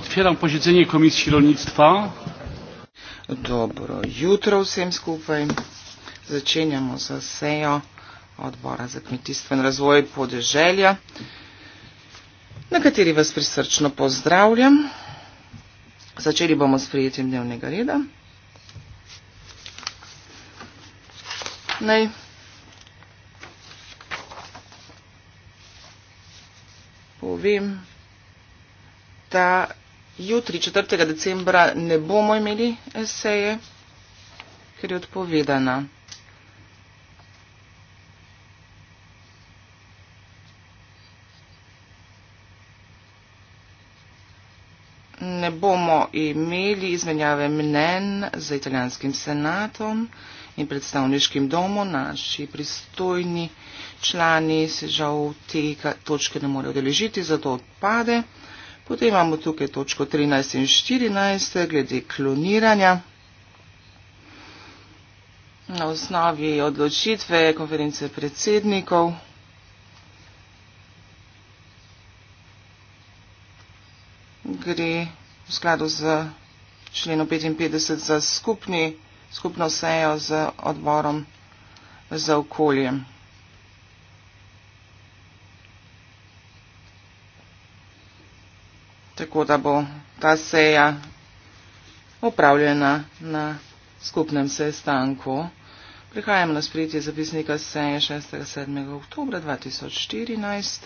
otwieram posiedzenie komisji rolnictwa. Dobro jutro vsem skupaj. Začenjamo za sejo odbora za kmetijstvo in razvoj podeželja, na kateri vas prisrčno pozdravljam. Začeli bomo s prijetjem dnevnega reda. Naj povem, da Jutri, 4. decembra, ne bomo imeli eseje, ker je odpovedana. Ne bomo imeli izmenjave mnen za italijanskim senatom in predstavniškim domom. Naši pristojni člani se žal tega točke ne morejo deležiti, zato odpade. Potem imamo tukaj točko 13 in 14 glede kloniranja. Na osnovi odločitve konference predsednikov. Gre v skladu z členom 55 za skupni, skupno sejo z odborom za okolje. tako da bo ta seja upravljena na skupnem sestanku. Prihajam na spritje zapisnika seje 6.7. oktobra 2014.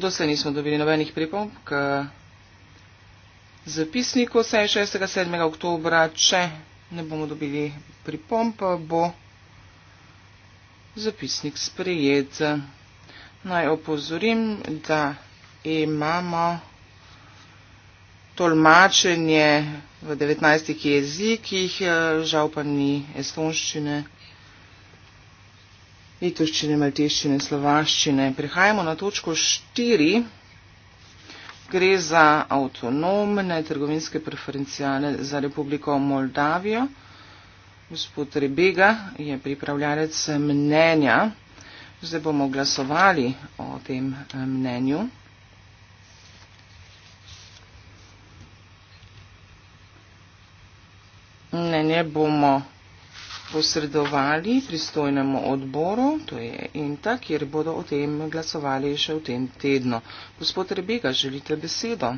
Doslej nismo dobili nobenih pripomb k zapisniku 6.7. oktobra. Če ne bomo dobili pripomb, bo zapisnik sprejet. Naj opozorim, da imamo tolmačenje v 19 jezikih, eh, žal pa ni estonščine, litovščine, maltiščine, slovaščine. Prihajamo na točko 4. Gre za avtonomne trgovinske preferencijale za Republiko Moldavijo. Gospod Rebega je pripravljalec mnenja. Zdaj bomo glasovali o tem eh, mnenju. Mnenje bomo posredovali pristojnemu odboru, to je INTA, kjer bodo o tem glasovali še v tem tednu. Gospod Rebega, želite besedo?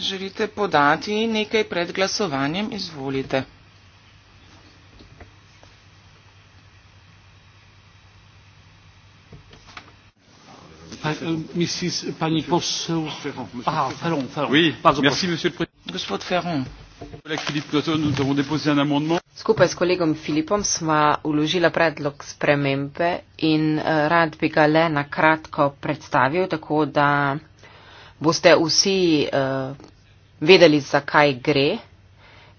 Želite podati nekaj pred glasovanjem? Izvolite. Skupaj s kolegom Filipom sva uložila predlog spremembe in e, rad bi ga le na kratko predstavil, tako da boste vsi uh, vedeli, zakaj gre.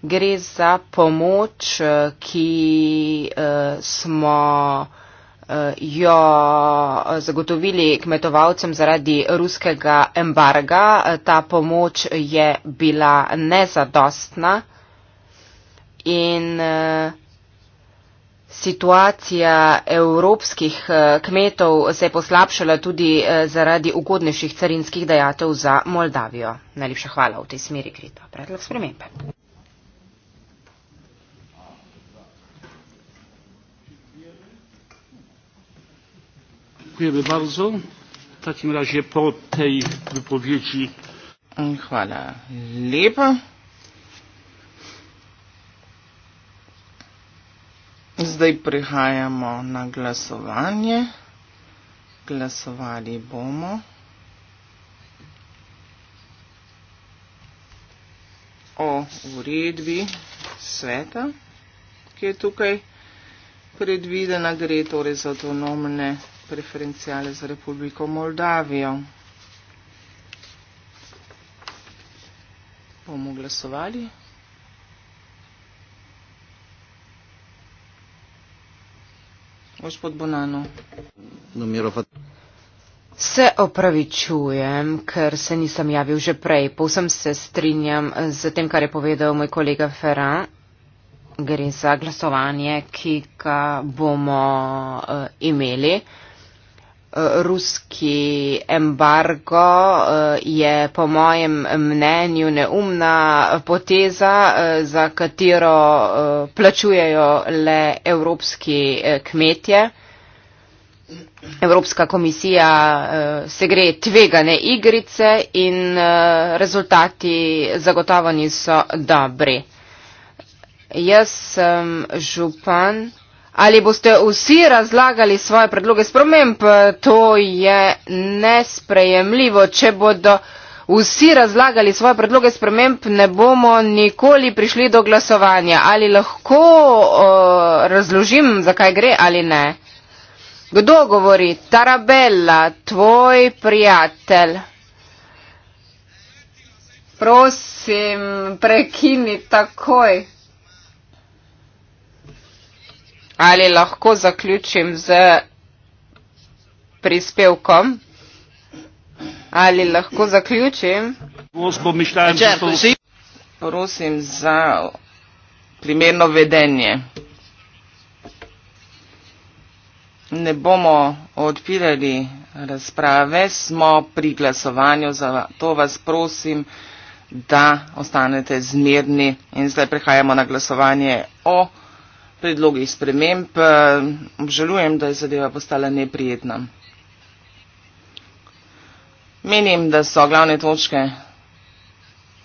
Gre za pomoč, eh, ki uh, smo uh, jo zagotovili kmetovalcem zaradi ruskega embarga. Ta pomoč je bila nezadostna in uh, Situacija evropskih eh, kmetov se je poslabšala tudi eh, zaradi ugodnejših carinskih dajatev za Moldavijo. Najlepša hvala v tej smeri, Krita. Predlog spremembe. Hvala lepa. Zdaj prihajamo na glasovanje. Glasovali bomo. O uredbi sveta, ki je tukaj predvidena, gre torej za avtonomne preferencijale za Republiko Moldavijo. Bomo glasovali. gospod Bonano. Se opravičujem, ker se nisem javil že prej. Povsem se strinjam z tem, kar je povedal moj kolega Ferran. Gre za glasovanje, ki ga bomo uh, imeli. Uh, ruski embargo eh, je po mojem mnenju neumna poteza, eh, za katero eh, plačujejo le evropski kmetje. Evropska komisija se gre tvegane igrice in rezultati zagotovo niso dobri. Jaz sem župan. Ali boste vsi razlagali svoje predloge sprememb, to je nesprejemljivo. Če bodo vsi razlagali svoje predloge sprememb, ne bomo nikoli prišli do glasovanja. Ali lahko uh, razložim, zakaj gre ali ne? Kdo govori? Tarabella, tvoj prijatelj. Prosim, prekini takoj ali lahko zaključim z prispevkom. Ali lahko zaključim? Prosim za primerno vedenje. Ne bomo odpirali razprave, smo pri glasovanju, zato vas prosim, da ostanete zmirni. In zdaj prehajamo na glasovanje o predlogih sprememb. Eh, obžalujem, da je zadeva postala neprijetna. Menim, da so glavne točke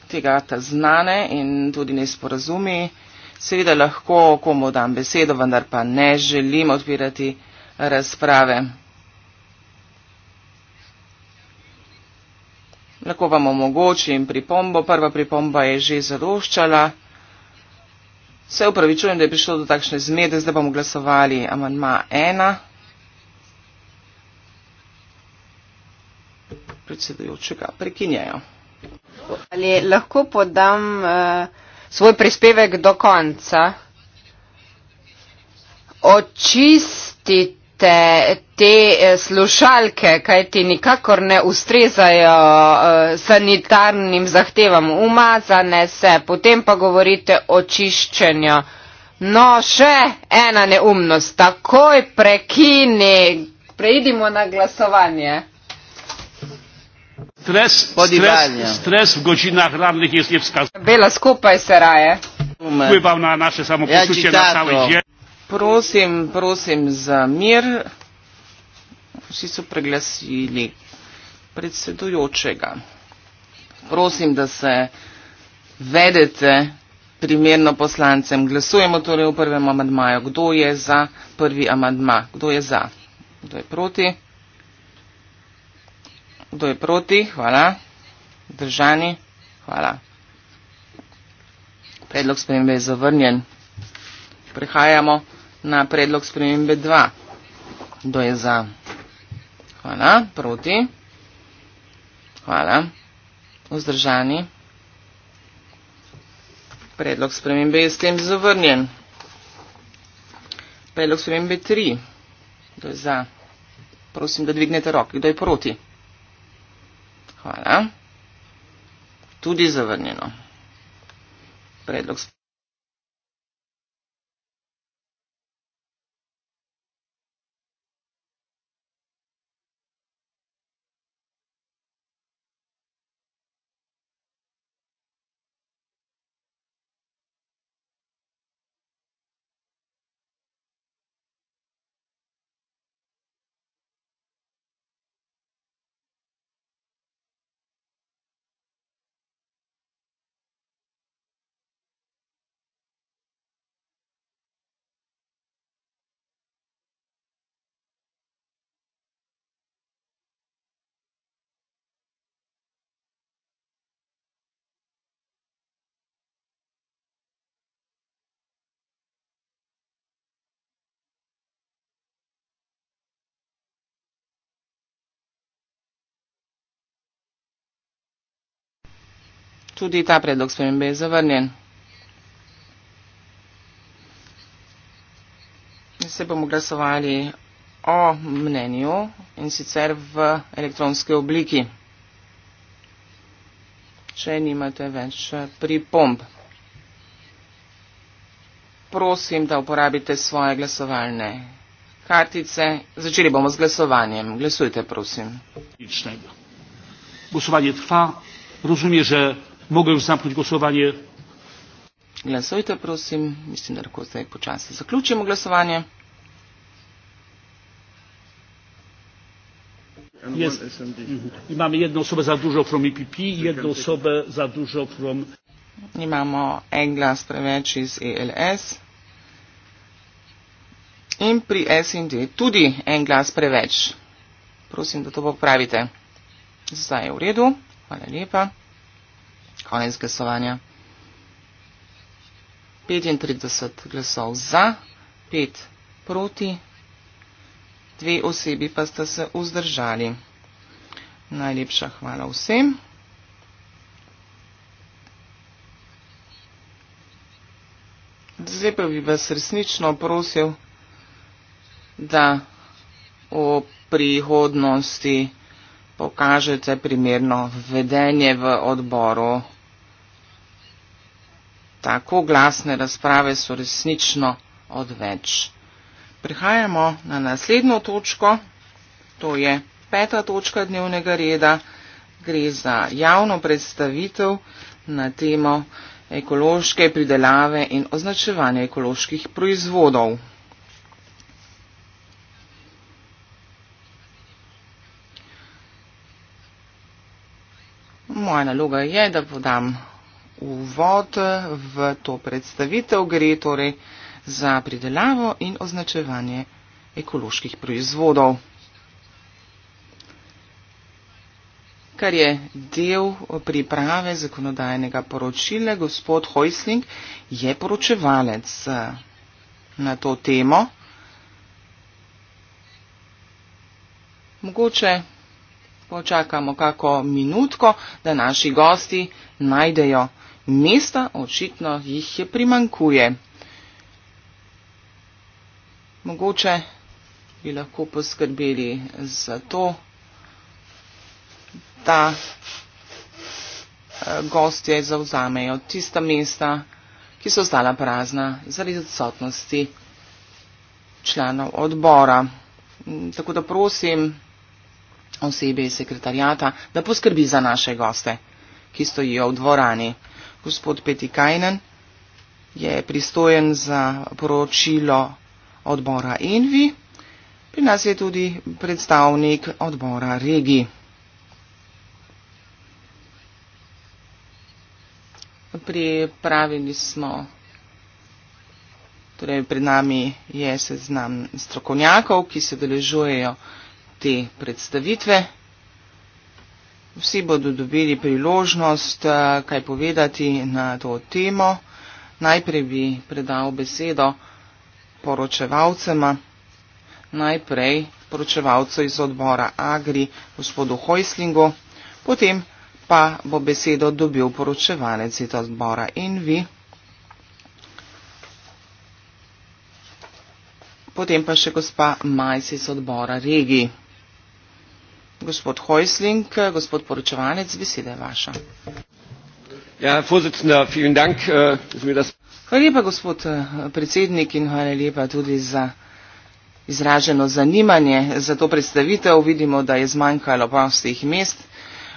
tega akta znane in tudi nesporazumi. Seveda lahko komu dam besedo, vendar pa ne želim odpirati razprave. Lahko vam omogočim pripombo. Prva pripomba je že zaroščala. Se upravičujem, da je prišlo do takšne zmede, zdaj bomo glasovali amanma ena. Predsedujoče ga prekinjajo. Ali lahko podam uh, svoj prispevek do konca? Očistiti te, te eh, slušalke, kaj ti nikakor ne ustrezajo eh, sanitarnim zahtevam, umazane se, potem pa govorite o čiščenju. No, še ena neumnost, takoj prekini, preidimo na glasovanje. Stres, stres, stres v gočinah radnih je slibska. Bela skupaj se raje. Vplival na naše ja samopočutje, na samo življenje. Prosim, prosim za mir. Vsi so preglasili predsedujočega. Prosim, da se vedete primerno poslancem. Glasujemo torej v prvem amadmaju. Kdo je za prvi amadma? Kdo je za? Kdo je proti? Kdo je proti? Hvala. Držani? Hvala. Predlog spremembe je zavrnjen. Prehajamo na predlog spremembe 2. Kdo je za? Hvala. Proti? Hvala. Vzdržani? Predlog spremembe je s tem zavrnjen. Predlog spremembe 3. Kdo je za? Prosim, da dvignete roke. Kdo je proti? Hvala. Tudi zavrnjeno. Predlog spremembe. Tudi ta predlog spremembe je zavrnjen. Se bomo glasovali o mnenju in sicer v elektronske obliki. Če nimate več eh, pripomb. Prosim, da uporabite svoje glasovalne kartice. Začeli bomo z glasovanjem. Glasujte, prosim. Glasovanje tva. Razumije, že Mogel zamknuti glasovanje? Glasujte, prosim. Mislim, da lahko zdaj počasi zaključimo glasovanje. Yes. Imamo jedno osobo za dužo from EPP, jedno osobo za dužo from... Imamo en glas preveč iz ELS in pri SND tudi en glas preveč. Prosim, da to popravite. Zdaj je v redu. Hvala lepa. Konec glasovanja. 35 glasov za, 5 proti, dve osebi pa sta se vzdržali. Najlepša hvala vsem. Zdaj pa bi vas resnično prosil, da v prihodnosti pokažete primerno vedenje v odboru. Tako glasne razprave so resnično odveč. Prihajamo na naslednjo točko, to je peta točka dnevnega reda, gre za javno predstavitev na temo ekološke pridelave in označevanje ekoloških proizvodov. moja naloga je, da podam uvod v to predstavitev. Gre torej za pridelavo in označevanje ekoloških proizvodov. kar je del priprave zakonodajnega poročila. Gospod Hojsling je poročevalec eh, na to temo. Mogoče počakamo kako minutko, da naši gosti najdejo mesta, očitno jih je primankuje. Mogoče bi lahko poskrbeli za to, da eh, gostje zauzamejo tista mesta, ki so ostala prazna zaradi odsotnosti članov odbora. Mm, tako da prosim, osebe iz sekretarjata, da poskrbi za naše goste, ki stojijo v dvorani. Gospod Peti Kajnen je pristojen za poročilo odbora Envi, pri nas je tudi predstavnik odbora Regi. Pripravili smo, torej pred nami je seznam strokovnjakov, ki se deležujejo te predstavitve. Vsi bodo dobili priložnost eh, kaj povedati na to temo. Najprej bi predal besedo poročevalcema, najprej poročevalcu iz odbora Agri, gospodu Hojslingu, potem pa bo besedo dobil poročevalec iz odbora Envi, potem pa še gospa Majs iz odbora Regi. Gospod Häusling, gospod poročevalec, beseda je vaša. Ja, dank, uh, das... Hvala lepa, gospod äh, predsednik, in hvala lepa tudi za izraženo zanimanje za to predstavitev. Vidimo, da je zmanjkalo prostih mest.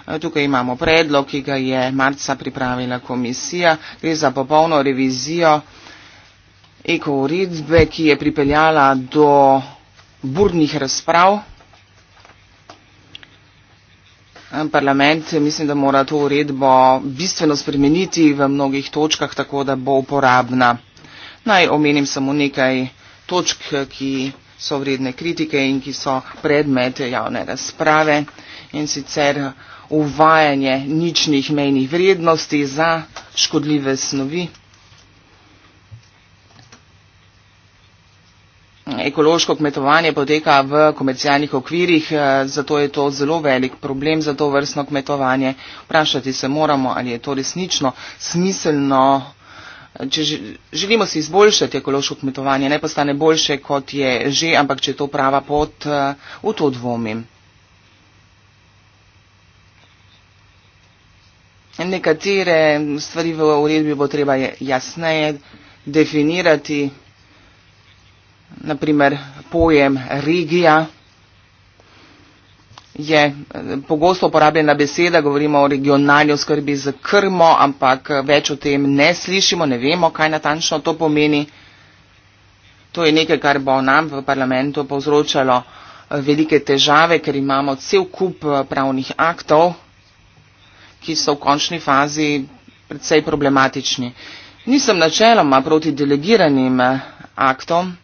Äh, tukaj imamo predlog, ki ga je marca pripravila komisija. Gre za popolno revizijo ekouredbe, ki je pripeljala do burnih razprav Eh, parlament mislim, da mora to uredbo bistveno spremeniti v mnogih točkah, tako da bo uporabna. Naj omenim samo nekaj točk, ki so vredne kritike in ki so predmet javne razprave in sicer uvajanje ničnih mejnih vrednosti za škodljive snovi. ekološko kmetovanje poteka v komercialnih okvirih, eh, zato je to zelo velik problem za to vrstno kmetovanje. Vprašati se moramo, ali je to resnično smiselno, če želimo si izboljšati ekološko kmetovanje, ne postane boljše, kot je že, ampak če je to prava pot, eh, v to dvomim. Nekatere stvari v uredbi bo treba jasneje definirati naprimer pojem regija je eh, pogosto uporabljena beseda, govorimo o regionalni oskrbi z krmo, ampak eh, več o tem ne slišimo, ne vemo, kaj natančno to pomeni. To je nekaj, kar bo nam v parlamentu povzročalo eh, velike težave, ker imamo cel kup pravnih aktov, ki so v končni fazi predvsej problematični. Nisem načeloma proti delegiranim aktom,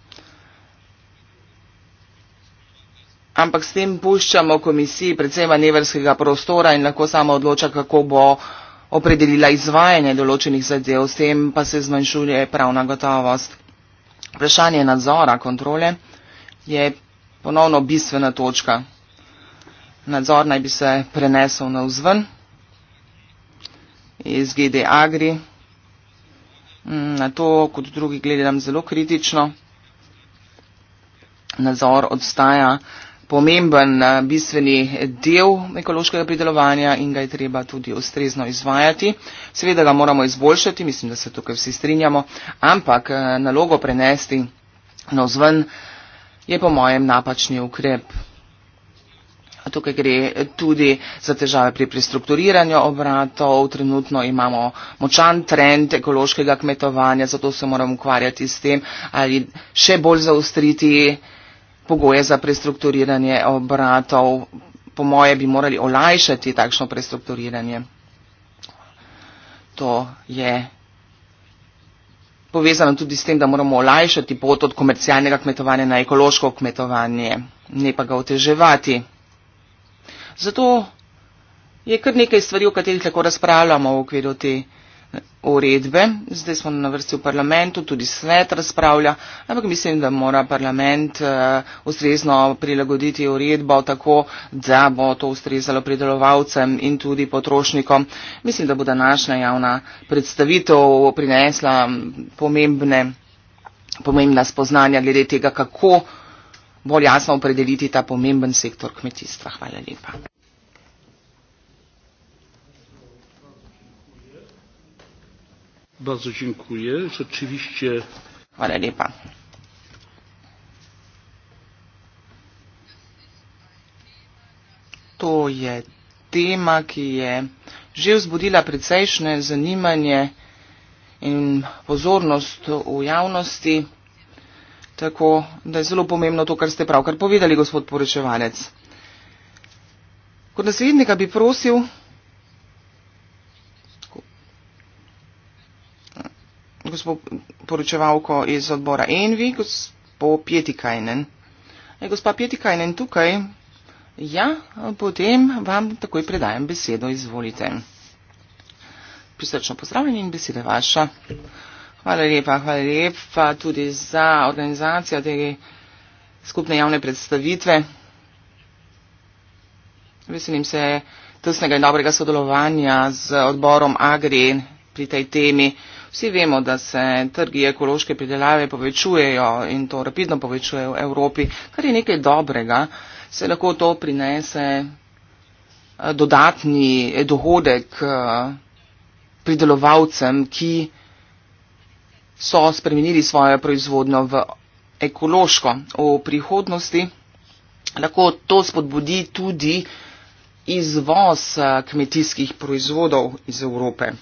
ampak s tem puščamo komisiji predvsem manevrskega prostora in lahko sama odloča, kako bo opredelila izvajanje določenih zadev, s tem pa se zmanjšuje pravna gotovost. Vprašanje nadzora, kontrole je ponovno bistvena točka. Nadzor naj bi se prenesel na vzven iz GD Agri. Mm, na to, kot drugi, gledam zelo kritično. Nadzor odstaja pomemben eh, bistveni del ekološkega pridelovanja in ga je treba tudi ustrezno izvajati. Seveda ga moramo izboljšati, mislim, da se tukaj vsi strinjamo, ampak eh, nalogo prenesti na vzven je po mojem napačni ukrep. Tukaj gre tudi za težave pri prestrukturiranju obratov. Trenutno imamo močan trend ekološkega kmetovanja, zato se moramo ukvarjati s tem ali še bolj zaustriti pogoje za prestrukturiranje obratov. Po moje bi morali olajšati takšno prestrukturiranje. To je povezano tudi s tem, da moramo olajšati pot od komercialnega kmetovanja na ekološko kmetovanje, ne pa ga oteževati. Zato je kar nekaj stvari, o katerih lahko razpravljamo v okviru te uredbe. Zdaj smo na vrsti v parlamentu, tudi svet razpravlja, ampak mislim, da mora parlament eh, ustrezno prilagoditi uredbo tako, da bo to ustrezalo pridelovalcem in tudi potrošnikom. Mislim, da bo današnja javna predstavitev prinesla pomembne, pomembna spoznanja glede tega, kako bolj jasno opredeliti ta pomemben sektor kmetijstva. Hvala lepa. Bardzo dziękuję. Rzeczywiście. Hvala lepa. To je tema, ki je že vzbudila precejšnje zanimanje in pozornost v javnosti. Tako da je zelo pomembno to, kar ste pravkar povedali, gospod poročevalec. Kot naslednjega bi prosil. gospo poročevalko iz odbora Envi, gospo Pietikajnen. E, gospa Pietikajnen tukaj. Ja, potem vam takoj predajem besedo, izvolite. Prisrčno pozdravljeni in beseda vaša. Hvala lepa, hvala lepa tudi za organizacijo te skupne javne predstavitve. Veselim se tesnega in dobrega sodelovanja z odborom Agri pri tej temi. Vsi vemo, da se trgi ekološke pridelave povečujejo in to rapidno povečujejo v Evropi, kar je nekaj dobrega. Se lahko to prinese eh, dodatni dohodek eh, pridelovalcem, ki so spremenili svojo proizvodnjo v ekološko v prihodnosti. Lahko to spodbudi tudi izvoz eh, kmetijskih proizvodov iz Evrope.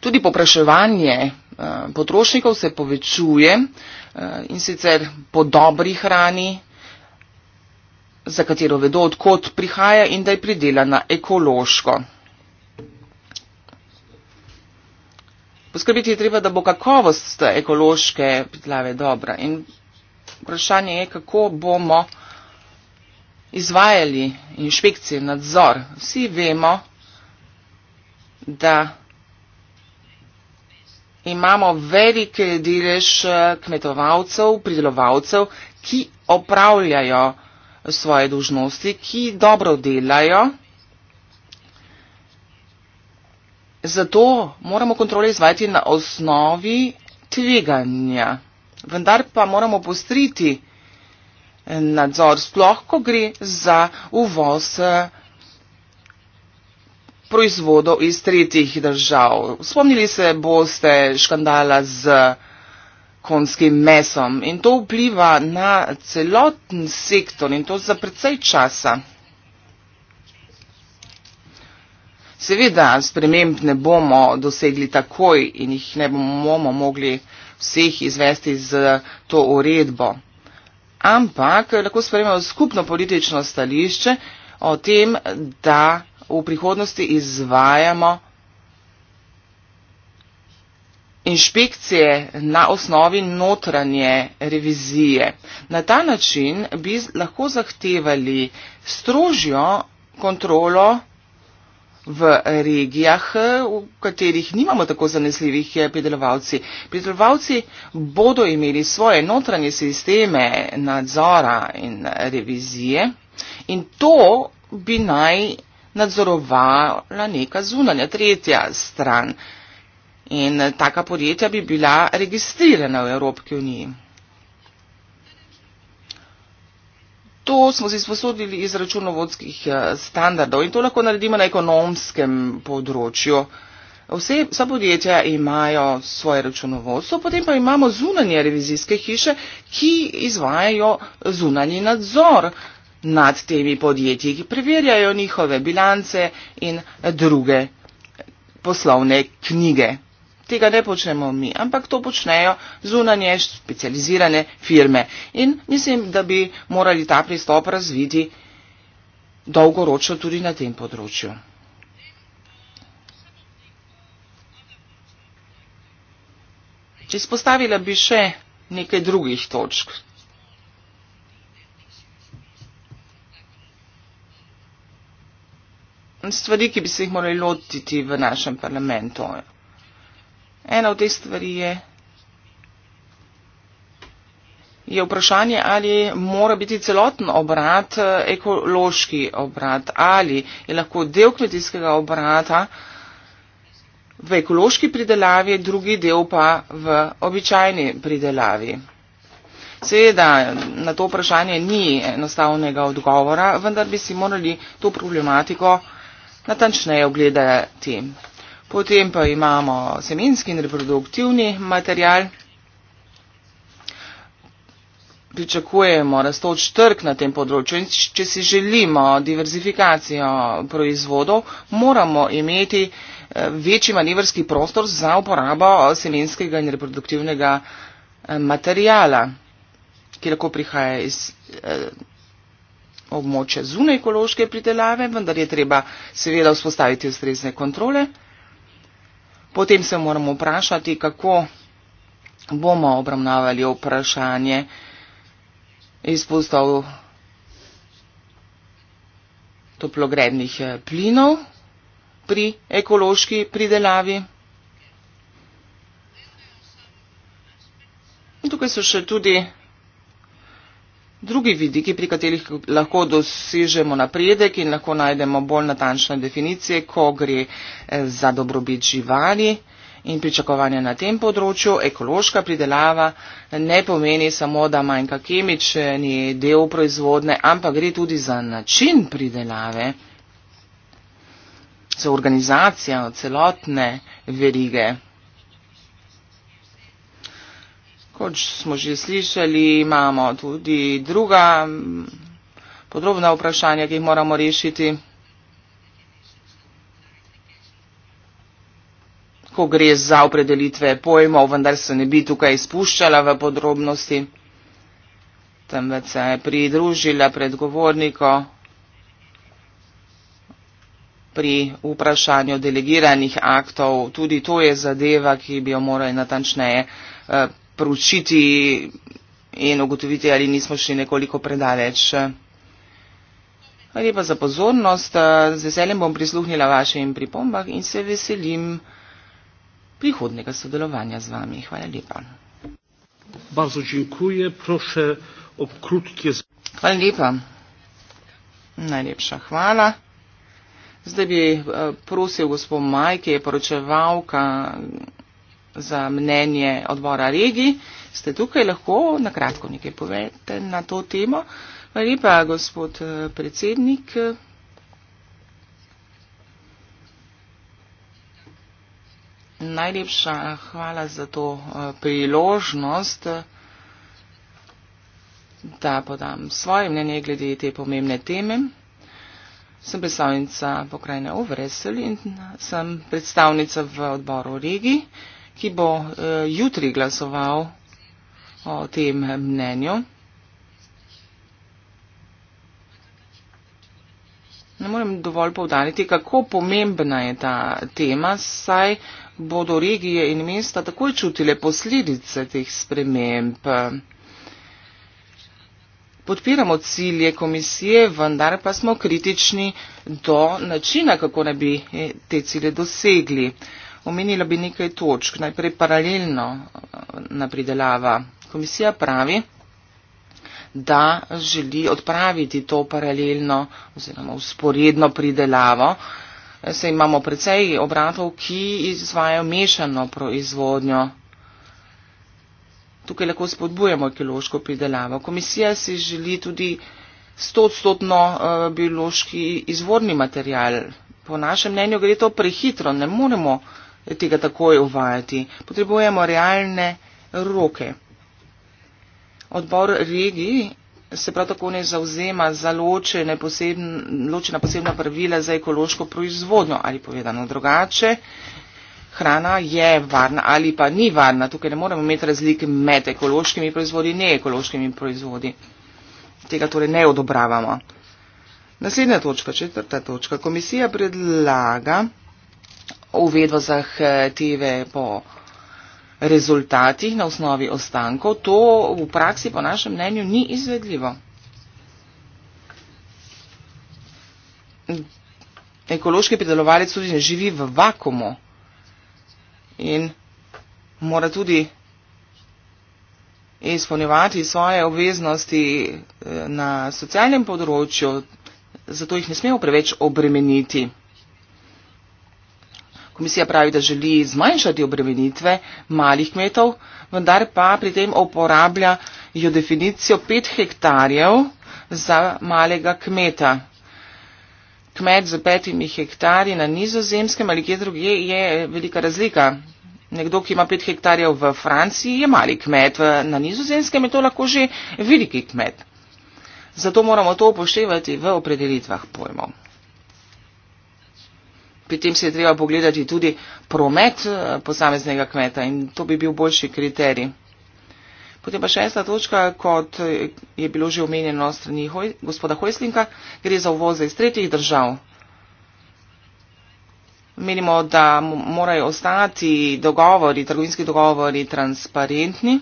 Tudi popraševanje eh, potrošnikov se povečuje eh, in sicer po dobri hrani, za katero vedo, odkot prihaja in da je pridelana ekološko. Poskrbiti je treba, da bo kakovost ekološke pitlave dobra in vprašanje je, kako bomo izvajali inšpekcije, nadzor. Vsi vemo, da imamo velike delež eh, kmetovalcev, pridelovalcev, ki opravljajo svoje dužnosti, ki dobro delajo. Zato moramo kontrole izvajati na osnovi tveganja. Vendar pa moramo postriti nadzor, sploh ko gre za uvoz eh, proizvodov iz tretjih držav. Spomnili se boste škandala z konskim mesom in to vpliva na celoten sektor in to za precej časa. Seveda sprememb ne bomo dosegli takoj in jih ne bomo mogli vseh izvesti z to uredbo. Ampak lahko sprememo skupno politično stališče o tem, da v prihodnosti izvajamo inšpekcije na osnovi notranje revizije. Na ta način bi lahko zahtevali strožjo kontrolo v regijah, v katerih nimamo tako zanesljivih pridelovalci. Pridelovalci bodo imeli svoje notranje sisteme nadzora in revizije in to bi naj nadzorovala neka zunanja tretja stran in eh, taka podjetja bi bila registrirana v Evropski uniji. To smo si sposodili iz računovodskih eh, standardov in to lahko naredimo na ekonomskem področju. Vse vsa podjetja imajo svoje računovodstvo, potem pa imamo zunanje revizijske hiše, ki izvajajo zunanji nadzor nad temi podjetji, ki preverjajo njihove bilance in druge poslovne knjige. Tega ne počnemo mi, ampak to počnejo zunanje specializirane firme. In mislim, da bi morali ta pristop razviti dolgoročno tudi na tem področju. Če spostavila bi še nekaj drugih točk, stvari, ki bi se jih morali lotiti v našem parlamentu. Ena od teh stvari je, je vprašanje, ali mora biti celoten obrat eh, ekološki obrat, ali je lahko del kmetijskega obrata v ekološki pridelavi, drugi del pa v običajni pridelavi. Seveda na to vprašanje ni enostavnega odgovora, vendar bi si morali to problematiko natančneje ogledati. Potem pa imamo semenski in reproduktivni material. Pričakujemo rastoč trg na tem področju in če si želimo diverzifikacijo proizvodov, moramo imeti eh, večji manevrski prostor za uporabo semenskega in reproduktivnega eh, materijala, ki lahko prihaja iz eh, območje zune ekološke pridelave, vendar je treba seveda vzpostaviti ustrezne kontrole. Potem se moramo vprašati, kako bomo obravnavali vprašanje izpustov toplogrednih eh, plinov pri ekološki pridelavi. Tukaj so še tudi Drugi vidiki, pri katerih lahko dosežemo napredek in lahko najdemo bolj natančne definicije, ko gre eh, za dobrobit živali in pričakovanja na tem področju, ekološka pridelava eh, ne pomeni samo, da manjka kemični del proizvodne, ampak gre tudi za način pridelave, za organizacijo celotne verige. Kot smo že slišali, imamo tudi druga podrobna vprašanja, ki jih moramo rešiti. ko gre za opredelitve pojmov, vendar se ne bi tukaj izpuščala v podrobnosti, temveč se je pridružila predgovorniku pri vprašanju delegiranih aktov. Tudi to je zadeva, ki bi jo morali natančneje eh, proučiti in ugotoviti, ali nismo šli nekoliko predaleč. Lepa za pozornost, z veseljem bom prisluhnila vašim pripombah in se veselim prihodnega sodelovanja z vami. Hvala lepa. Hvala lepa. Najlepša hvala. Zdaj bi e, prosil gospod Majke, poročevalka za mnenje odbora regij. Ste tukaj lahko na kratko nekaj povete na to temo. Hvala lepa, gospod eh, predsednik. Najlepša hvala za to eh, priložnost, da podam svoje mnenje glede te pomembne teme. Sem predstavnica pokrajine Ovresel in eh, sem predstavnica v odboru regij ki bo eh, jutri glasoval o tem mnenju. Ne morem dovolj povdariti, kako pomembna je ta tema, saj bodo regije in mesta takoj čutile posledice teh sprememb. Podpiramo cilje komisije, vendar pa smo kritični do načina, kako naj bi eh, te cilje dosegli. Omenila bi nekaj točk. Najprej paralelno eh, na pridelava. Komisija pravi, da želi odpraviti to paralelno oziroma usporedno pridelavo. Eh, Se imamo precej obratov, ki izvajo mešano proizvodnjo. Tukaj lahko spodbujamo ekološko pridelavo. Komisija si želi tudi stotstotno eh, biološki izvorni material. Po našem mnenju gre to prehitro, ne moremo tega takoj uvajati. Potrebujemo realne roke. Odbor regij se prav tako ne zauzema za ločene posebn, ločena posebna pravila za ekološko proizvodno ali povedano drugače. Hrana je varna ali pa ni varna. Tukaj ne moramo imeti razlike med ekološkimi proizvodi in neekološkimi proizvodi. Tega torej ne odobravamo. Naslednja točka, četrta točka. Komisija predlaga uvedva zahteve eh, po rezultatih na osnovi ostankov, to v praksi po našem mnenju ni izvedljivo. Ekološki pridelovalec tudi ne živi v vakumu in mora tudi izpolnjevati svoje obveznosti eh, na socialnem področju, zato jih ne smemo preveč obremeniti. Komisija pravi, da želi zmanjšati obremenitve malih kmetov, vendar pa pri tem uporablja jo definicijo 5 hektarjev za malega kmeta. Kmet z petimi hektarji na nizozemskem ali kje drugje je velika razlika. Nekdo, ki ima 5 hektarjev v Franciji, je mali kmet, na nizozemskem je to lahko že veliki kmet. Zato moramo to upoštevati v opredelitvah pojmov pri tem se je treba pogledati tudi promet eh, posameznega kmeta in to bi bil boljši kriterij. Potem pa šesta točka, kot je bilo že omenjeno strani hoj, gospoda Hojslinka, gre za uvoze iz tretjih držav. Menimo, da morajo ostati dogovori, trgovinski dogovori transparentni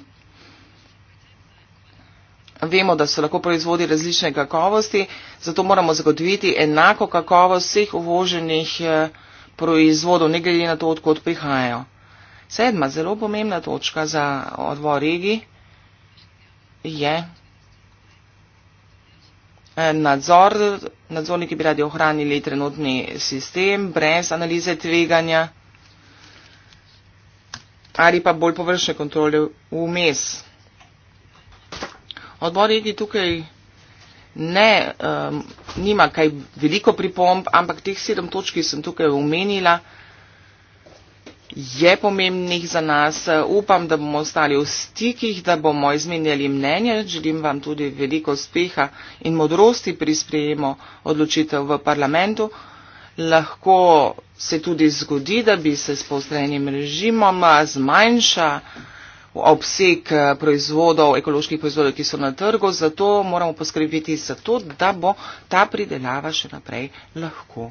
vemo, da so lahko proizvodi različne kakovosti, zato moramo zagotoviti enako kakovost vseh uvoženih eh, proizvodov, ne glede na to, odkot prihajajo. Sedma zelo pomembna točka za odvor regi je eh, nadzor. Nadzorniki bi radi ohranili trenutni sistem brez analize tveganja ali pa bolj površne kontrole vmes. Odbor regij tukaj ne, um, nima kaj veliko pripomb, ampak teh sedem točk, ki sem tukaj omenila, je pomembnih za nas. Upam, da bomo ostali v stikih, da bomo izmenjali mnenje. Želim vam tudi veliko uspeha in modrosti pri sprejemu odločitev v parlamentu. Lahko se tudi zgodi, da bi se s povstrenim režimom zmanjša obseg eh, proizvodov, ekoloških proizvodov, ki so na trgu, zato moramo poskrbeti za to, da bo ta pridelava še naprej lahko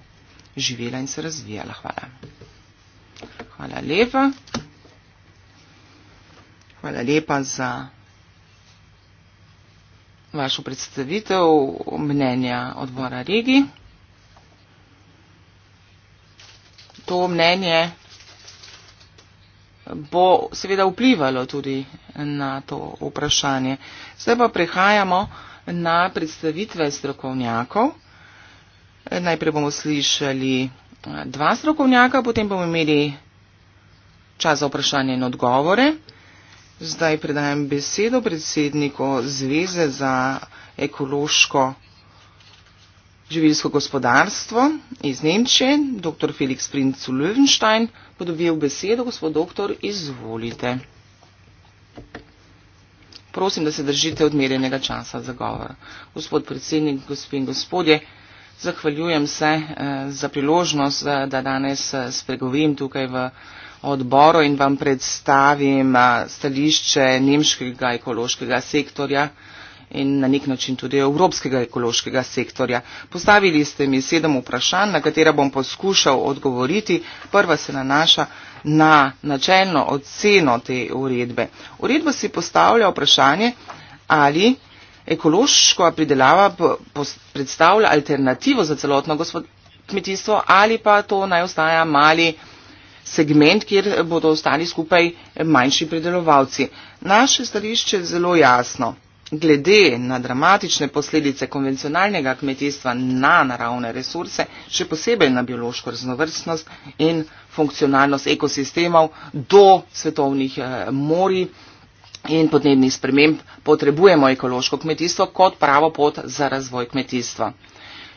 živela in se razvijala. Hvala. Hvala lepa. Hvala lepa za vašo predstavitev mnenja odbora regi. To mnenje bo seveda vplivalo tudi na to vprašanje. Zdaj pa prehajamo na predstavitve strokovnjakov. Najprej bomo slišali eh, dva strokovnjaka, potem bomo imeli čas za vprašanje in odgovore. Zdaj predajam besedo predsedniku Zveze za ekološko živilsko gospodarstvo iz Nemčije, dr. Felix Prinz Löwenstein podobil besedo, gospod doktor, izvolite. Prosim, da se držite odmerjenega časa za govor. Gospod predsednik, gospod in gospodje, zahvaljujem se eh, za priložnost, eh, da danes eh, spregovim tukaj v odboru in vam predstavim stališče nemškega ekološkega sektorja, in na nek način tudi evropskega ekološkega sektorja. Postavili ste mi sedem vprašanj, na katera bom poskušal odgovoriti. Prva se nanaša na načelno oceno te uredbe. Uredba si postavlja vprašanje, ali ekološko pridelava predstavlja alternativo za celotno kmetijstvo ali pa to naj ostaja mali segment, kjer bodo ostali skupaj manjši pridelovalci. Naše stališče je zelo jasno glede na dramatične posledice konvencionalnega kmetijstva na naravne resurse, še posebej na biološko raznovrstnost in funkcionalnost ekosistemov do svetovnih eh, mori in podnebnih sprememb, potrebujemo ekološko kmetijstvo kot pravo pot za razvoj kmetijstva.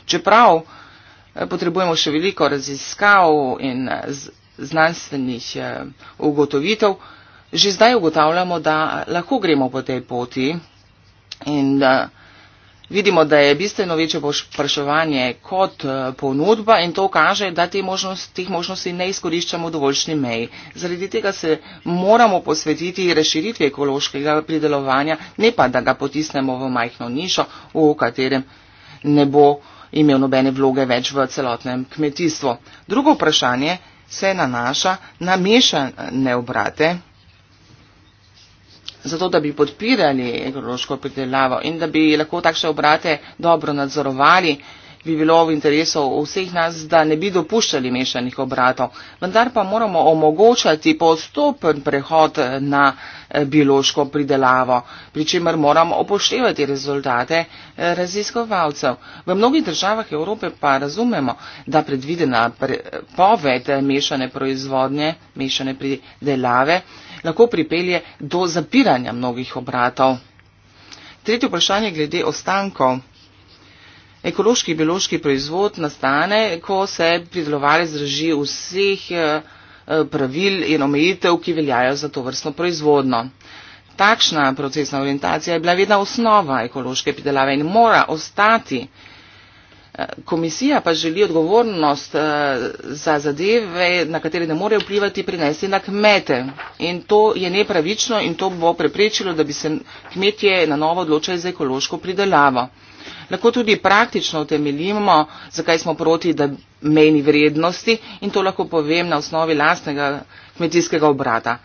Čeprav eh, potrebujemo še veliko raziskav in eh, znanstvenih eh, ugotovitev, že zdaj ugotavljamo, da lahko gremo po tej poti, In vidimo, da je bistveno večje vprašovanje kot eh, ponudba in to kaže, da te možnost, teh možnosti ne izkoriščamo v dovoljšni meji. Zaradi tega se moramo posvetiti razširitvi ekološkega pridelovanja, ne pa, da ga potisnemo v majhno nišo, v katerem ne bo imel nobene vloge več v celotnem kmetijstvu. Drugo vprašanje se nanaša na mešane obrate zato da bi podpirali ekološko pridelavo in da bi lahko takšne obrate dobro nadzorovali, bi bilo v interesu vseh nas, da ne bi dopuščali mešanih obratov. Vendar pa moramo omogočati postopen prehod na eh, biološko pridelavo, pri čemer moramo upoštevati rezultate eh, raziskovalcev. V mnogih državah Evrope pa razumemo, da predvidena eh, poved mešane proizvodnje, mešane pridelave, lahko pripelje do zapiranja mnogih obratov. Tretje vprašanje glede ostankov. Ekološki biološki proizvod nastane, ko se pridelovali zraži vseh eh, eh, pravil in omejitev, ki veljajo za to vrstno proizvodno. Takšna procesna orientacija je bila vedno osnova ekološke pridelave in mora ostati komisija pa želi odgovornost eh, za zadeve, na katere ne more vplivati, prinesti na kmete. In to je nepravično in to bo preprečilo, da bi se kmetje na novo odločali za ekološko pridelavo. Lahko tudi praktično utemeljimo, zakaj smo proti mejni vrednosti in to lahko povem na osnovi lastnega kmetijskega obrata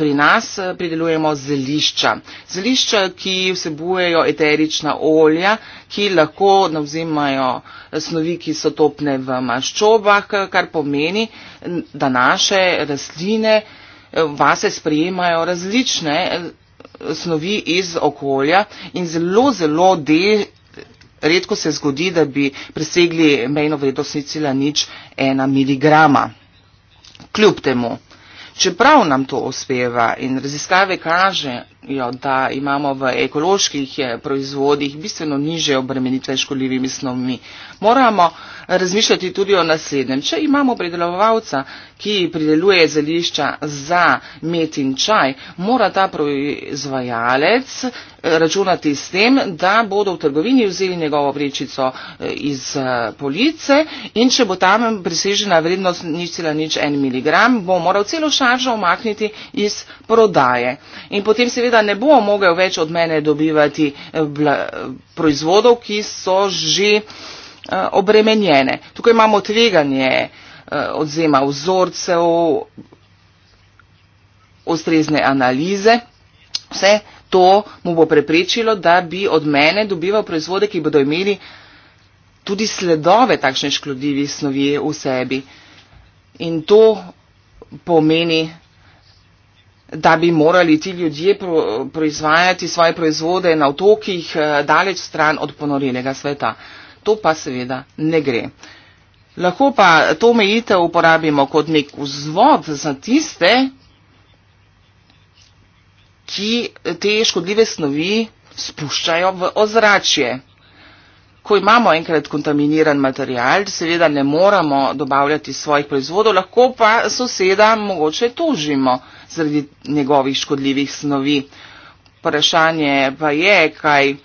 pri nas eh, pridelujemo zelišča. Zelišča, ki vsebujejo eterična olja, ki lahko navzimajo eh, snovi, ki so topne v maščobah, eh, kar pomeni, da naše rastline vase sprejemajo različne snovi iz okolja in zelo, zelo del. Redko se zgodi, da bi presegli mejno vrednost nič ena miligrama. Kljub temu čeprav nam to uspeva in raziskave kažejo, jo, da imamo v ekoloških eh, proizvodih bistveno niže obremenitve škodljivimi snovmi. Moramo razmišljati tudi o naslednjem. Če imamo predelovalca, ki prideluje zelišča za met in čaj, mora ta proizvajalec eh, računati s tem, da bodo v trgovini vzeli njegovo vrečico eh, iz police in če bo tam presežena vrednost nič cela nič en miligram, bo moral celo šaržo omakniti iz prodaje. In potem seveda ne bo mogel več od mene dobivati eh, proizvodov, ki so že eh, obremenjene. Tukaj imamo tveganje eh, odzema vzorcev, ustrezne analize. Vse to mu bo preprečilo, da bi od mene dobival proizvode, ki bodo imeli tudi sledove takšne škodljive snovi v sebi. In to pomeni da bi morali ti ljudje pro, proizvajati svoje proizvode na otokih eh, daleč stran od ponorelega sveta. To pa seveda ne gre. Lahko pa to omejitev uporabimo kot nek vzvod za tiste, ki te škodljive snovi spuščajo v ozračje. Ko imamo enkrat kontaminiran material, seveda ne moramo dobavljati svojih proizvodov, lahko pa soseda mogoče tožimo zaradi njegovih škodljivih snovi. Vprašanje pa je, kaj eh,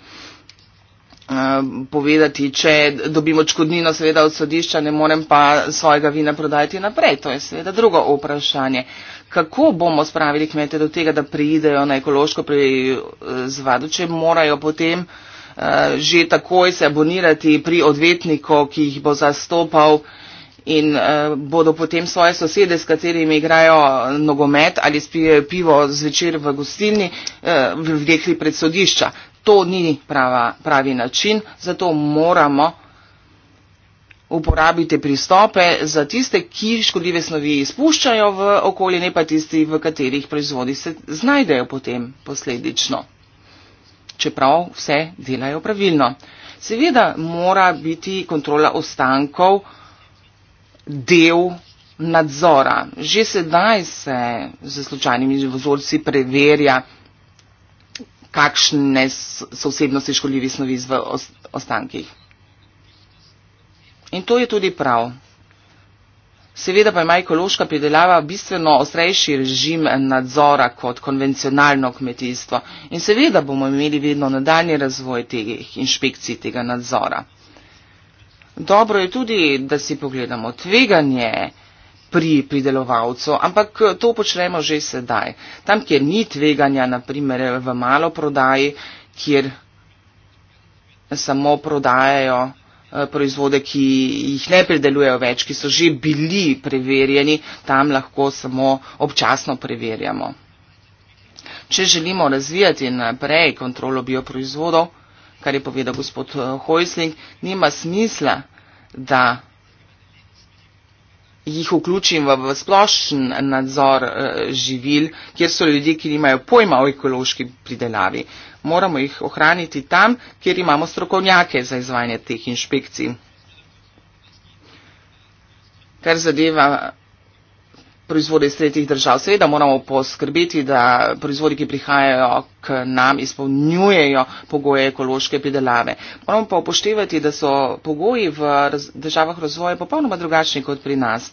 povedati, če dobimo škodnino seveda od sodišča, ne morem pa svojega vina prodajati naprej. To je seveda drugo vprašanje. Kako bomo spravili kmete do tega, da prijidejo na ekološko prizvado, če morajo potem uh, že takoj se abonirati pri odvetniku, ki jih bo zastopal uh, in uh, bodo potem svoje sosede, s katerimi igrajo nogomet ali spijejo pivo zvečer v gostilni, uh, eh, vlekli pred sodišča. To ni prava, pravi način, zato moramo uporabiti pristope za tiste, ki škodljive snovi izpuščajo v okolje, ne pa tisti, v katerih proizvodi se znajdejo potem posledično. Čeprav vse delajo pravilno. Seveda mora biti kontrola ostankov uh, del nadzora. Že sedaj se z slučajnimi vzorci preverja, kakšne so vsebnosti škodljivih snovi v ostankih. In to je tudi prav. Seveda pa ima ekološka pridelava bistveno ostrejši režim nadzora kot konvencionalno kmetijstvo. In seveda bomo imeli vedno nadaljni razvoj teh inšpekcij, tega nadzora. Dobro je tudi, da si pogledamo tveganje pri pridelovalcu, ampak to počnemo že sedaj. Tam, kjer ni tveganja, naprimer v malo prodaji, kjer samo prodajajo eh, proizvode, ki jih ne predelujejo več, ki so že bili preverjeni, tam lahko samo občasno preverjamo. Če želimo razvijati naprej kontrolo bioproizvodov, kar je povedal gospod eh, Hojsling, nima smisla, da jih vključim v, v splošen nadzor eh, živil, kjer so ljudje, ki nimajo pojma o ekološki pridelavi. Moramo jih ohraniti tam, kjer imamo strokovnjake za izvajanje teh inšpekcij. Kar zadeva proizvode iz tretjih držav. Seveda moramo poskrbeti, da proizvodi, ki prihajajo k nam, izpolnjujejo pogoje ekološke pridelave. Moramo pa upoštevati, da so pogoji v raz državah razvoja popolnoma drugačni kot pri nas.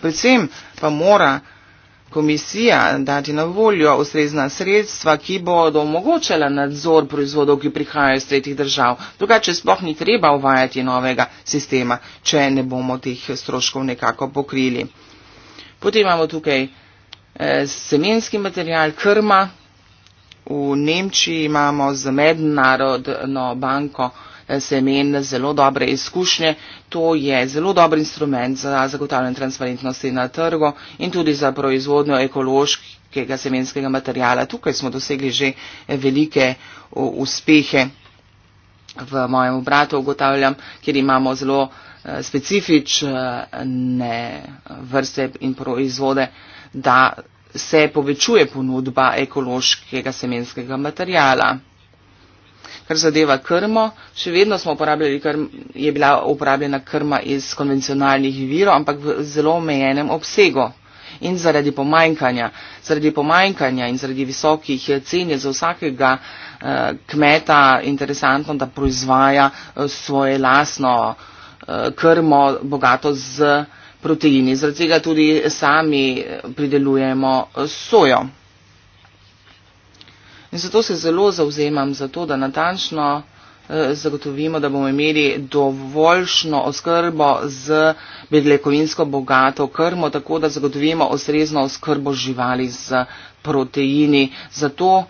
Predvsem pa mora komisija dati na voljo ustrezna sredstva, ki bodo omogočala nadzor proizvodov, ki prihajajo iz tretjih držav. Drugače sploh ni treba uvajati novega sistema, če ne bomo teh stroškov nekako pokrili. Potem imamo tukaj eh, semenski material, krma. V Nemčiji imamo z mednarodno banko eh, semen zelo dobre izkušnje. To je zelo dober instrument za zagotavljanje transparentnosti na trgu in tudi za proizvodnjo ekološkega semenskega materijala. Tukaj smo dosegli že velike eh, uspehe v mojem obratu, ugotavljam, kjer imamo zelo specifične vrste in proizvode, da se povečuje ponudba ekološkega semenskega materijala. Kar zadeva krmo, še vedno smo uporabljali, ker je bila uporabljena krma iz konvencionalnih virov, ampak v zelo omejenem obsegu. In zaradi pomanjkanja, zaradi pomanjkanja in zaradi visokih cen je za vsakega eh, kmeta interesantno, da proizvaja eh, svoje lasno eh, krmo bogato z proteini. Zaradi tega tudi sami pridelujemo sojo. In zato se zelo zauzemam za to, da natančno eh, zagotovimo, da bomo imeli dovoljšno oskrbo z beglekovinsko bogato krmo, tako da zagotovimo osrezno oskrbo živali z proteini. Zato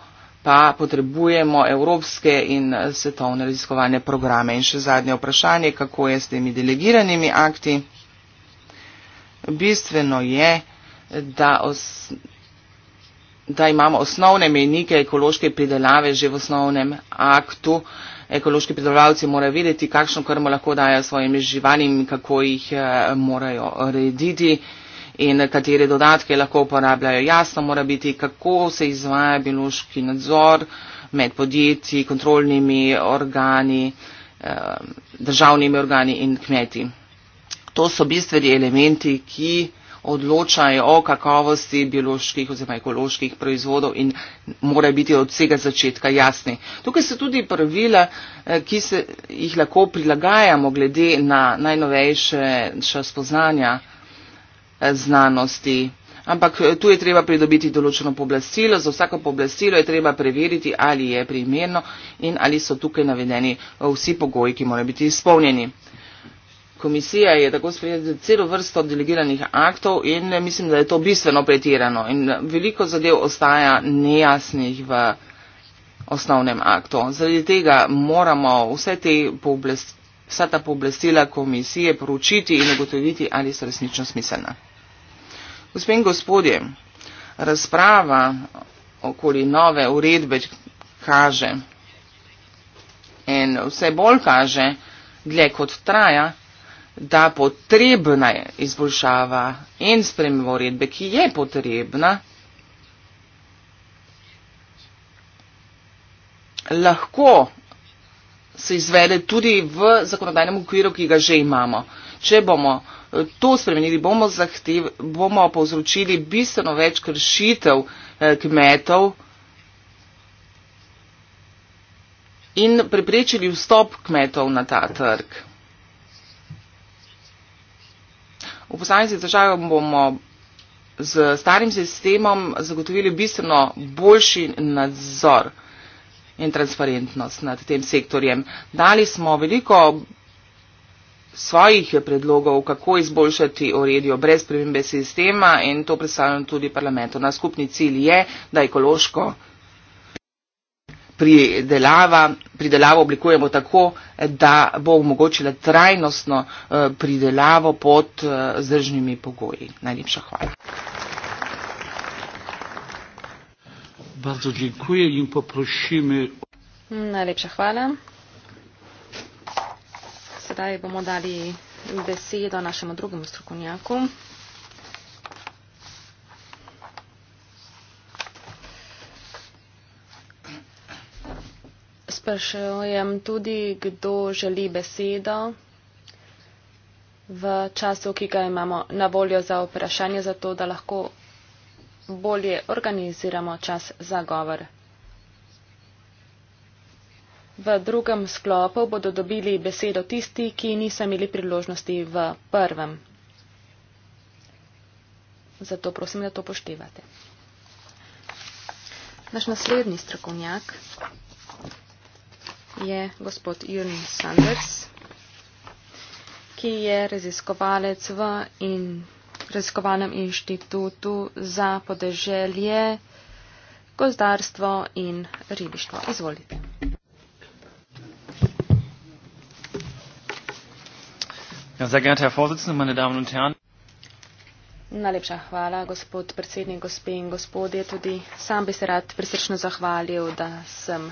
pa potrebujemo evropske in svetovne raziskovalne programe. In še zadnje vprašanje, kako je s temi delegiranimi akti? Bistveno je, da, os, da imamo osnovne menike ekološke pridelave že v osnovnem aktu. Ekološki pridelovalci morajo vedeti, kakšno krmo lahko dajo svojim živalim in kako jih eh, morajo rediti in katere dodatke lahko uporabljajo. Jasno mora biti, kako se izvaja biološki nadzor med podjetji, kontrolnimi organi, eh, državnimi organi in kmeti. To so bistveni elementi, ki odločajo o kakovosti bioloških oziroma ekoloških proizvodov in mora biti od vsega začetka jasni. Tukaj so tudi pravila, eh, ki se jih lahko prilagajamo glede na najnovejše spoznanja znanosti. Ampak eh, tu je treba pridobiti določeno poblastilo, za vsako poblastilo je treba preveriti, ali je primerno in ali so tukaj navedeni eh, vsi pogoji, ki morajo biti izpolnjeni. Komisija je tako sprejela celo vrsto delegiranih aktov in eh, mislim, da je to bistveno pretirano in veliko zadev ostaja nejasnih v osnovnem aktu. Zaradi tega moramo vse te poblastila, vsa ta poblastila komisije poručiti in ugotoviti, ali so resnično smiselna. Gospe in gospodje, razprava okoli nove uredbe kaže in vse bolj kaže, dlje kot traja, da potrebna je izboljšava in sprememba uredbe, ki je potrebna, lahko se izvede tudi v zakonodajnem okviru, ki ga že imamo. Če bomo to spremenili, bomo, zahtev, bomo povzročili bistveno več kršitev eh, kmetov in preprečili vstop kmetov na ta trg. V poslanci države bomo z starim sistemom zagotovili bistveno boljši nadzor in transparentnost nad tem sektorjem. Dali smo veliko svojih predlogov, kako izboljšati uredijo brez premembe sistema in to predstavljam tudi parlamentu. Na skupni cilj je, da ekološko pridelava, pridelavo oblikujemo tako, da bo omogočila trajnostno eh, pridelavo pod eh, zdržnimi pogoji. Najlepša hvala. Bardzo dziękuję i poprosimy. Najlepsza chwała sedaj bomo dali besedo našemu drugemu strokovnjaku. Sprašujem tudi, kdo želi besedo v času, ki ga imamo na voljo za vprašanje, zato da lahko bolje organiziramo čas za govor. V drugem sklopu bodo dobili besedo tisti, ki niso imeli priložnosti v prvem. Zato prosim, da to poštevate. Naš naslednji strokovnjak je gospod Jürgen Sanders, ki je raziskovalec v in, raziskovalnem inštitutu za podeželje, gozdarstvo in ribištvo. Izvolite. Ja, sehr geehrter Herr Vorsitzender, meine Damen und Herren. Najlepša hvala, gospod predsednik, gospe in gospodje. Tudi sam bi se rad prisrčno zahvalil, da sem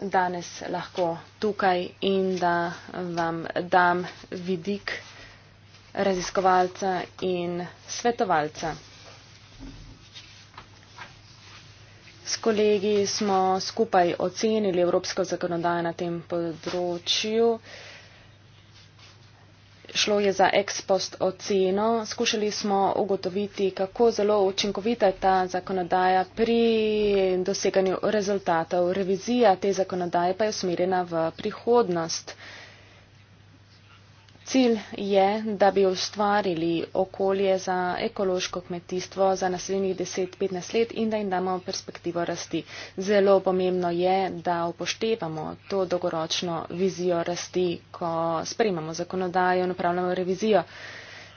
danes lahko tukaj in da vam dam vidik raziskovalca in svetovalca. S kolegi smo skupaj ocenili evropsko zakonodajo na tem področju. Uh, šlo je za ekspost oceno. Skušali smo ugotoviti, kako zelo učinkovita je ta zakonodaja pri doseganju rezultatov. Revizija te zakonodaje pa je usmerjena v prihodnost cilj je da bi ustvarili okolje za ekološko kmetijstvo za naslednjih deset petnajst let in da jim damo perspektivo rasti zelo pomembno je da upoštevamo to dolgoročno vizijo rasti ko sprejemamo zakonodajo in upravljamo revizijo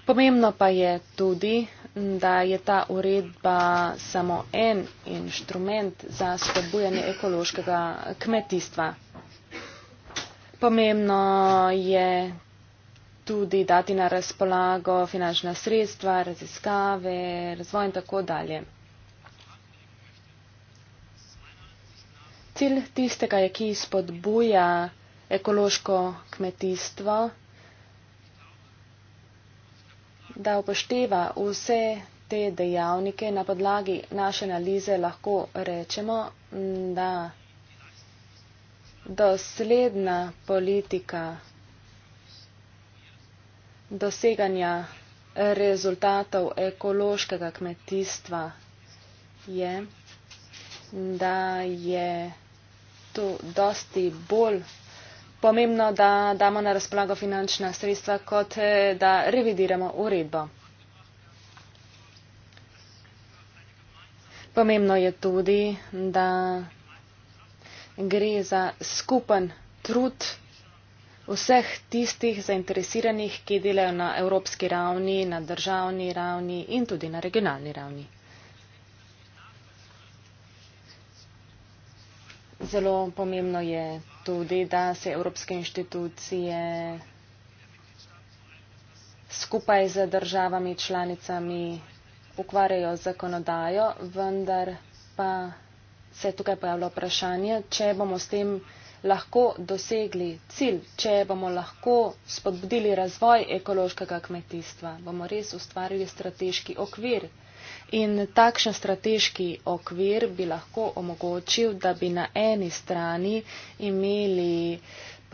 pomembno pa je tudi da je ta uredba samo en inštrument za spodbujanje ekološkega kmetijstva. Pomembno je tudi dati na razpolago finančna sredstva, raziskave, razvoj in tako dalje. Cilj tistega je, ki spodbuja ekološko kmetijstvo, da upošteva vse te dejavnike. Na podlagi naše analize lahko rečemo, da dosledna politika doseganja rezultatov ekološkega kmetijstva je, da je tu dosti bolj pomembno, da damo na razpolago finančna sredstva, kot eh, da revidiramo uredbo. Pomembno je tudi, da gre za skupen trud vseh tistih zainteresiranih, ki delajo na evropski ravni, na državni ravni in tudi na regionalni ravni. Zelo pomembno je tudi, da se evropske inštitucije skupaj z državami članicami ukvarjajo zakonodajo, vendar pa se je tukaj pojavilo vprašanje, če bomo s tem lahko dosegli cilj, če bomo lahko spodbudili razvoj ekološkega kmetijstva, bomo res ustvarili strateški okvir. In takšen strateški okvir bi lahko omogočil, da bi na eni strani imeli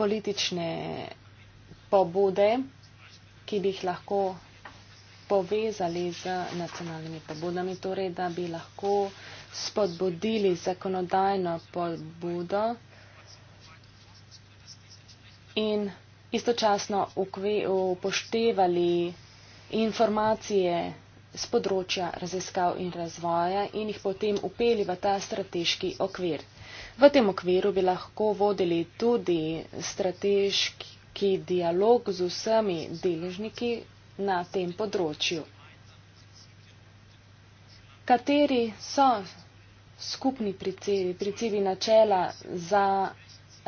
politične pobude, ki bi jih lahko povezali z nacionalnimi pobudami, torej da bi lahko spodbudili zakonodajno pobudo in istočasno upoštevali informacije z področja raziskav in razvoja in jih potem upeli v ta strateški okvir. V tem okviru bi lahko vodili tudi strateški dialog z vsemi deležniki na tem področju. Kateri so skupni pricevi, pricevi načela za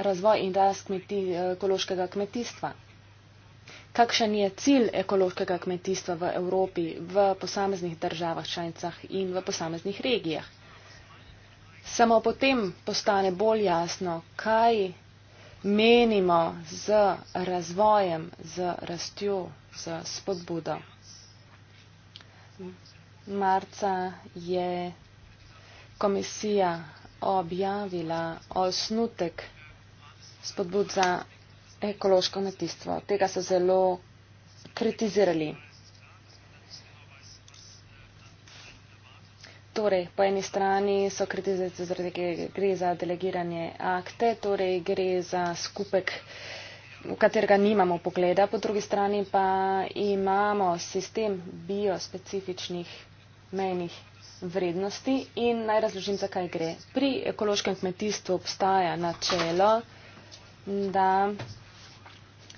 razvoj in rast kmeti, ekološkega kmetijstva. Kakšen je cilj ekološkega kmetijstva v Evropi, v posameznih državah članicah in v posameznih regijah? Samo potem postane bolj jasno, kaj menimo z razvojem, z rastjo, z spodbudo. Marca je komisija objavila osnutek spodbud za ekološko kmetijstvo. Tega so zelo kritizirali. Torej, po eni strani so kritizirali, da gre za delegiranje akte, torej gre za skupek, v katerega nimamo pogleda, po drugi strani pa imamo sistem biospecifičnih menjih vrednosti in naj razložim, zakaj gre. Pri ekološkem kmetijstvu obstaja načelo, da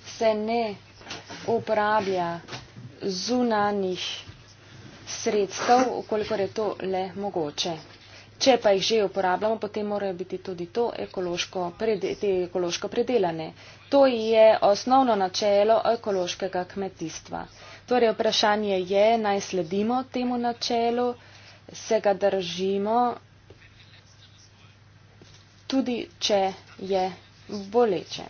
se ne uporablja zunanjih sredstev, koliko je to le mogoče. Če pa jih že uporabljamo, potem morajo biti tudi to ekološko, te ekološko predelane. To je osnovno načelo ekološkega kmetijstva. Torej, vprašanje je, naj sledimo temu načelu, se ga držimo, tudi če je boleče.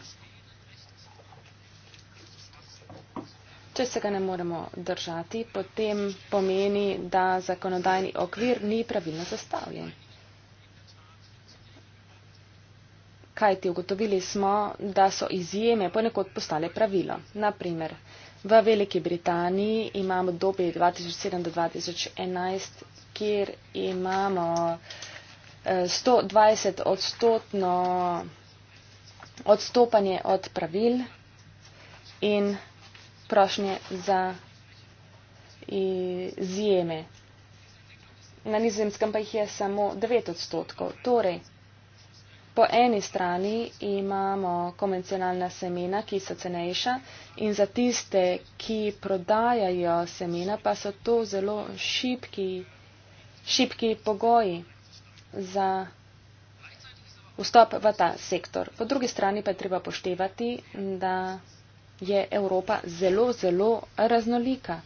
Če se ga ne moremo držati, potem pomeni, da zakonodajni okvir ni pravilno zastavljen. Kaj ti ugotovili smo, da so izjeme ponekod postale pravilo. Naprimer, v Veliki Britaniji imamo dobi 2007 do 2011, kjer imamo 120 eh, odstotno odstopanje od pravil in prošnje za izjeme. Na nizozemskem pa jih je samo 9 odstotkov. Torej, po eni strani imamo konvencionalna semena, ki so cenejša in za tiste, ki prodajajo semena, pa so to zelo šipki, šipki pogoji za vstop v ta sektor. Po drugi strani pa je treba poštevati, da je Evropa zelo, zelo raznolika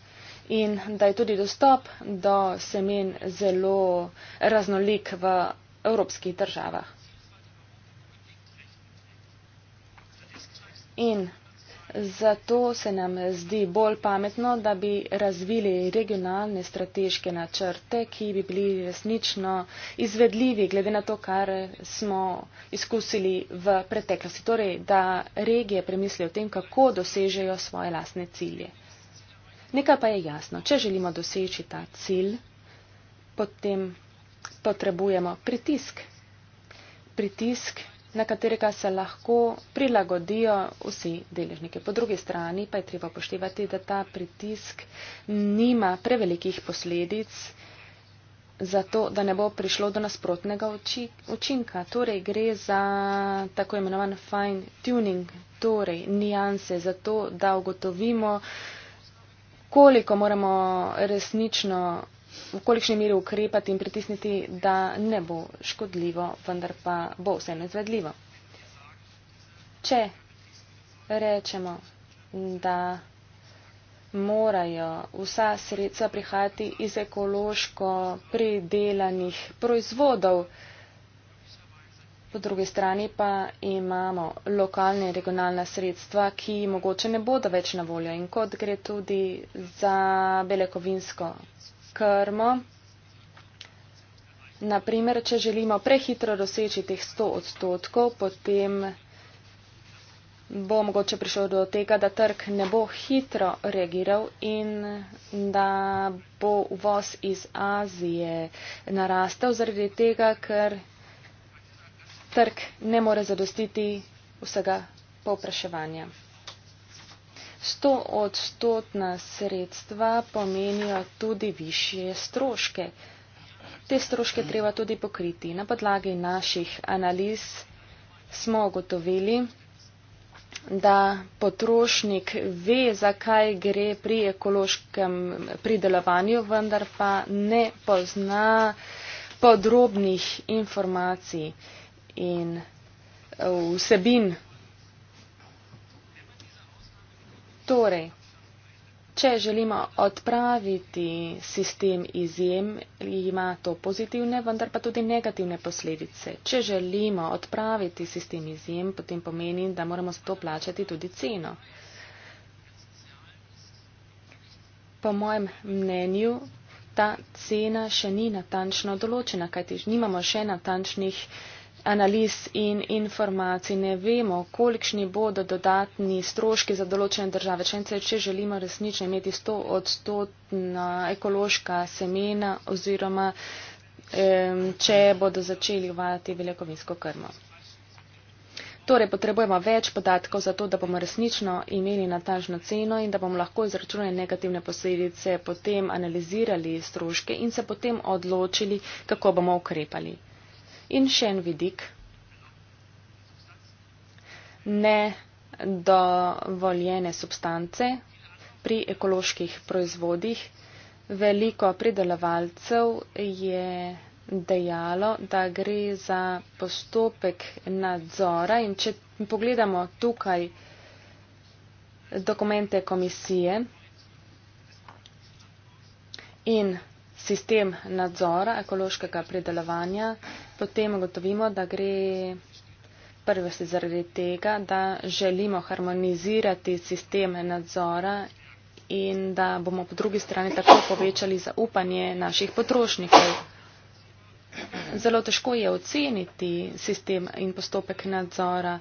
in da je tudi dostop do semen zelo raznolik v evropskih državah. In Zato se nam zdi bolj pametno, da bi razvili regionalne strateške načrte, ki bi bili resnično izvedljivi, glede na to, kar smo izkusili v preteklosti. Torej, da regije premislijo o tem, kako dosežejo svoje lastne cilje. Nekaj pa je jasno. Če želimo doseči ta cilj, potem potrebujemo pritisk. Pritisk na katerega se lahko prilagodijo vsi deležniki. Po drugi strani pa je treba poštevati, da ta pritisk nima prevelikih posledic, zato da ne bo prišlo do nasprotnega učinka. Torej gre za tako imenovan fine tuning, torej nijanse, zato da ugotovimo, koliko moramo resnično v kolikšni meri ukrepati in pritisniti, da ne bo škodljivo, vendar pa bo vseeno izvedljivo. Če rečemo, da morajo vsa sredstva prihajati iz ekološko pridelanih proizvodov, po drugi strani pa imamo lokalne in regionalna sredstva, ki mogoče ne bodo več na voljo in kot gre tudi za belekovinsko krmo. Naprimer, če želimo prehitro doseči teh 100 odstotkov, potem bo mogoče prišlo do tega, da trg ne bo hitro reagiral in da bo uvoz iz Azije narastel zaradi tega, ker trg ne more zadostiti vsega povpraševanja. 100 odstotna sredstva pomenijo tudi višje stroške. Te stroške treba tudi pokriti. Na podlagi naših analiz smo ugotovili, da potrošnik ve, zakaj gre pri ekološkem pridelovanju, vendar pa ne pozna podrobnih informacij in eh, vsebin Torej, če želimo odpraviti sistem izjem, ima to pozitivne, vendar pa tudi negativne posledice. Če želimo odpraviti sistem izjem, potem pomeni, da moramo za to plačati tudi ceno. Po mojem mnenju ta cena še ni natančno določena, kajti nimamo še natančnih analiz in informacij, ne vemo, kolikšni bodo dodatni stroški za določene države. Če, če želimo resnično imeti 100 odstotna ekološka semena oziroma eh, če bodo začeli uvajati beljakovinsko krmo. Torej, potrebujemo več podatkov za to, da bomo resnično imeli natančno ceno in da bomo lahko izračunali negativne posledice, potem analizirali stroške in se potem odločili, kako bomo ukrepali. In še en vidik. Ne dovoljene substance pri ekoloških proizvodih. Veliko pridelovalcev je dejalo, da gre za postopek nadzora in če pogledamo tukaj dokumente komisije in sistem nadzora ekološkega predelovanja, potem ugotovimo, da gre prvo se zaradi tega, da želimo harmonizirati sistem nadzora in da bomo po drugi strani tako povečali zaupanje naših potrošnikov. Zelo težko je oceniti sistem in postopek nadzora,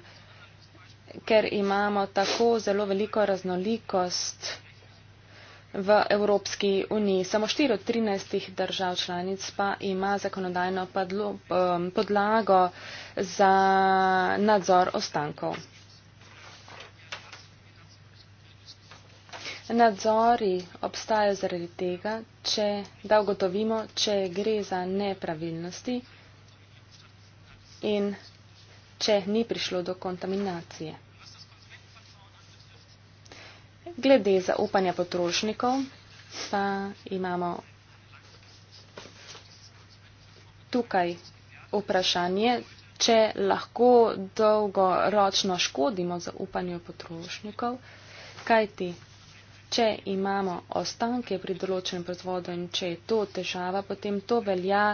ker imamo tako zelo veliko raznolikost v Evropski uniji. Samo 4 od 13 držav članic pa ima zakonodajno padlo, podlago za nadzor ostankov. Nadzori obstajajo zaradi tega, če, da ugotovimo, če gre za nepravilnosti in če ni prišlo do kontaminacije. Glede zaupanja potrošnikov pa imamo tukaj vprašanje, če lahko dolgoročno škodimo zaupanju potrošnikov, kajti če imamo ostanke pri določenem proizvodu in če je to težava, potem to velja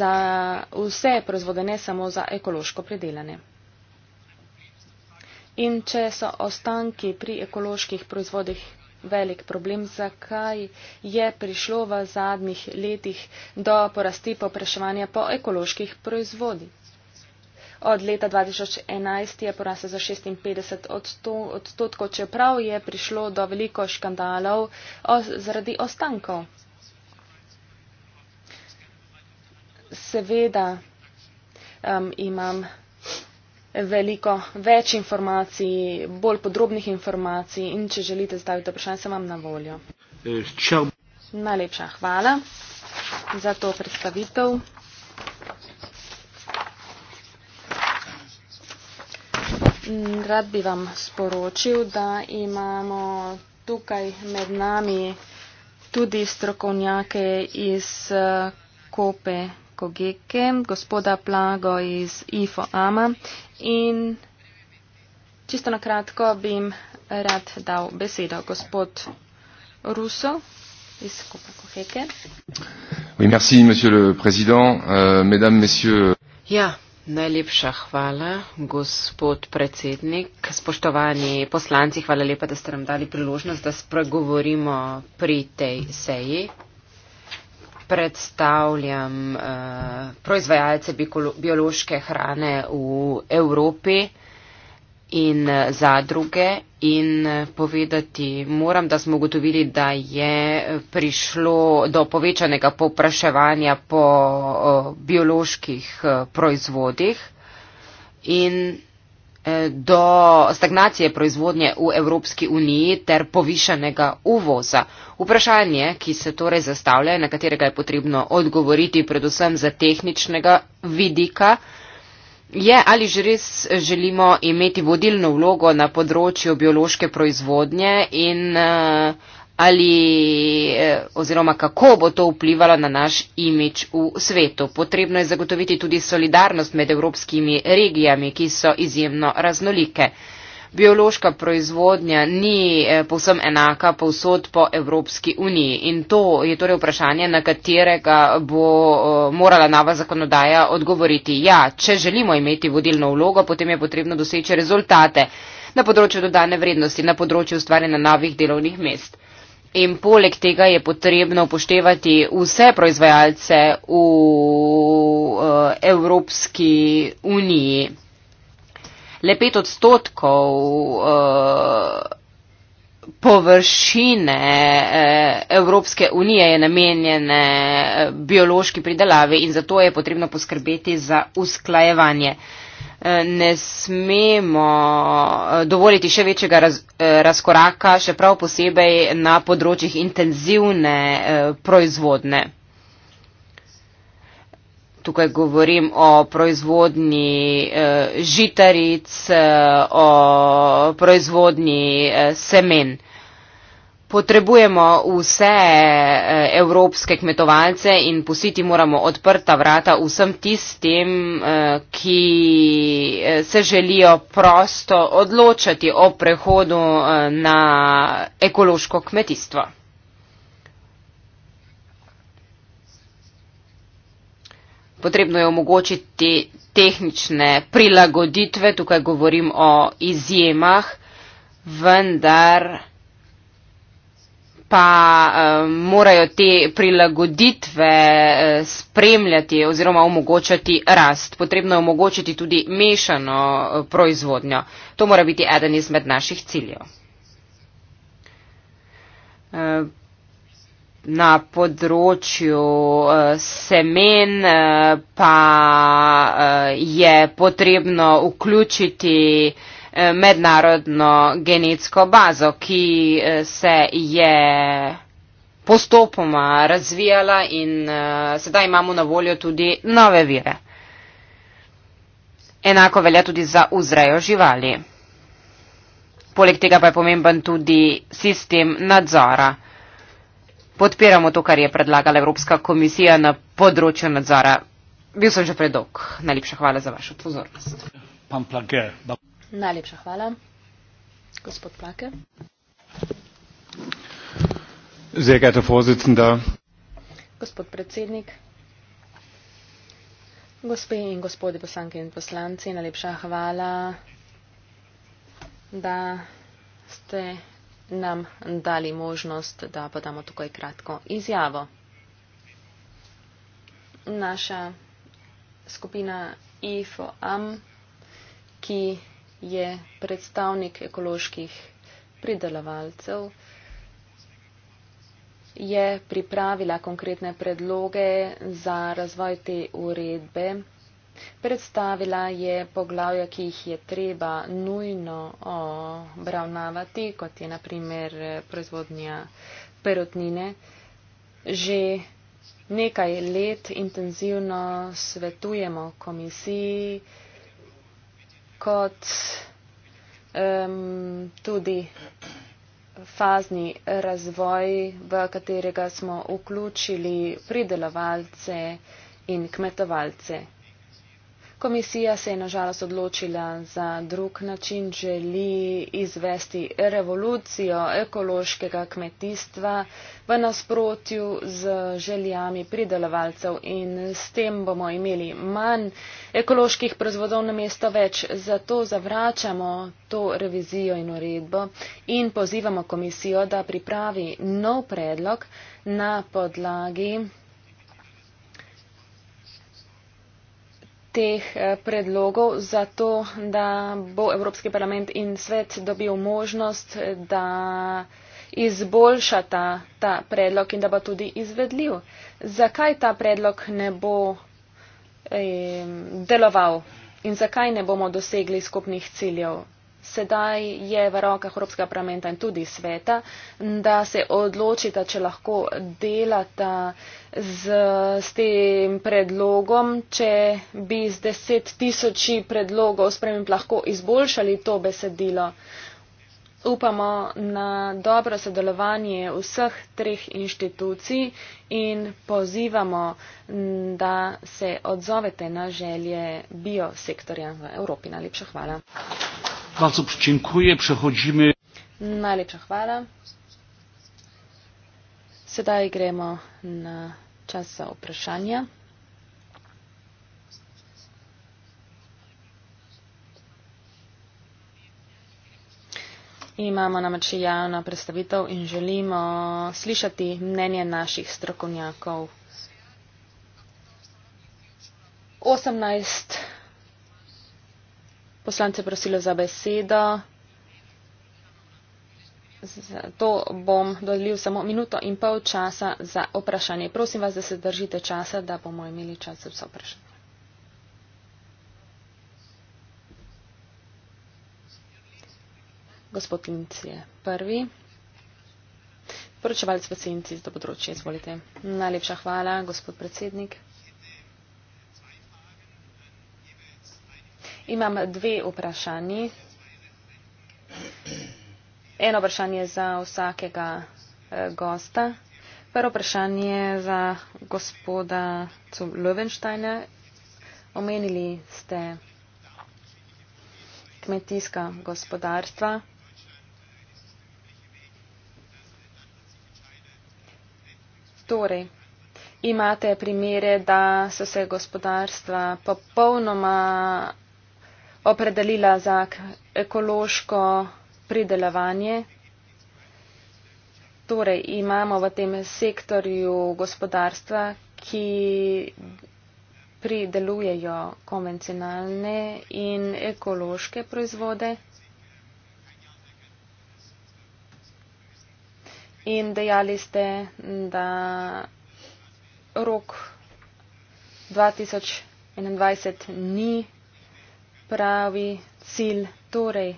za vse proizvode, ne samo za ekološko predelane. In če so ostanki pri ekoloških proizvodih velik problem, zakaj je prišlo v zadnjih letih do porasti popraševanja po ekoloških proizvodih? Od leta 2011 je porasel za 56 odstotkov, čeprav je prišlo do veliko škandalov zaradi ostankov. Seveda um, imam veliko več informacij, bolj podrobnih informacij in če želite staviti vprašanje, sem vam na voljo. Čau. Najlepša hvala za to predstavitev. Rad bi vam sporočil, da imamo tukaj med nami tudi strokovnjake iz eh, Kope. Uh, Kogeke, gospoda Plago iz IFO AMA in čisto na kratko bi jim rad dal besedo. Gospod Ruso iz Kopa Kogeke. Oui, merci, monsieur le président, euh, mesdames, messieurs. Ja, najlepša hvala, gospod predsednik. Spoštovani poslanci, hvala lepa, da ste nam dali priložnost, da spregovorimo pri tej seji predstavljam uh, proizvajalce biološke hrane v Evropi in eh, zadruge in eh, povedati moram, da smo ugotovili, da je prišlo do povečanega popraševanja po uh, bioloških uh, proizvodih in Eh, do stagnacije proizvodnje v Evropski uniji ter povišanega uvoza. Vprašanje, ki se torej zastavlja, na katerega je potrebno odgovoriti predvsem za tehničnega vidika, je, ali že res želimo imeti vodilno vlogo na področju biološke proizvodnje in uh, ali eh, oziroma kako bo to vplivalo na naš imič v svetu. Potrebno je zagotoviti tudi solidarnost med evropskimi regijami, ki so izjemno raznolike. Biološka proizvodnja ni eh, povsem enaka povsod po Evropski uniji in to je torej vprašanje, na katerega bo eh, morala nova zakonodaja odgovoriti. Ja, če želimo imeti vodilno vlogo, potem je potrebno doseči rezultate na področju dodane vrednosti, na področju ustvarjanja novih delovnih mest. In poleg tega je potrebno upoštevati vse proizvajalce v eh, Evropski uniji. Le pet odstotkov eh, površine eh, Evropske unije je namenjene biološki pridelavi in zato je potrebno poskrbeti za usklajevanje. Eh, ne smemo eh, dovoliti še večjega raz, eh, razkoraka, še prav posebej na področjih intenzivne proizvodne. Tukaj govorim o proizvodnji žitaric, o proizvodnji semen. Potrebujemo vse eh, evropske kmetovalce in pustiti moramo odprta vrata vsem tistim, eh, ki eh, se želijo prosto odločati o prehodu na ekološko kmetijstvo. Potrebno je omogočiti tehnične prilagoditve, tukaj govorim o izjemah, vendar pa uh, morajo te prilagoditve uh, spremljati oziroma omogočati rast. Potrebno je omogočiti tudi mešano uh, proizvodnjo. To mora biti eden izmed naših ciljev. Uh, Na področju semen pa je potrebno vključiti Eh, mednarodno genetsko bazo, ki eh, se je postopoma razvijala in eh, sedaj imamo na voljo tudi nove vire. Enako velja tudi za vzrejo živali. Poleg tega pa je pomemben tudi sistem nadzora. Podpiramo to, kar je predlagala Evropska komisija na področju nadzora. Bil sem že predolg. Najlepša hvala za vašo pozornost. Najlepša hvala. Gospod Plake. Sehr geehrter Vorsitzender. Gospod predsednik. Gospe in gospodje poslanke in poslanci, najlepša hvala, da ste nam dali možnost, da podamo tukaj kratko izjavo. Naša skupina IFOAM, ki je predstavnik ekoloških pridelovalcev, je pripravila konkretne predloge za razvoj te uredbe, predstavila je poglavja, ki jih je treba nujno obravnavati, kot je naprimer eh, proizvodnja perotnine. Že nekaj let intenzivno svetujemo komisiji, kot um, tudi fazni razvoj, v katerega smo vključili pridelovalce in kmetovalce. Komisija se je na žalost odločila za drug način, želi izvesti revolucijo ekološkega kmetijstva v nasprotju z željami pridelovalcev in s tem bomo imeli manj ekoloških proizvodov na mesto več. Zato zavračamo to revizijo in uredbo in pozivamo komisijo, da pripravi nov predlog na podlagi teh eh, predlogov za to, da bo Evropski parlament in svet dobil možnost, da izboljša ta, ta predlog in da bo tudi izvedljiv. Zakaj ta predlog ne bo eh, deloval in zakaj ne bomo dosegli skupnih ciljev? sedaj je v rokah Evropskega parlamenta in tudi sveta, da se odločita, če lahko delata z, s tem predlogom, če bi z deset tisoči predlogov sprememb lahko izboljšali to besedilo. Upamo na dobro sodelovanje vseh treh inštitucij in pozivamo, da se odzovete na želje biosektorja v Evropi. Najlepša hvala. Bardzo dziękuję. Przechodzimy. Najlepsza chwala. Sedaj gremo na czas zaopraszania. Imamo namreč javno predstavitev in želimo slišati mnenje naših strokovnjakov. 18 poslance prosila za besedo. Zato bom dolil samo minuto in pol časa za vprašanje. Prosim vas, da se držite časa, da bomo imeli čas za vse vprašanje. Gospod Lincije, prvi. Poročevalec pacienci z področja, izvolite. Najlepša hvala, gospod predsednik. Imam dve vprašanji. Eno vprašanje za vsakega eh, gosta. Prvo vprašanje za gospoda Löwensteina. Omenili ste kmetijska gospodarstva. Torej, imate primere, da so se gospodarstva popolnoma opredelila za ekološko pridelovanje. Torej imamo v tem sektorju gospodarstva, ki pridelujejo konvencionalne in ekološke proizvode. In dejali ste, da rok 2021 ni pravi cilj. Torej,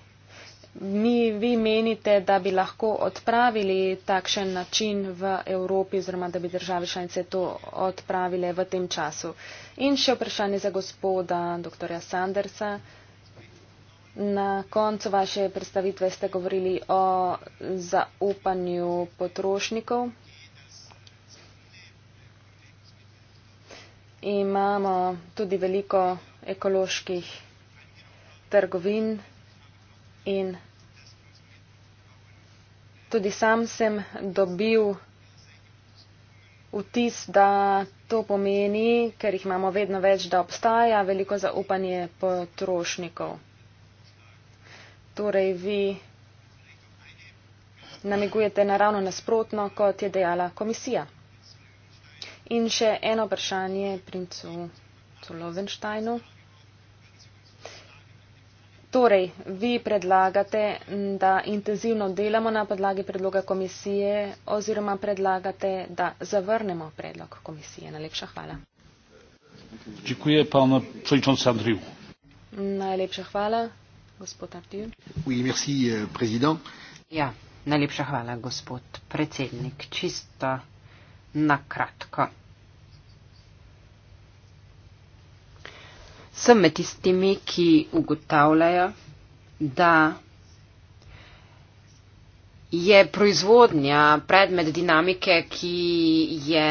mi, vi menite, da bi lahko odpravili takšen način v Evropi, oziroma da bi države članice to odpravile v tem času. In še vprašanje za gospoda dr. Sandersa. Na koncu vaše predstavitve ste govorili o zaupanju potrošnikov. Imamo tudi veliko ekoloških trgovin in tudi sam sem dobil vtis, da to pomeni, ker jih imamo vedno več, da obstaja veliko zaupanje potrošnikov. Torej vi namigujete naravno nasprotno, kot je dejala komisija. In še eno vprašanje princu Tolovenštajnu. Torej, vi predlagate, da intenzivno delamo na podlagi predloga komisije oziroma predlagate, da zavrnemo predlog komisije. Najlepša hvala. Dziękuję pan przewodniczący Andriu. Najlepsza chwała, gospod Andriu. Oui, merci, euh, président. Ja, najlepsza chwała, gospod przewodniczący. Czysto na krótko. sem med tistimi, ki ugotavljajo, da je proizvodnja predmet dinamike, ki je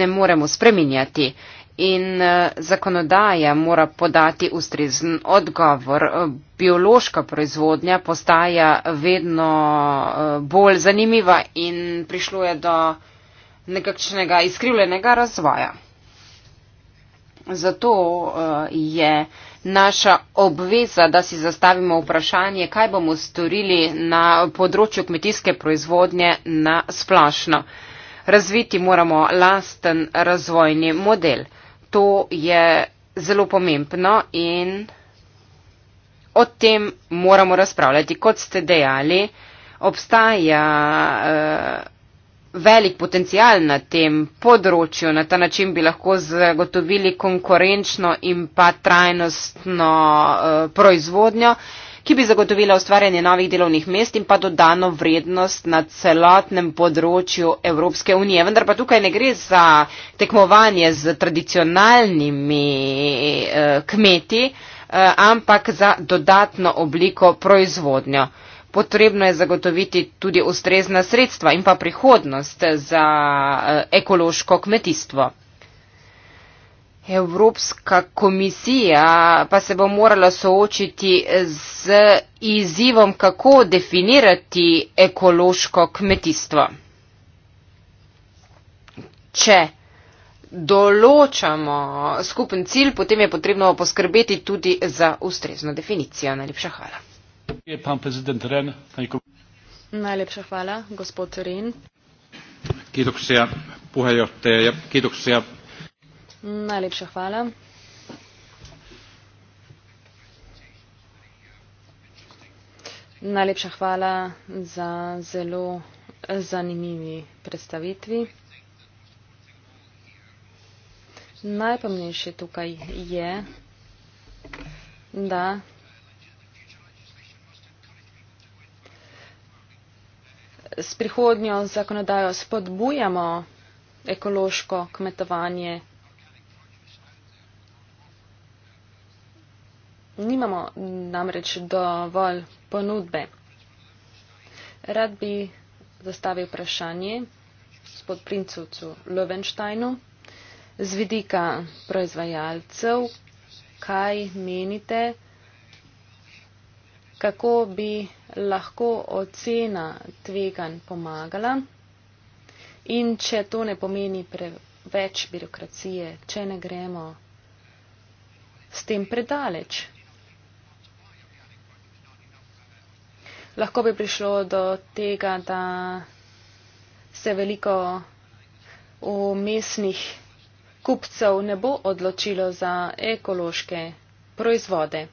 ne moremo spreminjati. In eh, zakonodaja mora podati ustrezen odgovor. Biološka proizvodnja postaja vedno eh, bolj zanimiva in prišlo je do nekakšnega izkrivljenega razvoja. Zato eh, je naša obveza, da si zastavimo vprašanje, kaj bomo storili na področju kmetijske proizvodnje na splašno. Razviti moramo lasten razvojni model. To je zelo pomembno in o tem moramo razpravljati. Kot ste dejali, obstaja. Uh, velik potencial na tem področju. Na ta način bi lahko zagotovili konkurenčno in pa trajnostno eh, proizvodnjo, ki bi zagotovila ustvarjanje novih delovnih mest in pa dodano vrednost na celotnem področju Evropske unije. Vendar pa tukaj ne gre za tekmovanje z tradicionalnimi eh, kmeti, eh, ampak za dodatno obliko proizvodnjo potrebno je zagotoviti tudi ustrezna sredstva in pa prihodnost za eh, ekološko kmetijstvo. Evropska komisija pa se bo morala soočiti z izzivom, kako definirati ekološko kmetijstvo. Če določamo skupen cilj, potem je potrebno poskrbeti tudi za ustrezno definicijo. Najlepša hvala kiitoksia puheenjohtaja ja kiitoksia komissaari hahnille Najlepša hvala za zelo zanimivi predstavitvi. Najpomnejše tukaj je, da s prihodnjo zakonodajo spodbujamo ekološko kmetovanje. Nimamo namreč dovolj ponudbe. Rad bi zastavil vprašanje gospod princucu Lovenštajnu z vidika proizvajalcev, kaj menite, kako bi lahko ocena tvegan pomagala in če to ne pomeni preveč birokracije, če ne gremo s tem predaleč. Lahko bi prišlo do tega, da se veliko umestnih kupcev ne bo odločilo za ekološke proizvode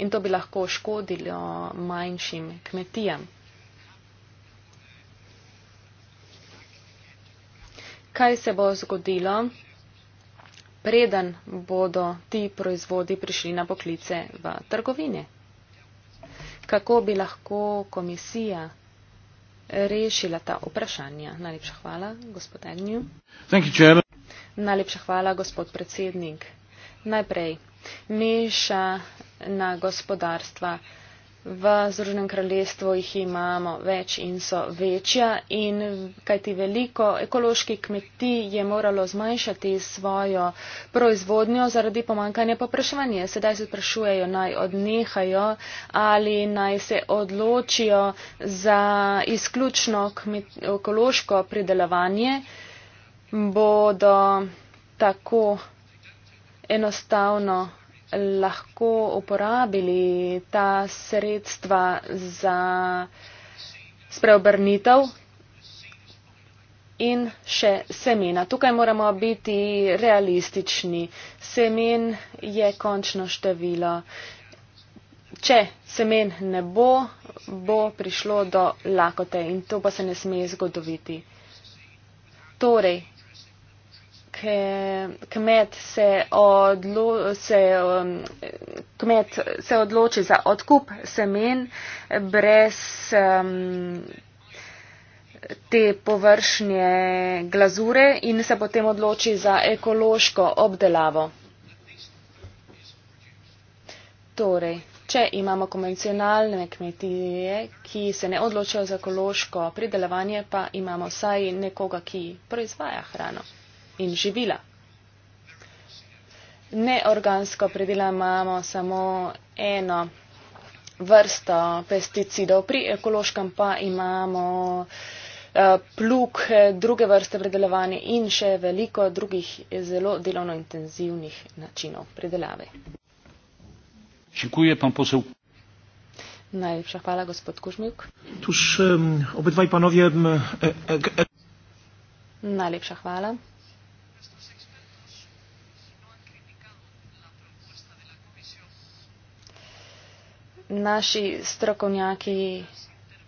in to bi lahko škodilo manjšim kmetijam. Kaj se bo zgodilo, preden bodo ti proizvodi prišli na poklice v trgovine? Kako bi lahko komisija rešila ta vprašanja? Najlepša hvala, gospod Ennju. Najlepša hvala, gospod predsednik. Najprej, meša na gospodarstva. V Združenem kraljestvu jih imamo več in so večja in kajti veliko ekoloških kmetij je moralo zmanjšati svojo proizvodnjo zaradi pomankanja popraševanja. Sedaj se sprašujejo, naj odnehajo ali naj se odločijo za izključno ekološko pridelovanje, bodo tako enostavno lahko uporabili ta sredstva za spreobrnitev in še semena. Tukaj moramo biti realistični. Semen je končno število. Če semen ne bo, bo prišlo do lakote in to pa se ne sme zgoditi. Torej, kmet se, odlo, se, um, kmet se odloči za odkup semen brez um, te površnje glazure in se potem odloči za ekološko obdelavo. Torej, če imamo konvencionalne kmetije, ki se ne odločajo za ekološko pridelovanje, pa imamo vsaj nekoga, ki proizvaja hrano in živila. Neorgansko predelamo samo eno vrsto pesticidov, pri ekološkem pa imamo eh, plug, druge vrste predelovanja in še veliko drugih zelo delovno intenzivnih načinov predelave. Dziękuję, pan poseł. Najlepša hvala, gospod Kužmjuk. Tuž, um, obe dvaj panovje. E, e, e. Najlepša hvala. naši strokovnjaki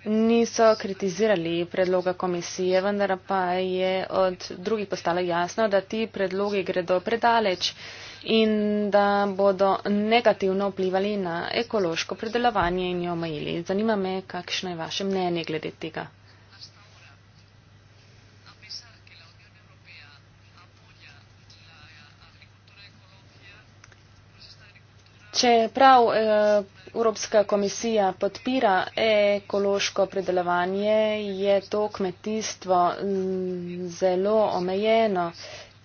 niso kritizirali predloga komisije, vendar pa je od drugih postalo jasno, da ti predlogi gredo predaleč in da bodo negativno vplivali na ekološko predelovanje in jo omejili. Zanima me, kakšno je vaše mnenje glede tega. Če prav eh, Evropska komisija podpira ekološko predelovanje, je to kmetijstvo mm, zelo omejeno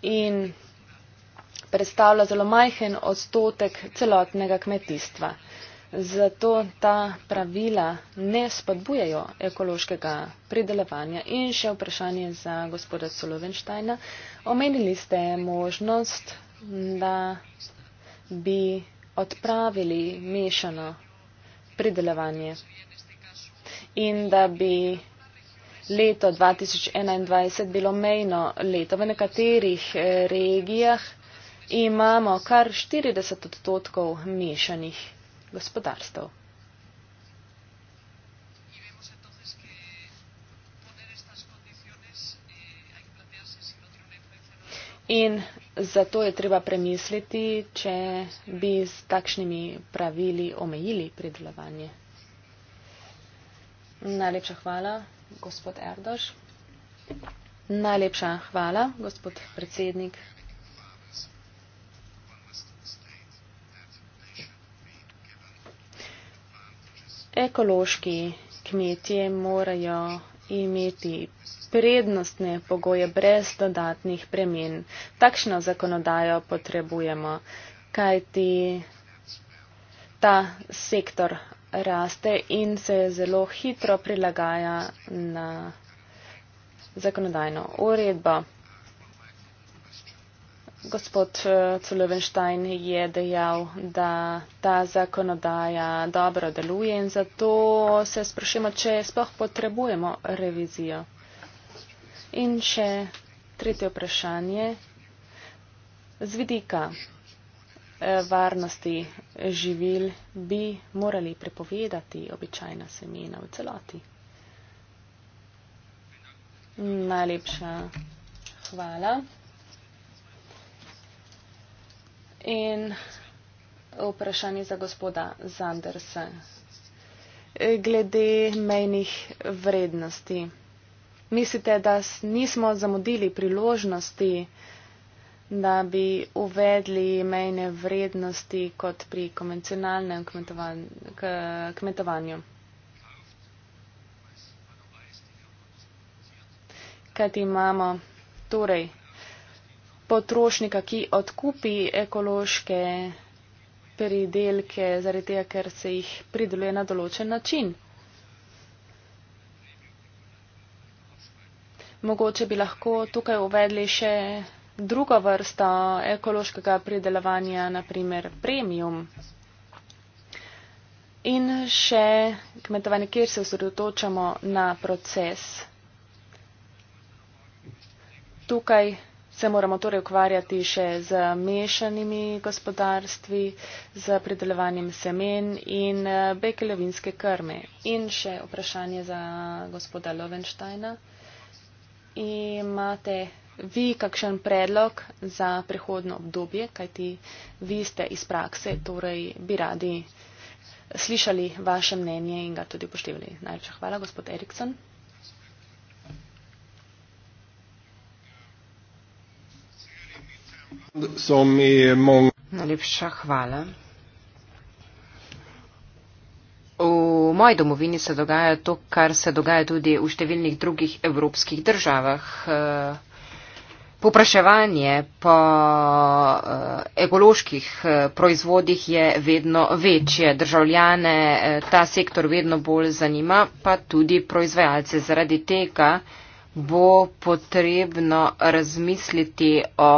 in predstavlja zelo majhen odstotek celotnega kmetijstva. Zato ta pravila ne spodbujajo ekološkega pridelovanja. In še vprašanje za gospoda Solovenštajna. Omenili ste možnost, da bi odpravili mešano pridelevanje in da bi leto 2021 bilo mejno leto. V nekaterih eh, regijah imamo kar 40 odstotkov mešanih gospodarstv. In Zato je treba premisliti, če bi s takšnimi pravili omejili predelovanje. Najlepša hvala, gospod Erdoš. Najlepša hvala, gospod predsednik. Ekološki kmetje morajo imeti prednostne pogoje brez dodatnih premen. Takšno zakonodajo potrebujemo, kajti ta sektor raste in se zelo hitro prilagaja na zakonodajno uredbo. Gospod eh, Culevenštajn je dejal, da ta zakonodaja dobro deluje in zato se sprašujemo, če sploh potrebujemo revizijo. In še tretje vprašanje. Z vidika eh, varnosti živil bi morali prepovedati običajna semena v celoti. Najlepša hvala. In vprašanje za gospoda Zandersa. Eh, glede mejnih vrednosti. Mislite, da nismo zamudili priložnosti, da bi uvedli mejne vrednosti kot pri konvencionalnem kmetovanju? Kaj ti imamo? Torej, potrošnika, ki odkupi ekološke pridelke, zaradi tega, ker se jih prideluje na določen način. mogoče bi lahko tukaj uvedli še drugo vrsto ekološkega pridelovanja, naprimer premium. In še kmetovanje, kjer se osredotočamo na proces. Tukaj se moramo torej ukvarjati še z mešanimi gospodarstvi, z pridelovanjem semen in eh, bekelovinske krme. In še vprašanje za gospoda Lovenštajna imate vi kakšen predlog za prehodno obdobje, kajti vi ste iz prakse, torej bi radi slišali vaše mnenje in ga tudi upoštevali. Najlepša hvala, gospod Erikson. Najlepša hvala. V moji domovini se dogaja to, kar se dogaja tudi v številnih drugih evropskih državah. Eh, Popraševanje po eh, ekoloških eh, proizvodih je vedno večje. Državljane ta sektor vedno bolj zanima, pa tudi proizvajalce. Zaradi tega bo potrebno razmisliti o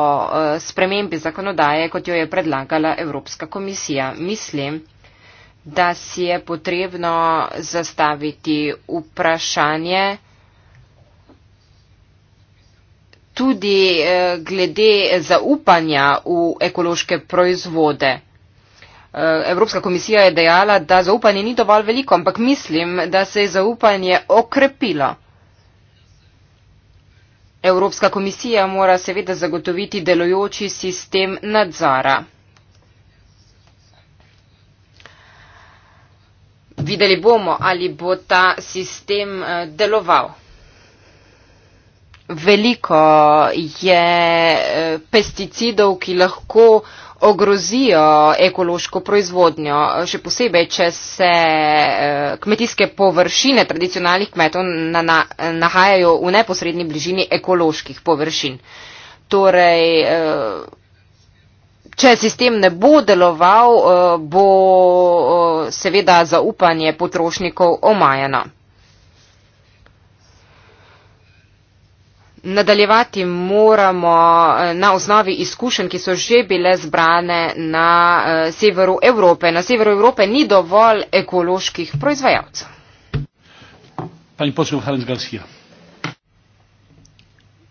spremembi zakonodaje, kot jo je predlagala Evropska komisija. Mislim, da si je potrebno zastaviti vprašanje tudi eh, glede zaupanja v ekološke proizvode. Eh, Evropska komisija je dejala, da zaupanje ni dovolj veliko, ampak mislim, da se je zaupanje okrepilo. Evropska komisija mora seveda zagotoviti delojoči sistem nadzora. videli bomo, ali bo ta sistem eh, deloval. Veliko je eh, pesticidov, ki lahko ogrozijo ekološko proizvodnjo, še posebej, če se eh, kmetijske površine tradicionalnih kmetov nahajajo v neposrednji bližini ekoloških površin. Torej, Če sistem ne bo deloval, eh, bo eh, seveda zaupanje potrošnikov omajeno. Nadaljevati moramo eh, na osnovi izkušenj, ki so že bile zbrane na severu Evrope. Na severu Evrope ni dovolj ekoloških proizvajalcev. Pani poslov Helen Garcia.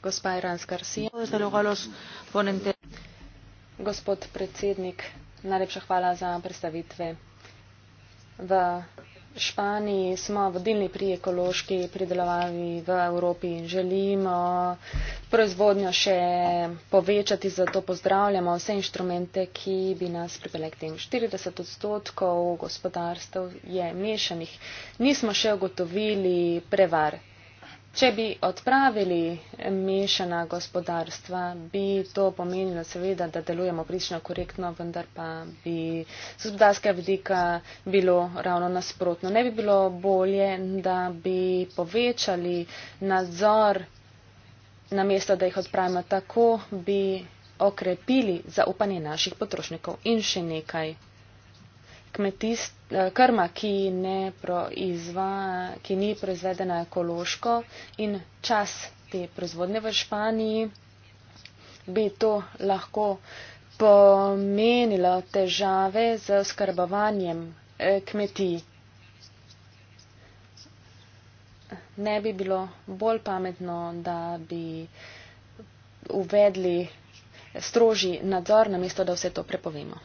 Gospa Iranska Garcia. Gospod predsednik, najlepša hvala za predstavitve. V Španiji smo vodilni pri ekološki pridelavi v Evropi in želimo proizvodnjo še povečati, zato pozdravljamo vse inštrumente, ki bi nas pripeljali k tem. 40 odstotkov gospodarstv je mešanih. Nismo še ugotovili prevar. Če bi odpravili mešana gospodarstva, bi to pomenilo seveda, da delujemo prično korektno, vendar pa bi z gospodarskega vidika bilo ravno nasprotno. Ne bi bilo bolje, da bi povečali nadzor, namesto da jih odpravimo tako, bi okrepili zaupanje naših potrošnikov. In še nekaj kmetijst, eh, krma, ki, ne proizva, ki ni proizvedena ekološko in čas te proizvodne v Španiji, bi to lahko pomenilo težave z oskrbovanjem eh, kmetij. Ne bi bilo bolj pametno, da bi uvedli strožji nadzor, namesto da vse to prepovemo.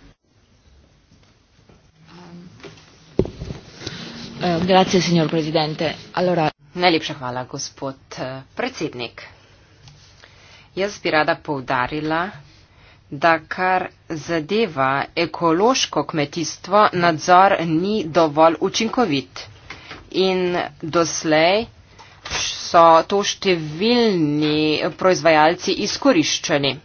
Eh, grazie, signor Presidente. Allora... Najlepša hvala, gospod eh, predsednik. Jaz bi rada povdarila, da kar zadeva ekološko kmetijstvo, nadzor ni dovolj učinkovit. In doslej so to številni proizvajalci izkoriščeni.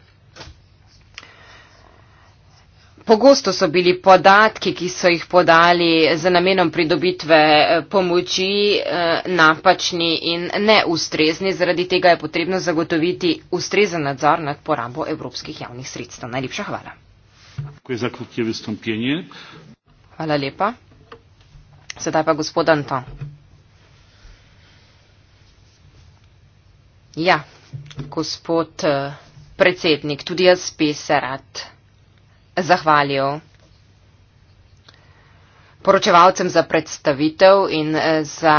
Pogosto so bili podatki, ki so jih podali za namenom pridobitve eh, pomoči, eh, napačni in neustrezni. Zaradi tega je potrebno zagotoviti ustrezen nadzor nad porabo evropskih javnih sredstev. Najlepša hvala. Hvala lepa. Sedaj pa gospod Anton. Ja, gospod eh, predsednik, tudi jaz bi se rad zahvalil. Poročevalcem za predstavitev in eh, za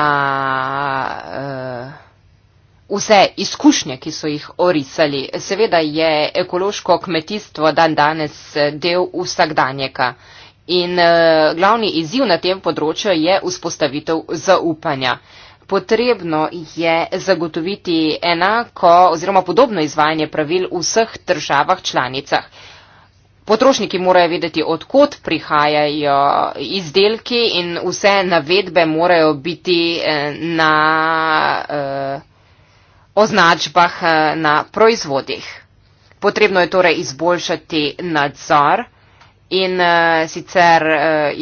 uh, vse izkušnje, ki so jih orisali. Seveda je ekološko kmetijstvo dan danes eh, del vsakdanjega in uh, glavni izziv na tem področju je vzpostavitev zaupanja. Potrebno je zagotoviti enako oziroma podobno izvajanje pravil v vseh državah članicah. Uh, Potrošniki morajo vedeti, odkot prihajajo izdelki in vse navedbe morajo biti eh, na eh, označbah eh, na proizvodih. Potrebno je torej izboljšati nadzor in sicer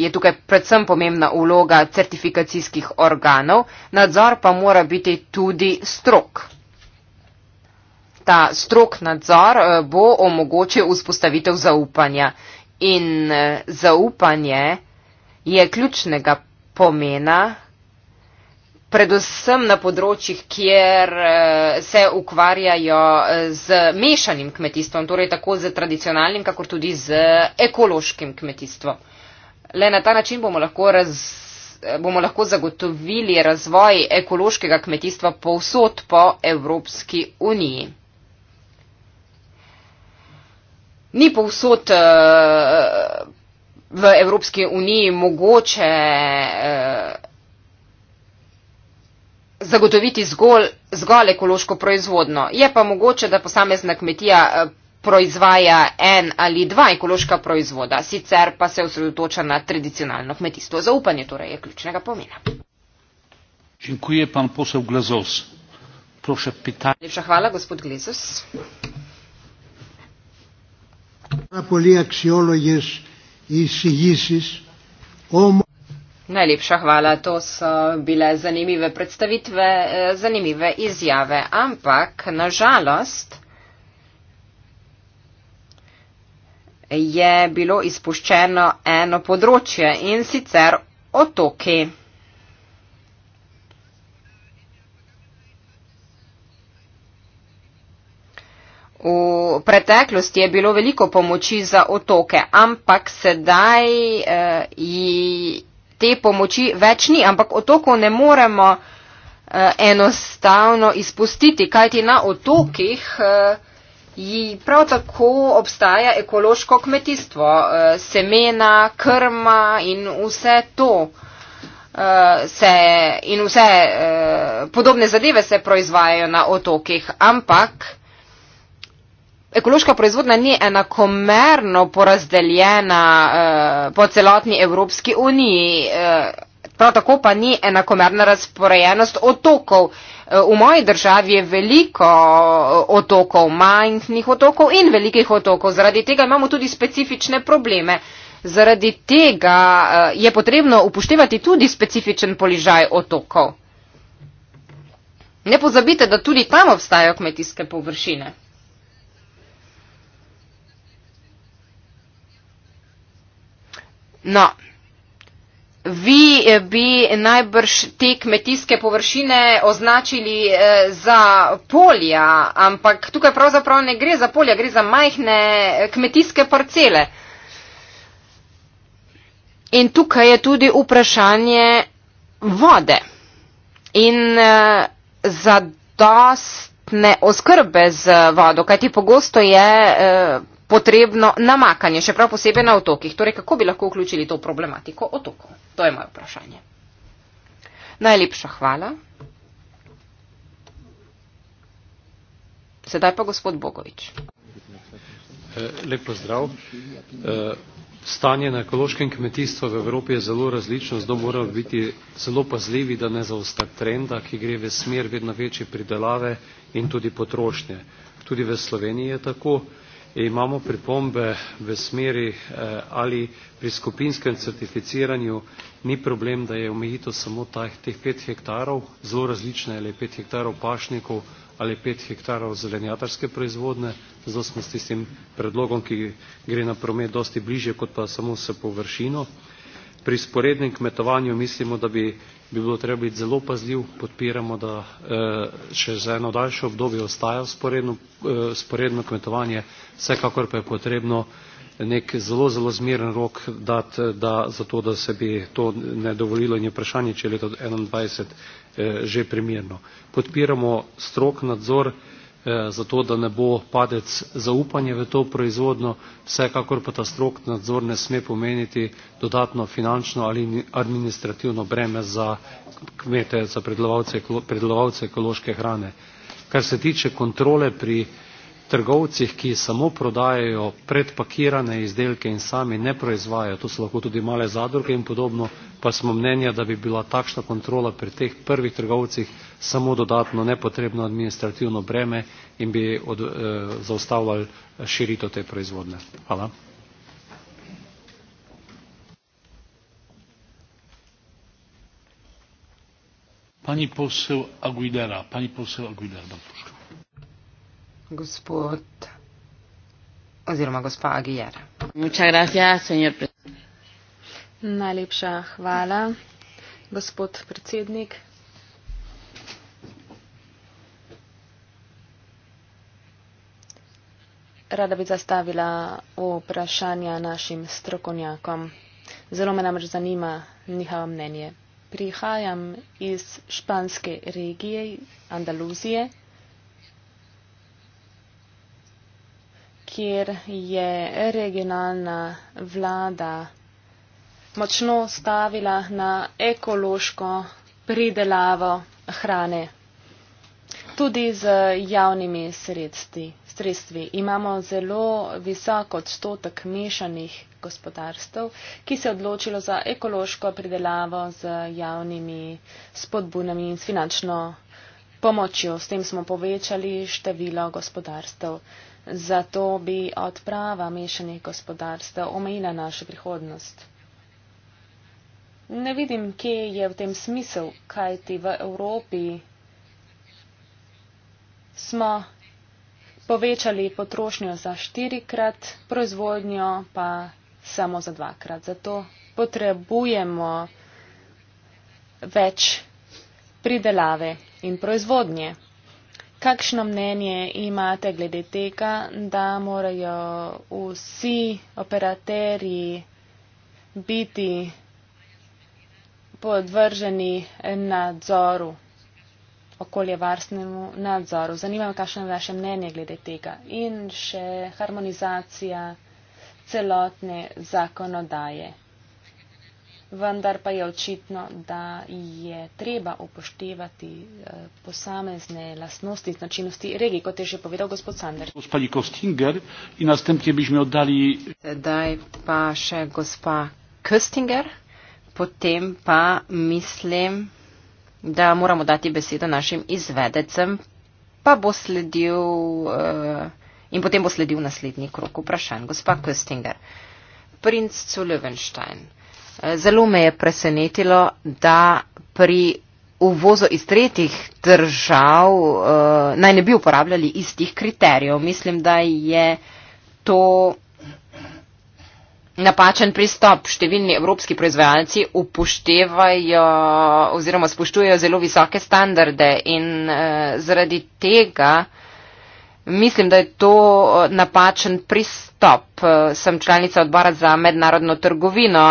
je tukaj predvsem pomembna uloga certifikacijskih organov, nadzor pa mora biti tudi strok ta strok nadzor eh, bo omogočil vzpostavitev zaupanja. In eh, zaupanje je ključnega pomena, predvsem na področjih, kjer eh, se ukvarjajo z mešanim kmetijstvom, torej tako z tradicionalnim, kakor tudi z ekološkim kmetijstvom. Le na ta način bomo lahko, raz, bomo lahko zagotovili razvoj ekološkega kmetijstva povsod po Evropski uniji. ni povsod uh, v Evropski uniji mogoče uh, zagotoviti zgolj, zgolj ekološko proizvodno. Je pa mogoče, da posamezna kmetija eh, proizvaja en ali dva ekološka proizvoda, sicer pa se osredotoča na tradicionalno kmetijstvo. Zaupanje torej je ključnega pomena. Dziękuję pan poseł Glezos. Proszę pytanie. Najlepsza chwała, gospod Glezos. Πάρα πολύ αξιόλογε εισηγήσει. Όμω. Najlepša hvala, to so bile zanimive predstavitve, eh, zanimive izjave, ampak nažalost je bilo izpuščeno eno področje in sicer otoki. V preteklosti je bilo veliko pomoči za otoke, ampak sedaj eh, te pomoči več ni, ampak otokov ne moremo eh, enostavno izpustiti, kajti na otokih eh, prav tako obstaja ekološko kmetijstvo, eh, semena, krma in vse to. Eh, se in vse eh, podobne zadeve se proizvajajo na otokih, ampak eh, Ekološka proizvodnja ni enakomerno porazdeljena eh, po celotni Evropski uniji, eh, prav tako pa ni enakomerna razporejenost otokov. Eh, v moji državi je veliko eh, otokov, majhnih otokov in velikih otokov, zaradi tega imamo tudi specifične probleme. Zaradi tega eh, je potrebno upoštevati tudi specifičen položaj otokov. Ne pozabite, da tudi tam obstajajo kmetijske površine. No, vi eh, bi najbrž te kmetijske površine označili eh, za polja, ampak tukaj pravzaprav ne gre za polja, gre za majhne eh, kmetijske parcele. In tukaj je tudi vprašanje vode. In za dostne oskrbe z vodo, kajti pogosto je potrebno namakanje, še prav posebej na otokih. Torej, kako bi lahko vključili to problematiko otokov? To je moje vprašanje. Najlepša hvala. Sedaj pa gospod Bogovič. Eh, lep pozdrav. Eh, stanje na ekološkem kmetijstvu v Evropi je zelo različno, zato moramo biti zelo pazljivi, da ne zaostati trenda, ki gre v smer vedno večje pridelave in tudi potrošnje. Tudi v Sloveniji je tako. E, imamo pripombe v smeri e, ali pri skupinskem certificiranju ni problem da je omejitev samo ta, teh pet hektarov zelo različna ali je pet hektarov pašnikov ali pet hektarov zelenjatarske proizvodne zato smo s tistim predlogom ki gre na promet dosti bliže kot pa samo s površino pri sporednem kmetovanju mislimo da bi bi bilo treba biti zelo pazljiv, podpiramo, da e, še za eno daljše obdobje ostaja sporedno, sporedno kmetovanje, vsekakor pa je potrebno nek zelo zelo zmeren rok dati eh, da, za to, da se bi to ne dovolilo in je vprašanje, če je leto 2021 eh, že primerno. Podpiramo strok nadzor eh, za to, da ne bo padec zaupanje v to proizvodno, vsekakor pa ta strok nadzor ne sme pomeniti dodatno finančno ali administrativno breme za kmete, za predelovalce ekološke hrane. Kar se tiče kontrole pri trgovcih, ki samo prodajajo predpakirane izdelke in sami ne proizvajajo, to so lahko tudi male zadruge in podobno, pa smo mnenja, da bi bila takšna kontrola pri teh prvih trgovcih samo dodatno nepotrebno administrativno breme in bi od, eh, zaustavljali širito te proizvodne. Hvala. Pani posel Aguilera, pani posel Aguilera, dopustite gospod oziroma gospa Agijer. Najlepša hvala, gospod predsednik. Rada bi zastavila vprašanja našim strokovnjakom. Zelo me namreč zanima njihovo mnenje. Prihajam iz španske regije Andaluzije. kjer je regionalna vlada močno stavila na ekološko pridelavo hrane. Tudi z javnimi sredstvi, sredstvi imamo zelo visok odstotek mešanih gospodarstv, ki se je odločilo za ekološko pridelavo z javnimi spodbunami in s finančno pomočjo. S tem smo povečali število gospodarstv zato bi odprava mešanih gospodarstva omejila našo prihodnost. Ne vidim, kje je v tem smisel, kajti v Evropi smo povečali potrošnjo za štirikrat, proizvodnjo pa samo za dvakrat. Zato potrebujemo več pridelave in proizvodnje. Kakšno mnenje imate glede tega, da morajo vsi operaterji biti podvrženi nadzoru, okoljevarstvenemu nadzoru? Zanima me, kakšno je vaše mnenje glede tega in še harmonizacija celotne zakonodaje vendar pa je očitno, da je treba upoštevati eh, posamezne lastnosti, značilnosti regij, kot je že povedal gospod Sander. Zdaj pa še gospa Köstinger, potem pa mislim, da moramo dati besedo našim izvedecem, pa bo sledil. Eh, in potem bo sledil naslednji krok vprašanj. Gospa Köstinger, princ Culevenstein. Eh, zelo me je presenetilo, da pri uvozu iz tretjih držav uh, naj ne bi uporabljali istih kriterijev. Mislim, da je to napačen pristop. Številni evropski proizvajalci upoštevajo oziroma spoštujejo zelo visoke standarde in uh, zaradi tega. Mislim, da je to napačen pristop. Sem članica odbora za mednarodno trgovino.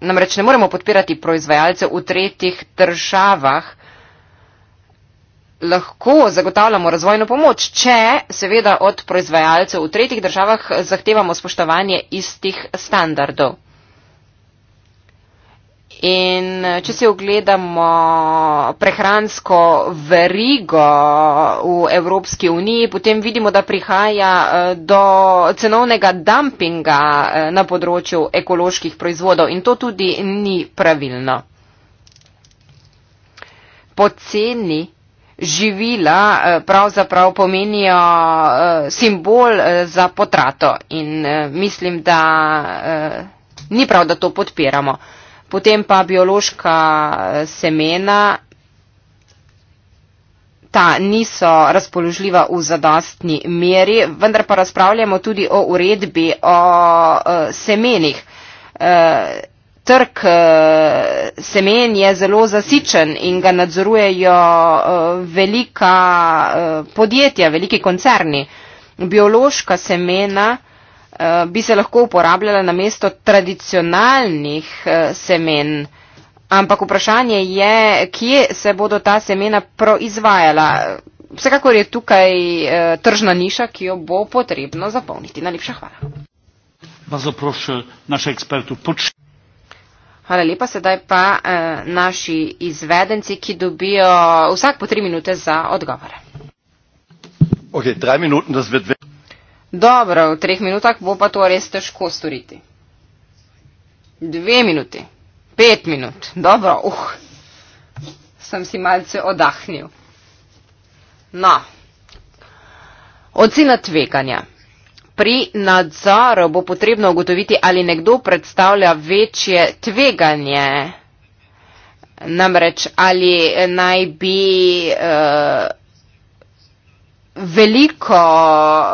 Namreč ne moremo podpirati proizvajalcev v tretjih državah. Lahko zagotavljamo razvojno pomoč, če seveda od proizvajalcev v tretjih državah zahtevamo spoštovanje istih standardov. In eh, če si ogledamo prehransko verigo v Evropski uniji, potem vidimo, da prihaja eh, do cenovnega dumpinga eh, na področju ekoloških proizvodov in to tudi ni pravilno. Poceni živila pravzaprav pomenijo simbol za potrato in mislim, da ni prav, da to podpiramo potem pa biološka eh, semena, ta niso razpoložljiva v zadostni meri, vendar pa razpravljamo tudi o uredbi o uh, semenih. Uh, Trg semen je zelo zasičen in ga nadzorujejo velika podjetja, veliki koncerni. Biološka semena Eh, bi se lahko uporabljala namesto tradicionalnih eh, semen. Ampak vprašanje je, kje se bodo ta semena proizvajala. Vsekakor je tukaj eh, tržna niša, ki jo bo potrebno zapolniti. Najlepša hvala. Hvala lepa, sedaj pa eh, naši izvedenci, ki dobijo vsak po tri minute za odgovore. Okay, Dobro, v treh minutah bo pa to res težko storiti. Dve minuti, pet minut, dobro, uh, sem si malce odahnil. No, ocena tveganja. Pri nadzoru bo potrebno ugotoviti, ali nekdo predstavlja večje tveganje. Namreč, ali naj bi. Uh, veliko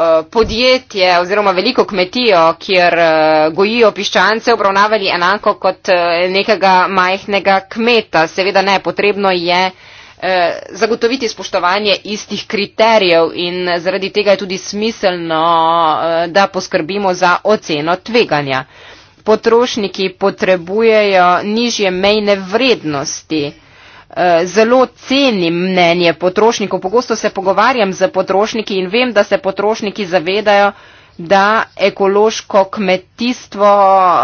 eh, podjetje oziroma veliko kmetijo, kjer eh, gojijo piščance, obravnavali enako kot eh, nekega majhnega kmeta. Seveda ne, potrebno je zagotoviti spoštovanje istih kriterijev in zaradi tega je tudi smiselno, da poskrbimo za oceno tveganja. Potrošniki potrebujejo nižje mejne vrednosti. Eh, zelo cenim mnenje potrošnikov. Pogosto se pogovarjam z potrošniki in vem, da se potrošniki zavedajo, da ekološko kmetijstvo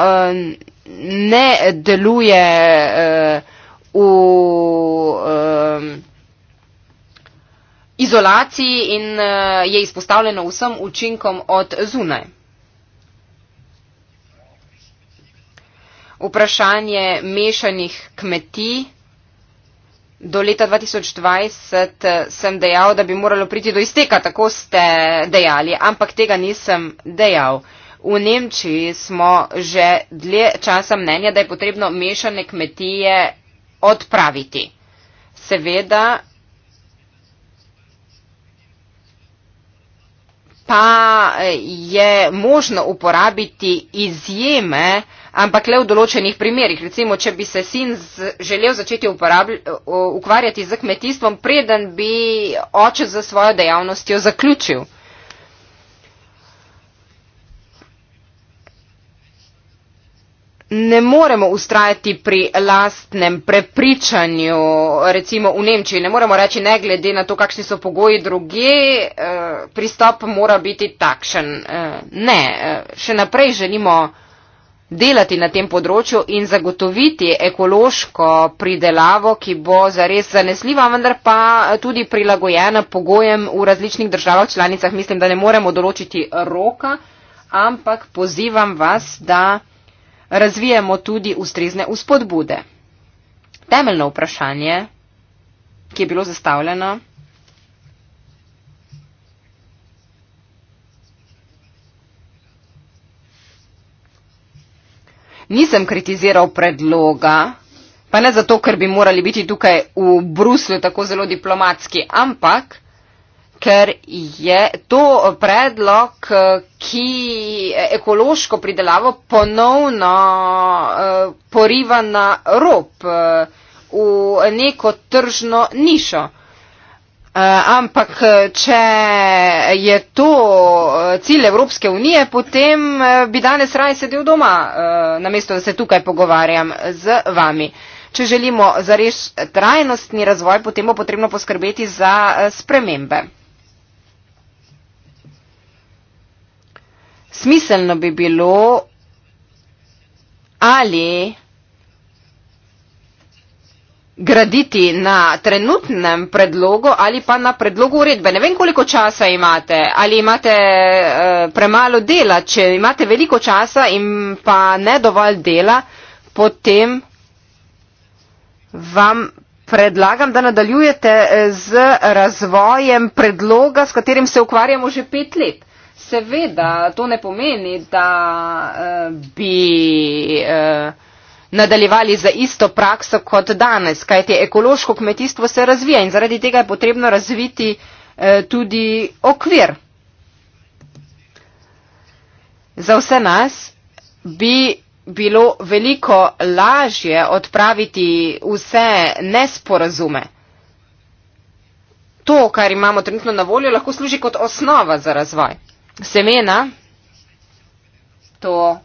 eh, ne deluje eh, v izolaciji in je izpostavljeno vsem učinkom od zunaj. Vprašanje mešanih kmetij do leta 2020 eh, sem dejal, da bi moralo priti do izteka, tako ste dejali, ampak tega nisem dejal. V Nemčiji smo že dlje časa mnenja, da je potrebno mešane kmetije odpraviti. Seveda pa eh, je možno uporabiti izjeme, ampak le v določenih primerjih. Recimo, če bi se sin z, želel začeti eh, ukvarjati z kmetijstvom, preden bi oče za svojo dejavnostjo zaključil. ne moremo ustrajati pri lastnem prepričanju, recimo v Nemčiji. Ne moremo reči, ne glede na to, kakšni so pogoji druge, eh, pristop mora biti takšen. Eh, ne, eh, še naprej želimo delati na tem področju in zagotoviti ekološko pridelavo, ki bo zares zanesljiva, vendar pa tudi prilagojena pogojem v različnih državah članicah. Mislim, da ne moremo določiti roka, ampak pozivam vas, da razvijemo tudi ustrezne uspodbude. Temeljno vprašanje, ki je bilo zastavljeno, nisem kritiziral predloga, pa ne zato, ker bi morali biti tukaj v Bruslju tako zelo diplomatski, ampak ker je to predlog, eh, ki ekološko pridelavo ponovno eh, poriva na rob eh, v neko tržno nišo. Ampak, če je to cilj Evropske unije, potem bi danes raj sedel doma, namesto da se tukaj pogovarjam z vami. Če želimo zares trajnostni razvoj, potem bo potrebno poskrbeti za spremembe. smiselno bi bilo ali graditi na trenutnem predlogu ali pa na predlogu uredbe. Ne vem, koliko časa imate, ali imate e, premalo dela. Če imate veliko časa in pa ne dovolj dela, potem vam predlagam, da nadaljujete eh, z razvojem predloga, s katerim se ukvarjamo že pet let seveda to ne pomeni, da eh, bi eh, nadaljevali za isto prakso kot danes, kajti ekološko kmetijstvo se razvija in zaradi tega je potrebno razviti eh, tudi okvir. Za vse nas bi bilo veliko lažje odpraviti vse nesporazume. To, kar imamo trenutno na voljo, lahko služi kot osnova za razvoj semena, to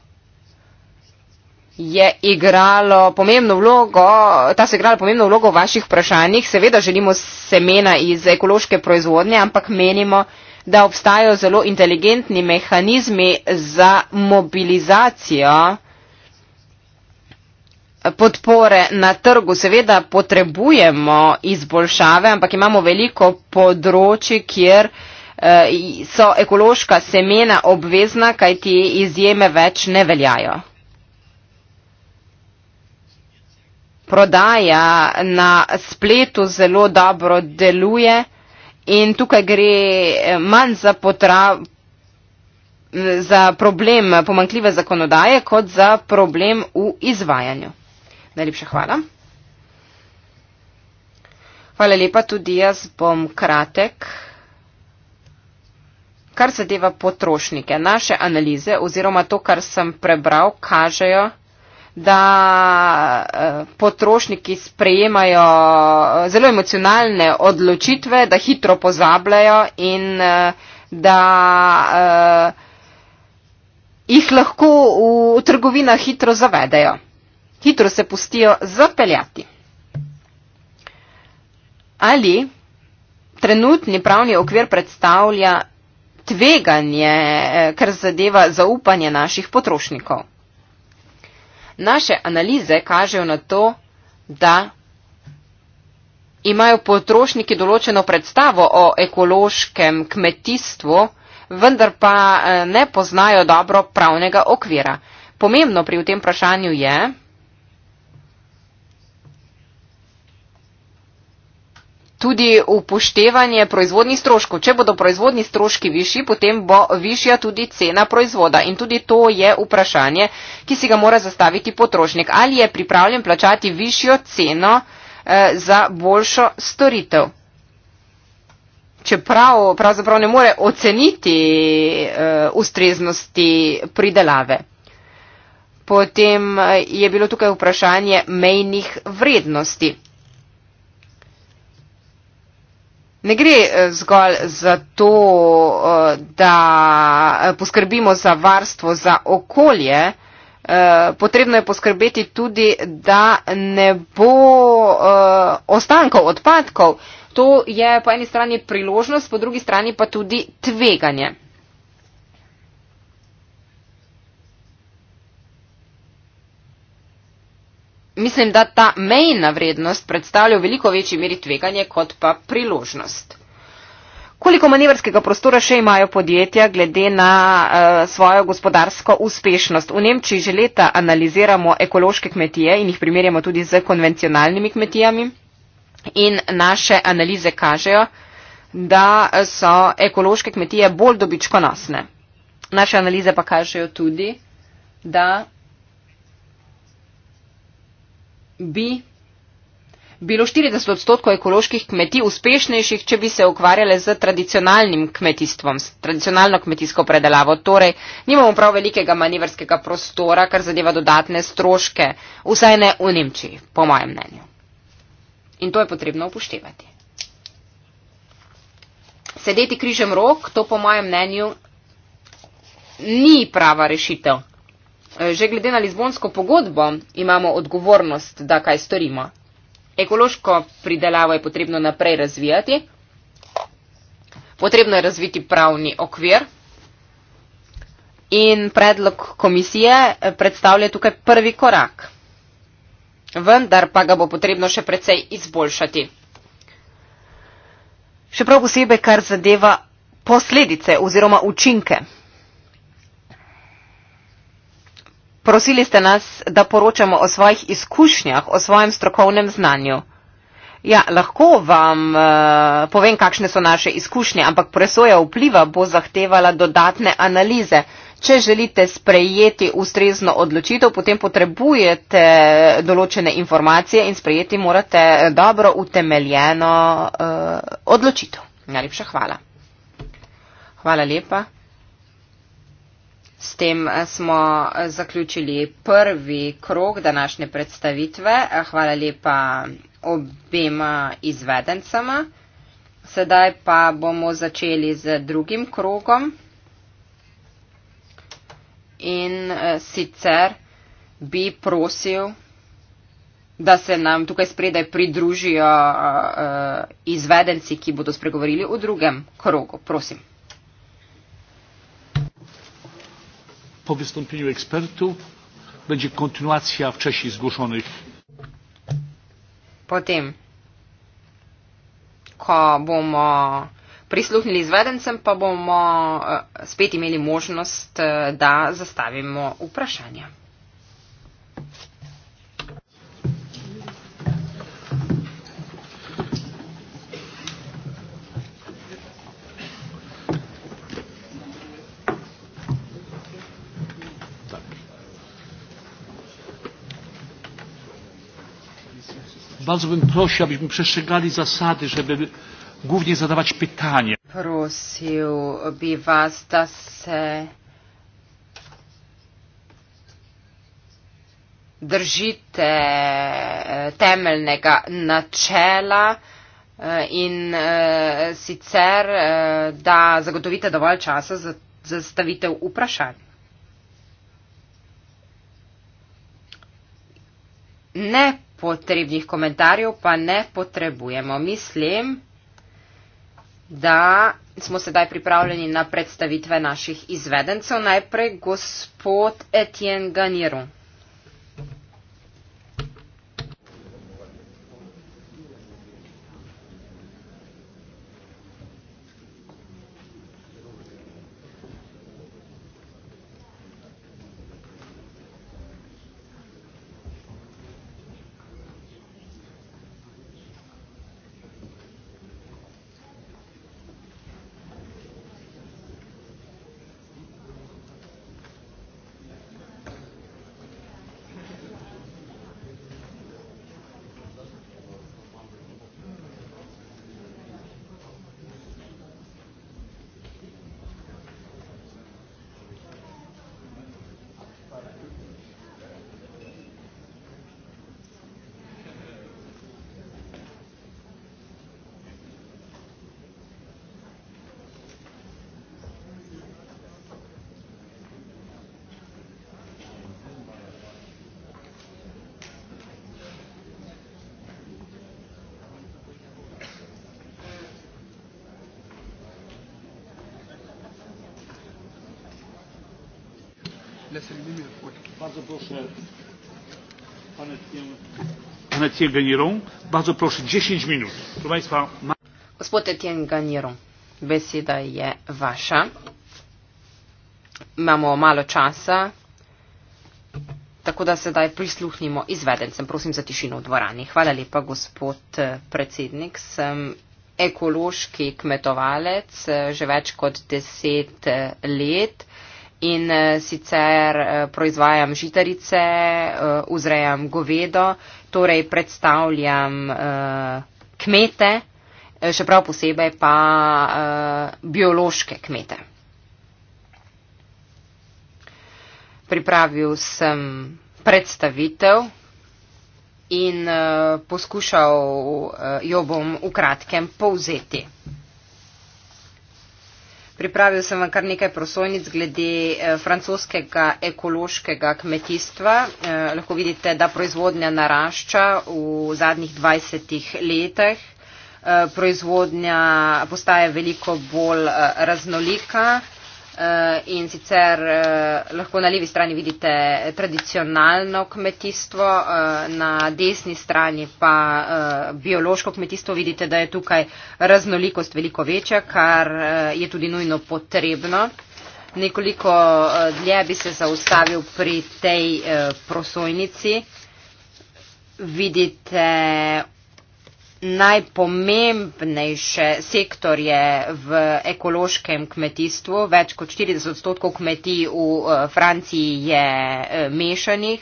je igralo pomembno vlogo, ta se igrala pomembno vlogo v vaših vprašanjih. Seveda želimo semena iz ekološke proizvodnje, ampak menimo, da obstajajo zelo inteligentni mehanizmi za mobilizacijo podpore na trgu. Seveda potrebujemo izboljšave, ampak imamo veliko področji, kjer Eh, so ekološka semena obvezna, kaj ti izjeme več ne veljajo. Prodaja na spletu zelo dobro deluje in tukaj gre eh, manj za, potra, za problem pomankljive zakonodaje, kot za problem v izvajanju. Najlepša hvala. Hvala lepa, tudi jaz bom kratek. Kar zadeva potrošnike, naše analize oziroma to, kar sem prebral, kažejo, da eh, potrošniki sprejemajo eh, zelo emocionalne odločitve, da hitro pozabljajo in eh, da eh, jih lahko v trgovinah hitro zavedajo. Hitro se pustijo zapeljati. Ali trenutni pravni okvir predstavlja tveganje, eh, kar zadeva zaupanje naših potrošnikov. Naše analize kažejo na to, da imajo potrošniki določeno predstavo o ekološkem kmetijstvu, vendar pa eh, ne poznajo dobro pravnega okvira. Pomembno pri tem vprašanju je, tudi upoštevanje proizvodnih stroškov. Če bodo proizvodni stroški višji, potem bo višja tudi cena proizvoda. In tudi to je vprašanje, ki si ga mora zastaviti potrošnik. Ali je pripravljen plačati višjo ceno eh, za boljšo storitev? Čeprav pravzaprav ne more oceniti eh, ustreznosti pridelave. Potem eh, je bilo tukaj vprašanje mejnih vrednosti. Ne gre eh, zgolj za to, eh, da eh, poskrbimo za varstvo, za okolje, potrebno je poskrbeti tudi, da ne bo ostankov odpadkov. To je po eni strani priložnost, po drugi strani pa tudi tveganje. mislim, da ta mejna vrednost predstavlja v veliko večji meri tveganje kot pa priložnost. Koliko manevrskega prostora še imajo podjetja glede na uh, svojo gospodarsko uspešnost? V Nemčiji že leta analiziramo ekološke kmetije in jih primerjamo tudi z konvencionalnimi kmetijami. In naše analize kažejo, da so ekološke kmetije bolj dobičkonosne. Naše analize pa kažejo tudi, da bi bilo 40 odstotkov ekoloških kmetij uspešnejših, če bi se ukvarjale z tradicionalnim kmetijstvom, s tradicionalno kmetijsko predelavo. Torej, nimamo prav velikega manevrskega prostora, kar zadeva dodatne stroške, vsaj ne v Nemčiji, po mojem mnenju. In to je potrebno upoštevati. Sedeti križem rok, to po mojem mnenju ni prava rešitev. Eh, že glede na Lizbonsko pogodbo imamo odgovornost, da kaj storimo. Ekološko pridelavo je potrebno naprej razvijati, potrebno je razviti pravni okvir in predlog komisije eh, predstavlja tukaj prvi korak. Vendar pa ga bo potrebno še precej izboljšati. Še prav posebej, kar zadeva posledice oziroma učinke. Prosili ste nas, da poročamo o svojih izkušnjah, o svojem strokovnem znanju. Ja, lahko vam uh, povem, kakšne so naše izkušnje, ampak presoja vpliva bo zahtevala dodatne analize. Če želite sprejeti ustrezno odločitev, potem potrebujete določene informacije in sprejeti morate dobro utemeljeno uh, odločitev. Najlepša hvala. Hvala lepa. S tem eh, smo eh, zaključili prvi krok današnje predstavitve. Eh, hvala lepa obema izvedencama. Sedaj pa bomo začeli z drugim krogom. In sicer bi prosil, da se nam tukaj spredaj pridružijo izvedenci, ki bodo spregovorili v drugem krogu. Prosim. po wystąpieniu ekspertów będzie kontynuacja wcześniej zgłoszonych. Potem, ko bomo prisluhnili izvedencem, pa bomo eh, spet imeli možnost, eh, da zastavimo vprašanja. bardzo bym prosił, abyśmy przestrzegali zasady, żeby głównie zadawać pytania. Prosił by was, da se držite e, temeljnega načela e, in e, sicer, da zagotovite dovolj časa za zastavitev vprašanj. Ne potrebnih komentarjev pa ne potrebujemo. Mislim, da smo sedaj pripravljeni na predstavitve naših izvedencev. Najprej gospod Etienne Ganiru. Bardzo proszę, 10 minut. Państwa, ma... Gospod Etienne Ganiron, beseda je vaša. Imamo malo časa, tako da sedaj prisluhnimo izvedencem. Prosim za tišino v dvorani. Hvala lepa, gospod predsednik. Sem ekološki kmetovalec že več kot deset eh, let in eh, sicer eh, proizvajam žitarice, vzrejam eh, govedo, torej predstavljam kmete, še prav posebej pa biološke kmete. Pripravil sem predstavitev in poskušal jo bom v kratkem povzeti. Pripravil sem vam kar nekaj prosojnic glede eh, francoskega ekološkega kmetijstva. Eh, lahko vidite, da proizvodnja narašča v zadnjih 20 letih. Eh, proizvodnja postaje veliko bolj raznolika. Uh, in sicer uh, lahko na levi strani vidite tradicionalno kmetijstvo, uh, na desni strani pa uh, biološko kmetijstvo. Vidite, da je tukaj raznolikost veliko večja, kar uh, je tudi nujno potrebno. Nekoliko uh, dlje bi se zaustavil pri tej uh, prosojnici. Vidite najpomembnejše sektorje v ekološkem kmetijstvu. Več kot 40 odstotkov kmetij v eh, Franciji je eh, mešanih.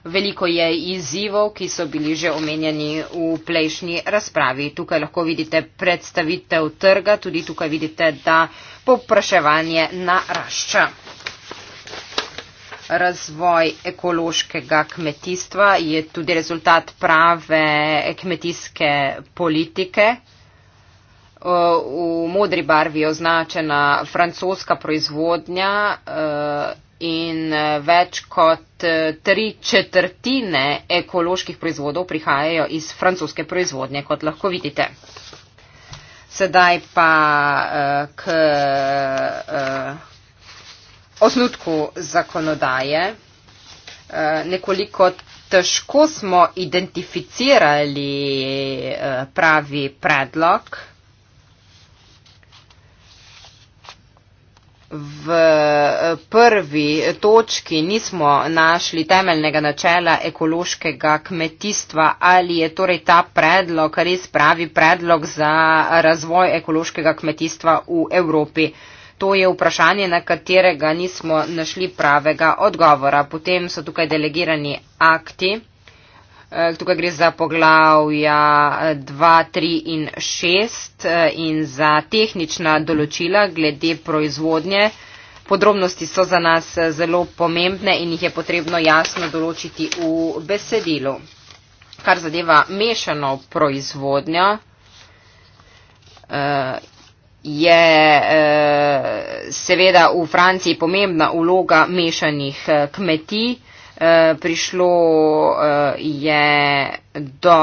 Veliko je izzivov, ki so bili že omenjeni v plejšnji razpravi. Tukaj lahko vidite predstavitev trga, tudi tukaj vidite, da popraševanje narašča razvoj ekološkega kmetijstva je tudi rezultat prave kmetijske politike. Uh, v modri barvi je označena francoska proizvodnja uh, in uh, več kot tri četrtine ekoloških proizvodov prihajajo iz francoske proizvodnje, kot lahko vidite. Sedaj pa k osnutku zakonodaje eh, nekoliko težko smo identificirali eh, pravi predlog. V eh, prvi točki nismo našli temeljnega načela ekološkega kmetijstva, ali je torej ta predlog res pravi predlog za razvoj ekološkega kmetijstva v Evropi. To je vprašanje, na katerega nismo našli pravega odgovora. Potem so tukaj delegirani akti. Eh, tukaj gre za poglavja 2, eh, 3 in 6 eh, in za tehnična določila glede proizvodnje. Podrobnosti so za nas zelo pomembne in jih je potrebno jasno določiti v besedilu. Kar zadeva mešano proizvodnjo je eh, seveda v Franciji pomembna vloga mešanih eh, kmetij. Eh, prišlo je do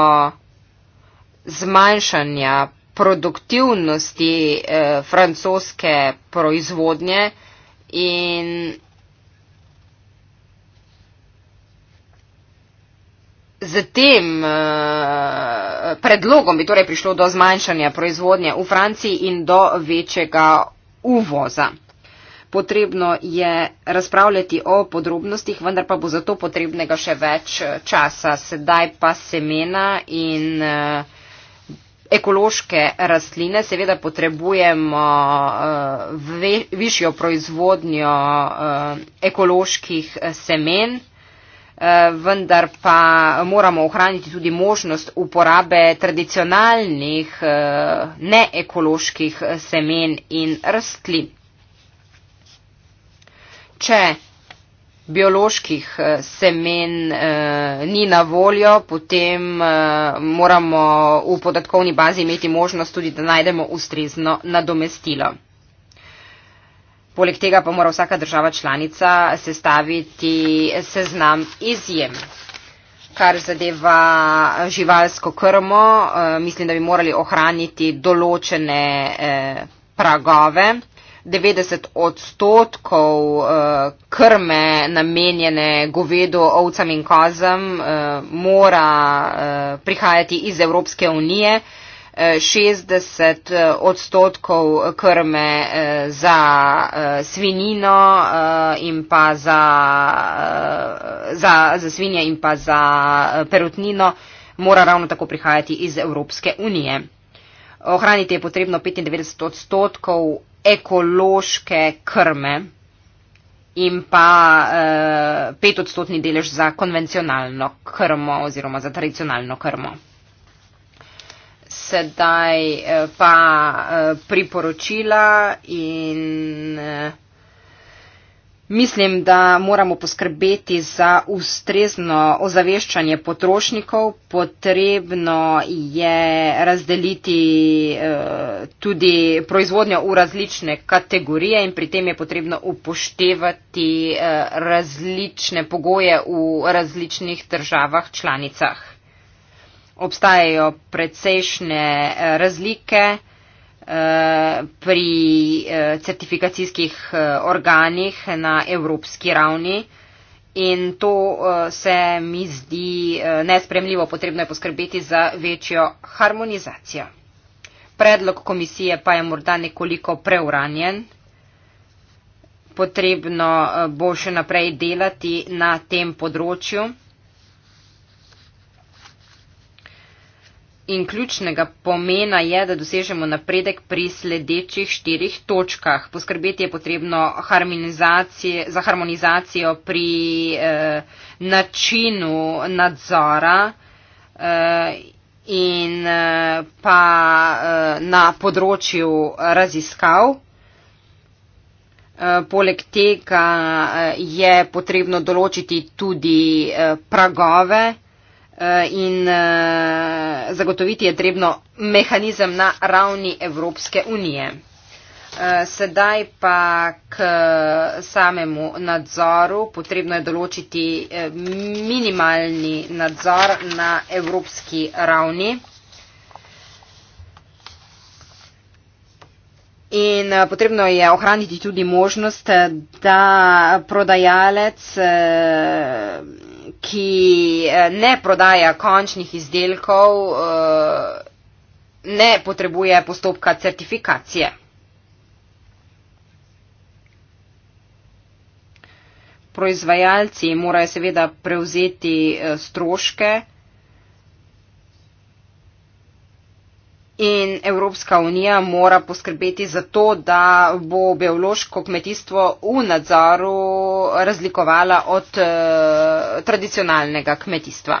zmanjšanja produktivnosti francoske proizvodnje in Z tem uh, predlogom bi torej prišlo do zmanjšanja proizvodnje v Franciji in do večjega uvoza. Potrebno je razpravljati o podrobnostih, vendar pa bo zato potrebnega še več eh, časa. Sedaj pa semena in uh, ekološke rastline. Seveda potrebujemo uh, ve, višjo proizvodnjo uh, ekoloških semen. Eh, vendar pa moramo ohraniti tudi možnost uporabe tradicionalnih eh, neekoloških semen in rastlin. Če bioloških eh, semen ni na voljo, potem moramo v podatkovni bazi imeti možnost tudi, da najdemo ustrezno nadomestilo. Poleg tega pa mora vsaka država članica sestaviti seznam izjem. Kar zadeva živalsko krmo, eh, mislim, da bi morali ohraniti določene eh, pragove. 90 odstotkov eh, krme namenjene govedu, ovcam in kozam mora prihajati iz Evropske unije. 60 eh, odstotkov krme eh, za eh, svinjino in pa za, za, za svinje in pa za perutnino mora ravno tako prihajati iz Evropske unije. Ohraniti je potrebno 95 odstotkov ekološke krme in pa petodstotni delež za konvencionalno krmo oziroma za tradicionalno krmo sedaj eh, pa eh, priporočila in eh, mislim, da moramo poskrbeti za ustrezno ozaveščanje potrošnikov. Potrebno je razdeliti tudi proizvodnjo v različne kategorije in pri tem je potrebno upoštevati različne pogoje v različnih državah članicah obstajajo precejšnje eh, razlike eh, pri eh, certifikacijskih organih na evropski ravni in to se mi zdi nespremljivo, potrebno je poskrbeti za večjo harmonizacijo. Predlog komisije pa je morda nekoliko preuranjen. Potrebno bo še naprej delati na tem področju. in ključnega pomena je, da dosežemo napredek pri sledečih štirih točkah. Poskrbeti je potrebno za harmonizacijo pri eh, načinu nadzora eh, in eh, pa eh, na področju raziskav. Eh, poleg tega eh, je potrebno določiti tudi eh, pragove, Eh, in eh, zagotoviti je trebno mehanizem na ravni Evropske unije. Eh, sedaj pa k samemu nadzoru potrebno je določiti minimalni nadzor na evropski ravni. In potrebno je ohraniti tudi možnost, da prodajalec ki eh, ne prodaja končnih izdelkov, eh, ne potrebuje postopka certifikacije. Proizvajalci morajo seveda prevzeti eh, stroške, In Evropska unija mora poskrbeti za to, da bo biološko kmetijstvo v nadzoru razlikovala od eh, tradicionalnega kmetijstva.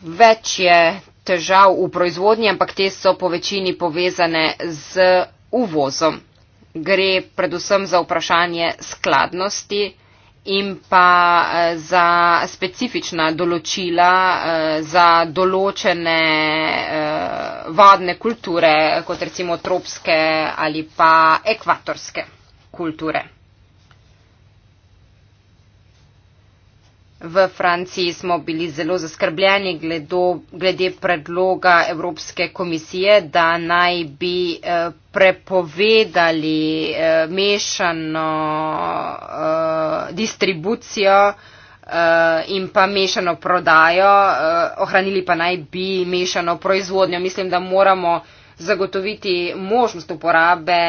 Več je težav v proizvodnji, ampak te so po večini povezane z uvozom. Gre predvsem za vprašanje skladnosti in pa eh, za specifična določila eh, za določene eh, vodne kulture, kot recimo tropske ali pa ekvatorske kulture. V Franciji smo bili zelo zaskrbljeni glede predloga Evropske komisije, da naj bi eh, prepovedali eh, mešano eh, distribucijo in pa mešano prodajo, ohranili pa naj bi mešano proizvodnjo. Mislim, da moramo zagotoviti možnost uporabe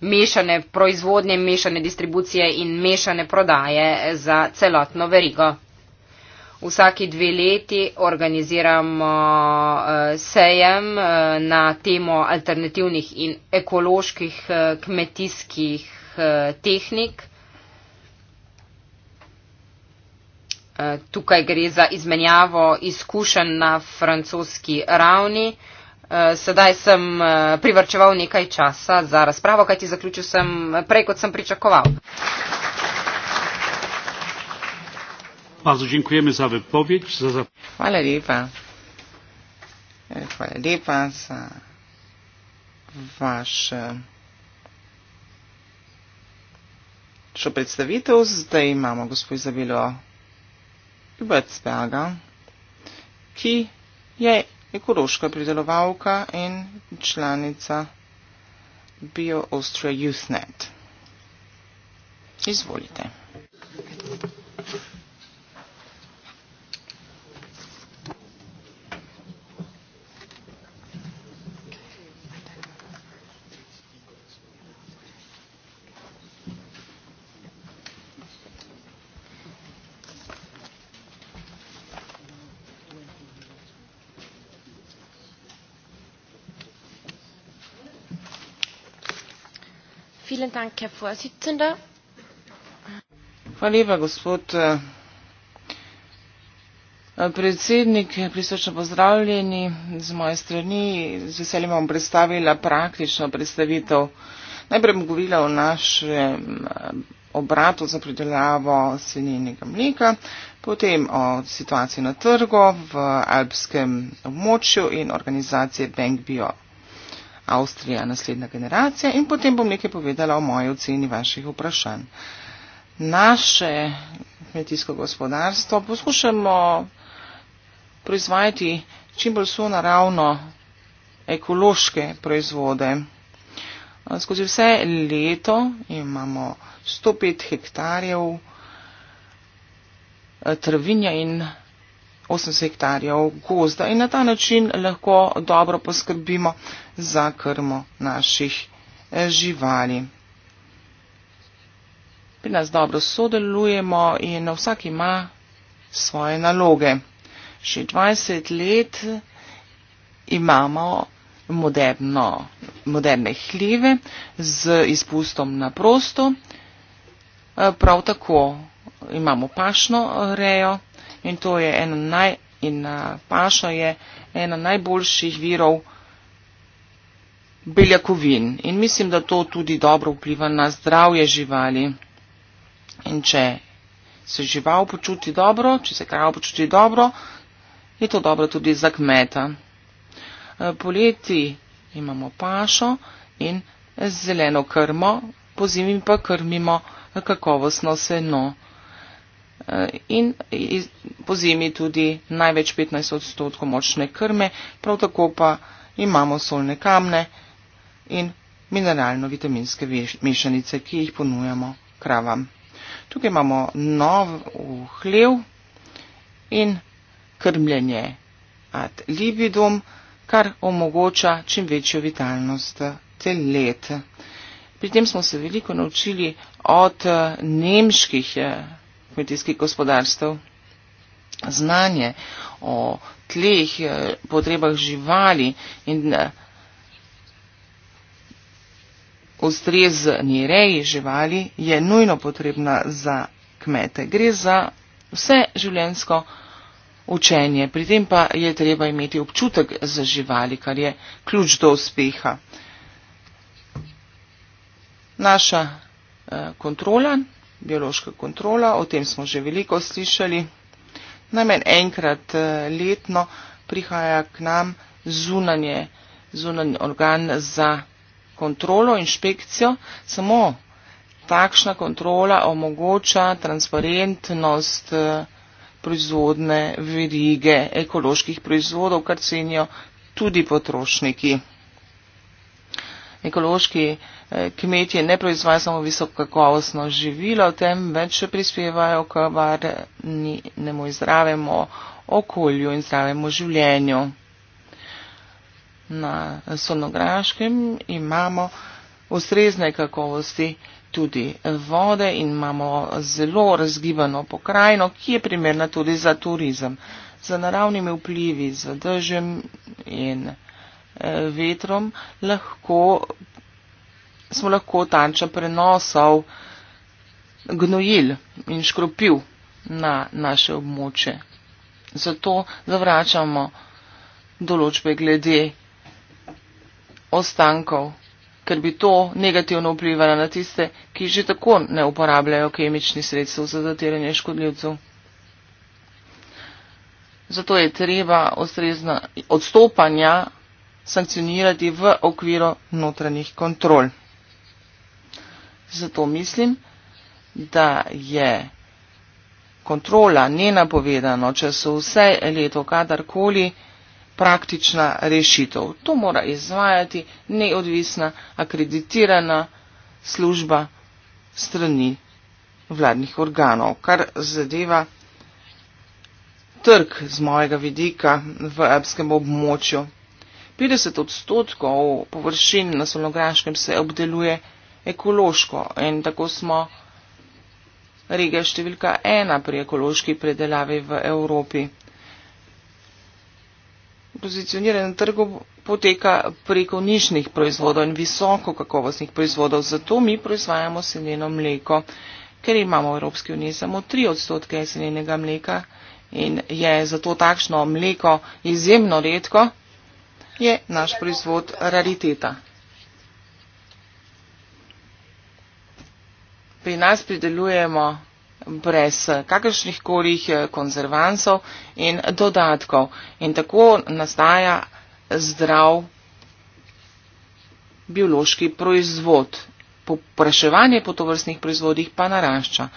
mešane proizvodnje, mešane distribucije in mešane prodaje za celotno verigo. Vsaki dve leti organiziramo eh, sejem eh, na temo alternativnih in ekoloških eh, kmetijskih tehnik. Tukaj gre za izmenjavo izkušenj na francoski ravni. Eh, sedaj sem eh, privrčeval nekaj časa za razpravo, kaj ti zaključil sem eh, prej, kot sem pričakoval. Bardzo dziękujemy za wypowiedź. Za zap... Hvala lepa. E, hvala lepa za vašo predstavitev. Zdaj imamo gospod Izabelo Ljubec Berga, ki je ekološka pridelovalka in članica Bio Austria Youth Net. Izvolite. Hvala lepa, gospod eh, predsednik. Prisočno pozdravljeni z moje strani. Z veseljem vam predstavila praktično predstavitev. Najprej bom govorila o našem eh, obratu za pridelavo svinjenega mlika, potem o situaciji na trgu v alpskem območju in organizacije Bank Beyond. Avstrija naslednja generacija in potem bom nekaj povedala o moji oceni vaših vprašanj. Naše kmetijsko gospodarstvo poskušamo proizvajati čim bolj so naravno ekološke proizvode. Skozi vse leto imamo 105 hektarjev eh, trvinja in 8 hektarjev gozda in na ta način lahko dobro poskrbimo za krmo naših eh, živali. Pri nas dobro sodelujemo in vsak ima svoje naloge. Še 20 let imamo moderno, moderne hljeve z izpustom na prosto. Eh, prav tako imamo pašno eh, rejo in to je ena naj, in uh, paša je ena najboljših virov beljakovin. In mislim, da to tudi dobro vpliva na zdravje živali. In če se žival počuti dobro, če se krav počuti dobro, je to dobro tudi za kmeta. Uh, poleti imamo pašo in zeleno krmo, po zimi pa krmimo kakovostno seno in iz, po zimi tudi največ 15 odstotkov močne krme, prav tako pa imamo solne kamne in mineralno-vitaminske mešanice, ki jih ponujamo kravam. Tukaj imamo nov hlev in krmljenje ad libidum, kar omogoča čim večjo vitalnost eh, telet. Pri tem smo se veliko naučili od eh, nemških eh, kmetijskih gospodarstev. Znanje o tleh, eh, potrebah živali in eh, ustrezni reji živali je nujno potrebna za kmete. Gre za vse življensko učenje, pri tem pa je treba imeti občutek za živali, kar je ključ do uspeha. Naša eh, kontrola biološka kontrola, o tem smo že veliko slišali. Najmen enkrat eh, letno prihaja k nam zunanje, zunanje organ za kontrolo, inšpekcijo. Samo takšna kontrola omogoča transparentnost eh, proizvodne verige ekoloških proizvodov, kar cenijo tudi potrošniki ekološki eh, kmetje ne proizvajajo samo visokakovostno živilo, temveč prispevajo k varnemu in zdravemu okolju in zdravemu življenju. Na Sonograškem imamo ustrezne kakovosti tudi vode in imamo zelo razgibano pokrajino, ki je primerna tudi za turizem. Za naravnimi vplivi, za držem in. Eh, vetrom, lahko, smo lahko tanča prenosov gnojil in škropil na naše območje. Zato zavračamo določbe glede ostankov, ker bi to negativno vplivalo na tiste, ki že tako ne uporabljajo kemičnih sredstev za zatiranje škodljivcev. Zato je treba ustrezna odstopanja sankcionirati v okviru notranjih kontrol. Zato mislim, da je kontrola nenapovedano, če so vse leto kadarkoli praktična rešitev. To mora izvajati neodvisna, akreditirana služba strani vladnih organov, kar zadeva trg z mojega vidika v evropskem območju. 50 odstotkov površin na Solnograškem se obdeluje ekološko in tako smo regija številka ena pri ekološki predelavi v Evropi. Pozicioniranje trgov poteka preko nišnih proizvodov in visoko kakovostnih proizvodov, zato mi proizvajamo seneno mleko, ker imamo v Evropski uniji samo 3 odstotke senenega mleka in je zato takšno mleko izjemno redko je naš proizvod rariteta. Pri nas pridelujemo brez kakršnih korih konzervancov in dodatkov. In tako nastaja zdrav biološki proizvod. Popraševanje po tovrstnih proizvodih pa narašča.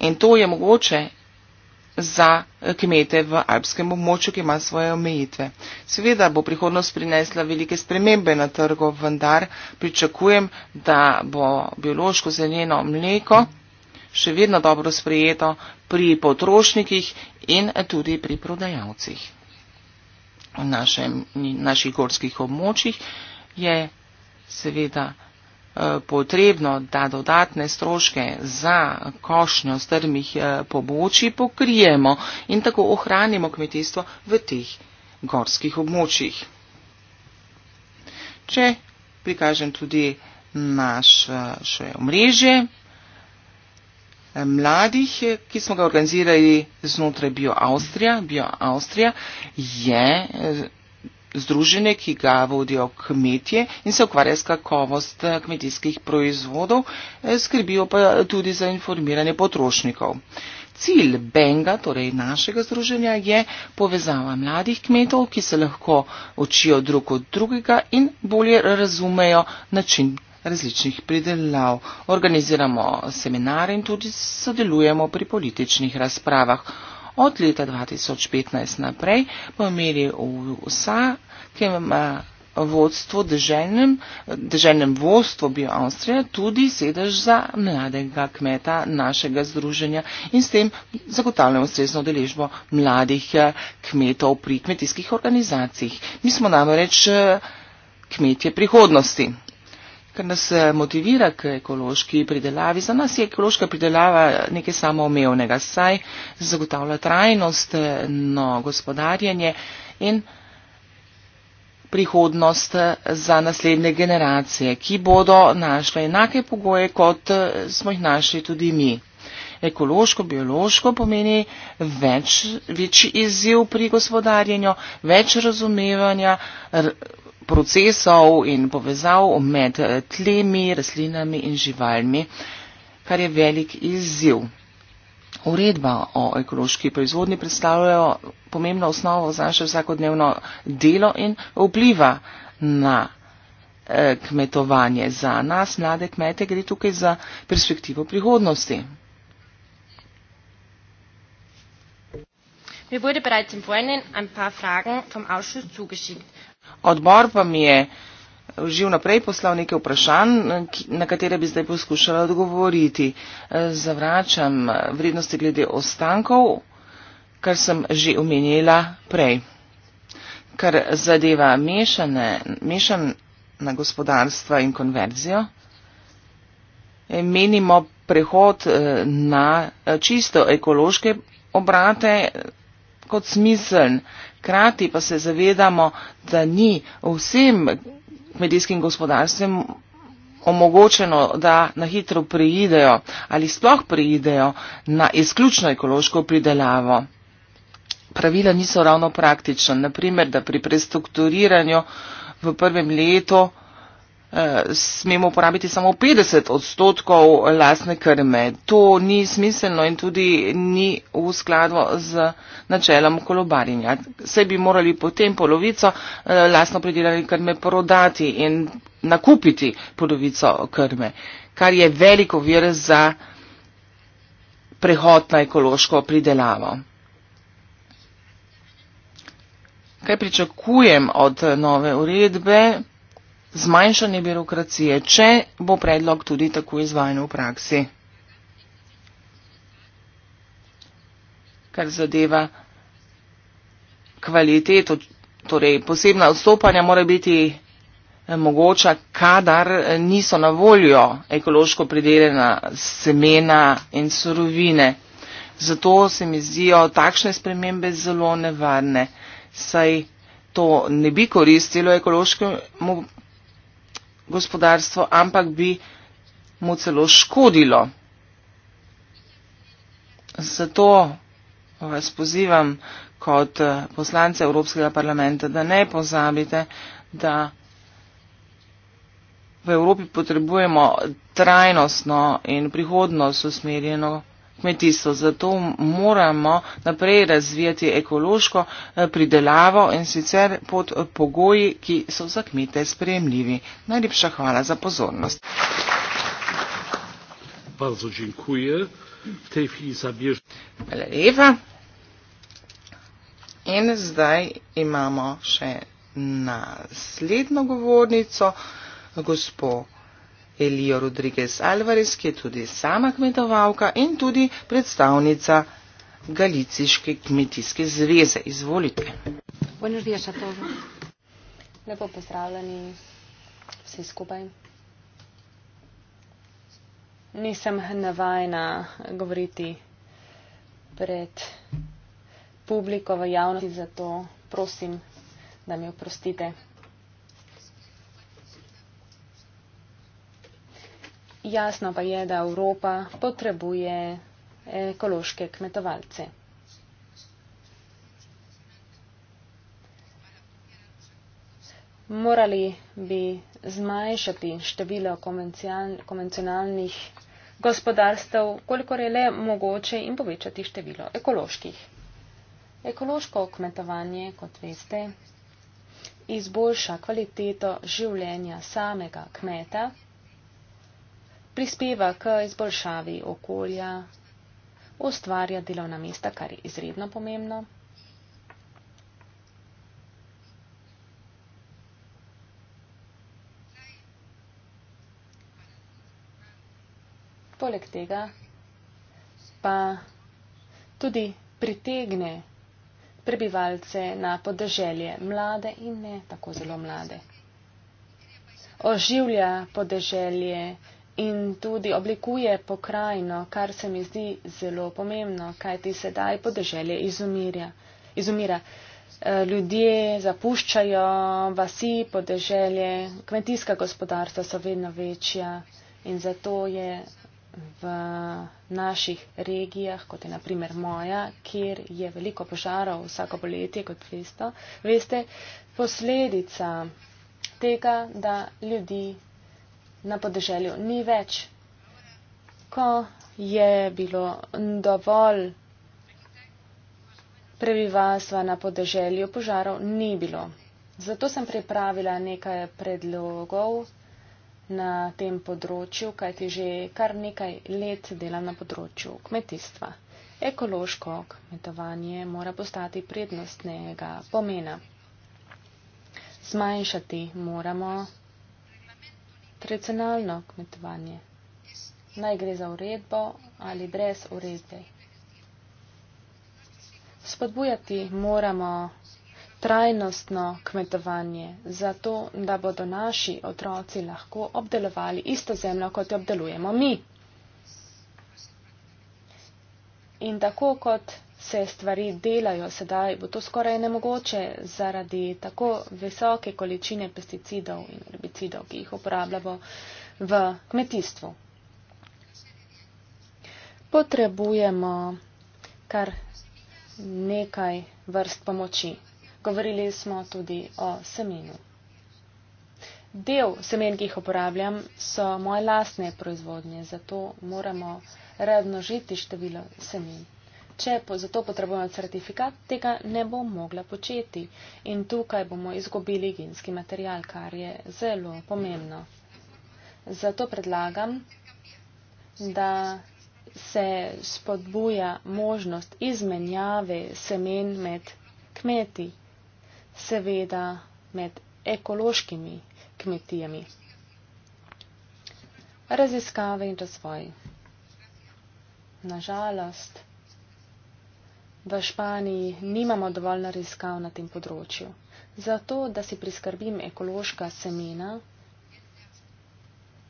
In to je mogoče za eh, kmete v alpskem območju, ki ima svoje omejitve. Seveda bo prihodnost prinesla velike spremembe na trgu, vendar pričakujem, da bo biološko zeleno mleko še vedno dobro sprejeto pri potrošnikih in tudi pri prodajalcih. V našem, naših gorskih območjih je seveda. Eh, potrebno, da dodatne stroške za košnjo strmih eh, pobočji pokrijemo in tako ohranimo kmetijstvo v teh gorskih območjih. Če prikažem tudi naše omrežje eh, mladih, ki smo ga organizirali znotraj BioAustrija, BioAustrija je združenje, ki ga vodijo kmetje in se ukvarja s kakovost eh, kmetijskih proizvodov, eh, skrbijo pa tudi za informiranje potrošnikov. Cilj Benga, torej našega združenja, je povezava mladih kmetov, ki se lahko učijo drug od drugega in bolje razumejo način različnih pridelav. Organiziramo seminare in tudi sodelujemo pri političnih razpravah od leta 2015 naprej pa imeli vsa, ki ima vodstvo deželjnem, deželjnem vodstvu bio Avstrija tudi sedež za mladega kmeta našega združenja in s tem zagotavljamo ustrezno deležbo mladih eh, kmetov pri kmetijskih organizacijah. Mi smo namreč eh, kmetje prihodnosti kar nas eh, motivira k ekološki pridelavi. Za nas je ekološka pridelava nekaj samoomevnega, saj zagotavlja trajnost, eh, no gospodarjenje in prihodnost eh, za naslednje generacije, ki bodo našle enake pogoje, kot smo jih našli tudi mi. Ekološko, biološko pomeni več, večji izziv pri gospodarjenju, več razumevanja, procesov in povezav med eh, tlemi, rastlinami in živalmi, kar je velik izziv. Uredba o ekološki proizvodni predstavljajo pomembno osnovo za naše vsakodnevno delo in vpliva na eh, kmetovanje. Za nas, mlade kmete, gre tukaj za perspektivo prihodnosti. Mir wurde bereits im Vorhinein ein paar Fragen vom Ausschuss zugeschickt. Odbor pa mi je živ naprej poslal nekaj vprašanj, na katere bi zdaj poskušala odgovoriti. E, zavračam vrednosti glede ostankov, kar sem že omenila prej. Kar zadeva mešane, mešan na gospodarstva in konverzijo, e, menimo prehod e, na čisto ekološke obrate kot smiseln. Krati pa se zavedamo, da ni vsem medijskim gospodarstvem omogočeno, da na hitro preidejo ali sploh preidejo na izključno ekološko pridelavo. Pravila niso ravno praktična. Naprimer, da pri prestrukturiranju v prvem letu Eh, smemo uporabiti samo 50 odstotkov lastne krme. To ni smiselno in tudi ni v skladu z načelom kolobarinja. Vse bi morali potem polovico eh, lastno pridelane krme prodati in nakupiti polovico krme, kar je veliko vir za prehod na ekološko pridelavo. Kaj pričakujem od nove uredbe? zmanjšanje birokracije, če bo predlog tudi tako izvajen v praksi. Kar zadeva kvaliteto, torej posebna odstopanja mora biti eh, mogoča, kadar eh, niso na voljo ekološko pridelena semena in surovine. Zato se mi zdijo takšne spremembe zelo nevarne, saj to ne bi koristilo ekološkemu gospodarstvo, ampak bi mu celo škodilo. Zato vas pozivam kot eh, poslance Evropskega parlamenta, da ne pozabite, da v Evropi potrebujemo trajnostno in prihodnost usmerjeno kmetijstvo. Zato moramo naprej razvijati ekološko eh, pridelavo in sicer pod eh, pogoji, ki so za kmete sprejemljivi. Najlepša hvala za pozornost. Bardzo dziękuję. W tej chwili zabierze. Lewa. I zdaj imamo jeszcze następną gospodę. Elijo Rodriguez Alvarez, ki je tudi sama kmetovalka in tudi predstavnica Galiciške kmetijske zveze. Izvolite. Buenos dias a todos. Lepo pozdravljeni vsi skupaj. Nisem navajena govoriti pred publiko v javnosti, zato prosim, da mi oprostite. jasno pa je, da Evropa potrebuje ekološke kmetovalce. Morali bi zmanjšati število konvencionalnih gospodarstev, kolikor je le mogoče, in povečati število ekoloških. Ekološko kmetovanje, kot veste, izboljša kvaliteto življenja samega kmeta prispeva k izboljšavi okolja, ustvarja delovna mesta, kar je izredno pomembno. Poleg tega pa tudi pritegne prebivalce na podeželje, mlade in ne tako zelo mlade. Oživlja podeželje, in tudi oblikuje pokrajino, kar se mi zdi zelo pomembno, kaj ti sedaj podeželje izumira. E, ljudje zapuščajo vasi, podeželje, kmetijska gospodarstva so vedno večja in zato je v naših regijah, kot je naprimer moja, kjer je veliko požarov vsako poletje, kot veste, posledica tega, da ljudi na podeželju ni več. Ko je bilo dovolj prebivalstva na podeželju, požarov ni bilo. Zato sem pripravila nekaj predlogov na tem področju, kajti že kar nekaj let delam na področju kmetijstva. Ekološko kmetovanje mora postati prednostnega pomena. Zmanjšati moramo tradicionalno kmetovanje. Naj gre za uredbo ali brez uredbe. Spodbujati moramo trajnostno kmetovanje, zato da bodo naši otroci lahko obdelovali isto zemljo, kot jo obdelujemo mi. In tako kot se stvari delajo sedaj, bo to skoraj nemogoče zaradi tako visoke količine pesticidov in herbicidov, ki jih uporabljamo v kmetijstvu. Potrebujemo kar nekaj vrst pomoči. Govorili smo tudi o semenu. Del semen, ki jih uporabljam, so moje lastne proizvodnje, zato moramo redno žiti število semen če po, zato potrebujem certifikat, tega ne bom mogla početi. In tukaj bomo izgubili genski material, kar je zelo pomembno. Zato predlagam, da se spodbuja možnost izmenjave semen med kmeti, seveda med ekološkimi kmetijami. Raziskave in razvoj. Nažalost, v Španiji nimamo dovolj raziskav na tem področju. Zato, da si priskrbim ekološka semena,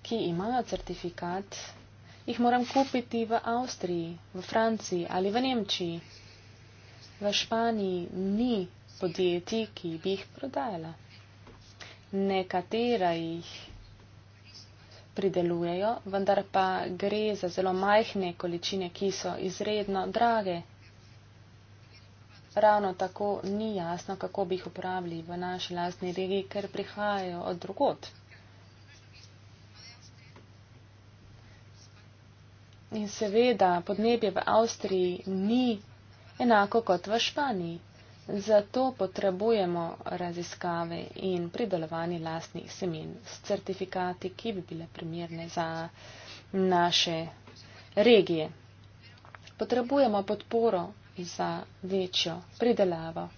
ki imajo certifikat, jih moram kupiti v Avstriji, v Franciji ali v Nemčiji. V Španiji ni podjetij, ki bi jih prodajala. Nekatera jih pridelujejo, vendar pa gre za zelo majhne količine, ki so izredno drage ravno tako ni jasno, kako bi jih uporabili v naši lastni regiji, ker prihajajo od drugot. In seveda podnebje v Avstriji ni enako kot v Španiji. Zato potrebujemo raziskave in pridelovanje lastnih semen s certifikati, ki bi bile primerne za naše regije. Potrebujemo podporo za večjo pridelavo.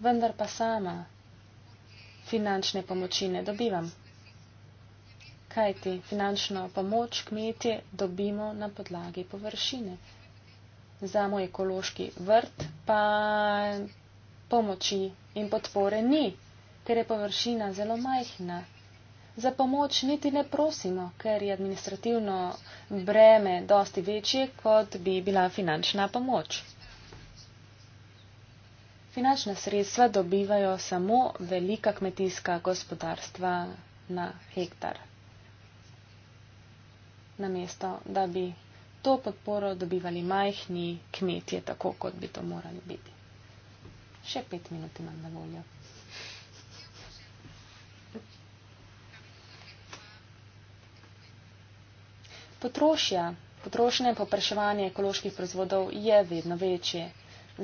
Vendar pa sama finančne pomoči ne dobivam. Kajti finančno pomoč kmetje dobimo na podlagi površine. Za moj ekološki vrt pa pomoči in podpore ni, ker je površina zelo majhna za pomoč niti ne prosimo, ker je administrativno breme dosti večje, kot bi bila finančna pomoč. Finančna sredstva dobivajo samo velika kmetijska gospodarstva na hektar. Namesto, da bi to podporo dobivali majhni kmetje, tako kot bi to morali biti. Še pet minut imam na voljo. Potrošja, potrošnje in popraševanje ekoloških proizvodov je vedno večje.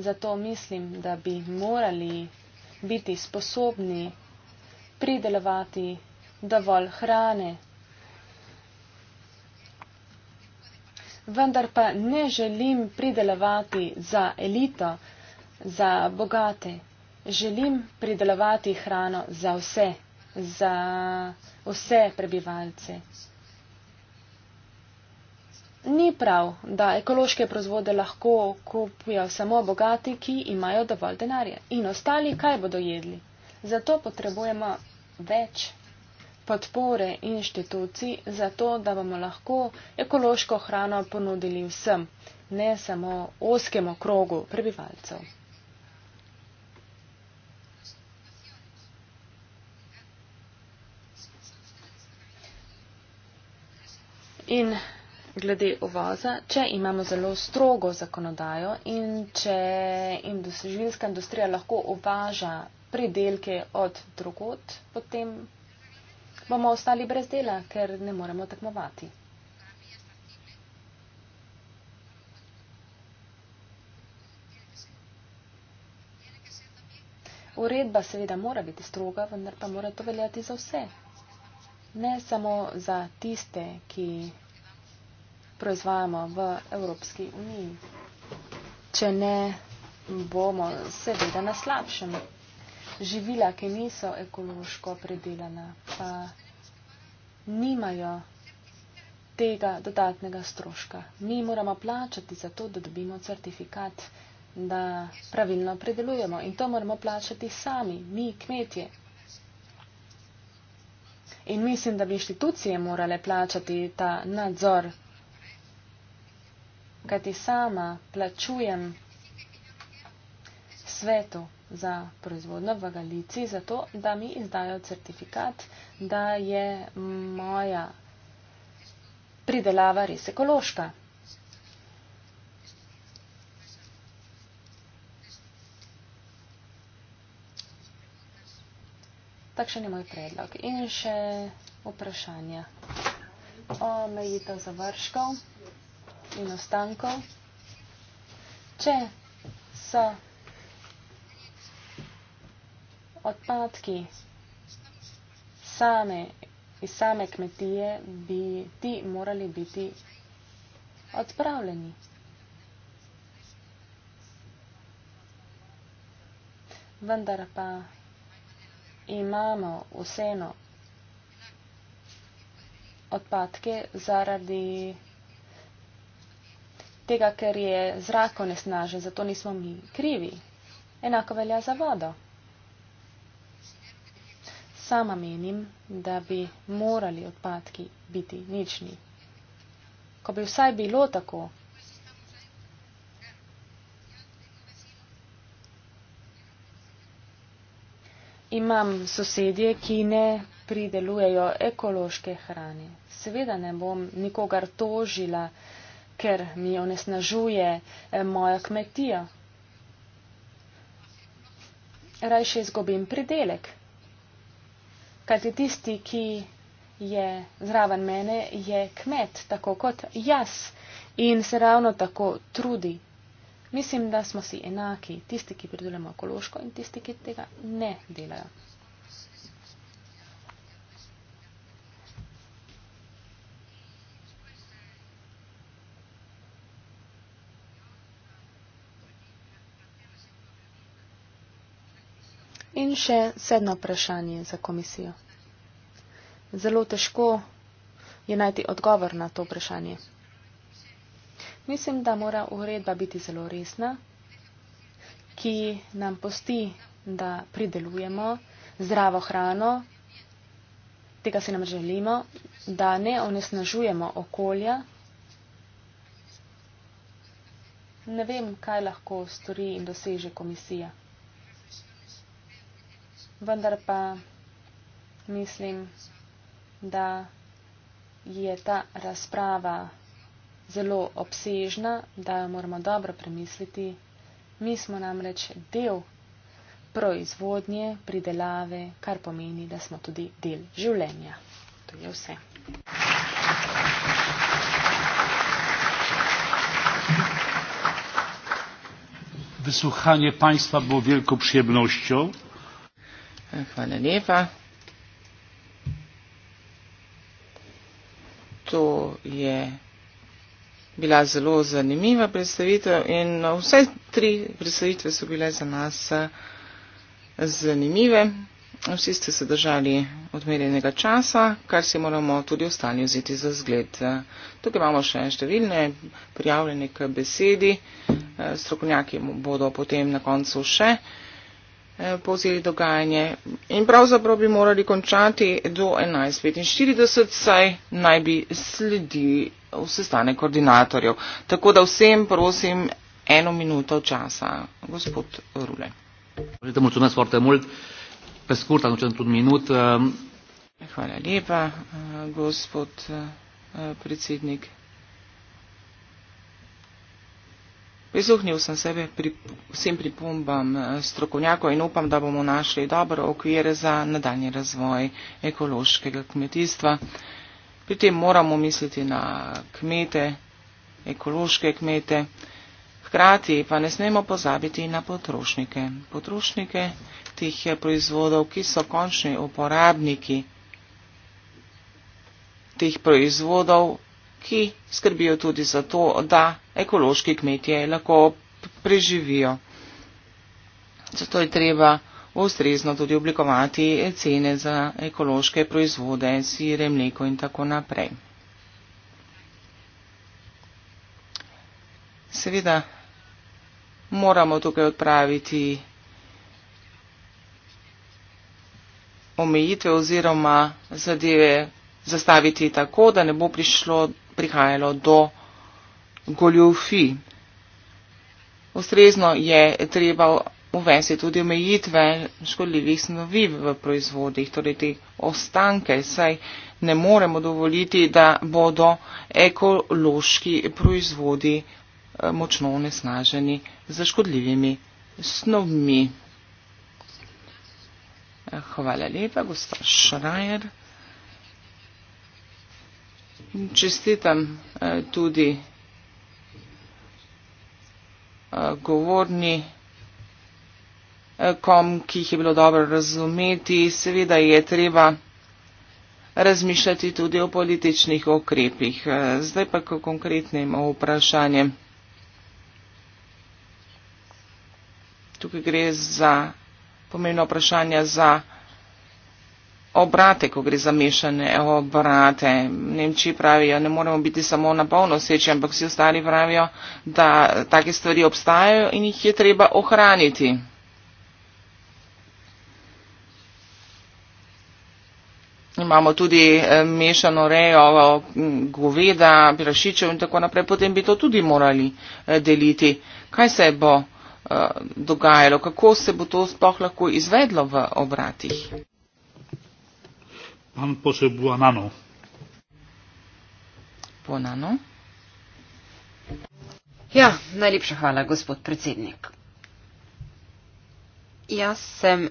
Zato mislim, da bi morali biti sposobni pridelovati dovolj hrane. Vendar pa ne želim pridelovati za elito, za bogate. Želim pridelovati hrano za vse, za vse prebivalce. Ni prav, da ekološke proizvode lahko kupijo samo bogati, ki imajo dovolj denarja. In ostali, kaj bodo jedli? Zato potrebujemo več podpore inštitucij, zato da bomo lahko ekološko hrano ponudili vsem, ne samo oskemu krogu prebivalcev. In glede uvoza, če imamo zelo strogo zakonodajo in če živilska industrija lahko uvaža pridelke od drugot, potem bomo ostali brez dela, ker ne moremo tekmovati. Uredba seveda mora biti stroga, vendar pa mora to veljati za vse. Ne samo za tiste, ki proizvajamo v Evropski uniji. Če ne, bomo seveda na slabšem. Živila, ki niso ekološko predelana, pa nimajo tega dodatnega stroška. Mi moramo plačati za to, da dobimo certifikat, da pravilno predelujemo. In to moramo plačati sami, mi, kmetje. In mislim, da bi inštitucije morale plačati ta nadzor kajti sama plačujem svetu za proizvodno v Galici, zato da mi izdajo certifikat, da je moja pridelava res ekološka. Takšen je moj predlog. In še vprašanje o mejitev završkov in ostankov. Če so odpadki same, iz same kmetije, bi ti morali biti odpravljeni. Vendar pa imamo vseeno odpadke zaradi tega, ker je zrak onesnažen, zato nismo mi krivi. Enako velja za vodo. Sama menim, da bi morali odpadki biti nični. Ko bi vsaj bilo tako, imam sosedje, ki ne pridelujejo ekološke hrane. Seveda ne bom nikogar tožila, ker mi onesnažuje eh, mojo kmetijo. Rajše izgubim pridelek, kajti tisti, ki je zraven mene, je kmet, tako kot jaz in se ravno tako trudi. Mislim, da smo si enaki, tisti, ki pridelujemo ekološko in tisti, ki tega ne delajo. In še sedmo vprašanje za komisijo. Zelo težko je najti odgovor na to vprašanje. Mislim, da mora uredba biti zelo resna, ki nam posti, da pridelujemo zdravo hrano, tega si nam želimo, da ne onesnažujemo okolja. Ne vem, kaj lahko stori in doseže komisija vendar pa mislim, da je ta razprava zelo obsežna, da jo moramo dobro premisliti. Mi smo namreč del proizvodnje, pridelave, kar pomeni, da smo tudi del življenja. To je vse. Wysłuchanie Państwa było wielką przyjemnością. Hvala lepa. To je bila zelo zanimiva predstavitev in vse tri predstavitve so bile za nas eh, zanimive. Vsi ste se držali odmerjenega časa, kar si moramo tudi ostali vzeti za zgled. Tukaj imamo še številne prijavljene k besedi. Eh, strokovnjaki bodo potem na koncu še. Eh, povzeli dogajanje. In pravzaprav bi morali končati do 11.45, saj naj bi sledil sestane koordinatorjev. Tako da vsem prosim eno minuto časa. Gospod Rule. Eh. Hvala lepa, eh, gospod predsednik. Prisluhnil sem sebe pri vsem pripombam eh, strokovnjakov in upam, da bomo našli dobro okvir za nadaljni razvoj ekološkega kmetijstva. Pri tem moramo misliti na kmete, ekološke kmete, hkrati pa ne smemo pozabiti na potrošnike. Potrošnike tih eh, proizvodov, ki so končni uporabniki teh proizvodov, ki skrbijo tudi za to, da ekološki kmetje lahko preživijo. Zato je treba ustrezno tudi oblikovati cene za ekološke proizvode, sire, mleko in tako naprej. Seveda moramo tukaj odpraviti omejitve oziroma zadeve zastaviti tako, da ne bo prišlo prihajalo do goljufi. Ustrezno je treba uvesti tudi omejitve škodljivih snovi v proizvodih, torej te ostanke, saj ne moremo dovoliti, da bodo ekološki proizvodi eh, močno onesnaženi z škodljivimi snovmi. Eh, hvala lepa, gospod Šrajer. Čestitam eh, tudi eh, govorni eh, kom, ki jih je bilo dobro razumeti. Seveda je treba razmišljati tudi o političnih okrepih. Zdaj pa k konkretnim vprašanjem. Tukaj gre za pomembno vprašanje za obrate, ko gre za mešane obrate. Nemčiji pravijo, ja, ne moremo biti samo na polno seči, ampak vsi ostali pravijo, da take stvari obstajajo in jih je treba ohraniti. Imamo tudi eh, mešano rejo eh, goveda, pirašičev in tako naprej, potem bi to tudi morali eh, deliti. Kaj se bo dogajalo, kako se bo to sploh lahko izvedlo v obratih? Pan poseł Buonanno. Buonanno. Ja, najlepša hvala, gospod predsednik. Jaz sem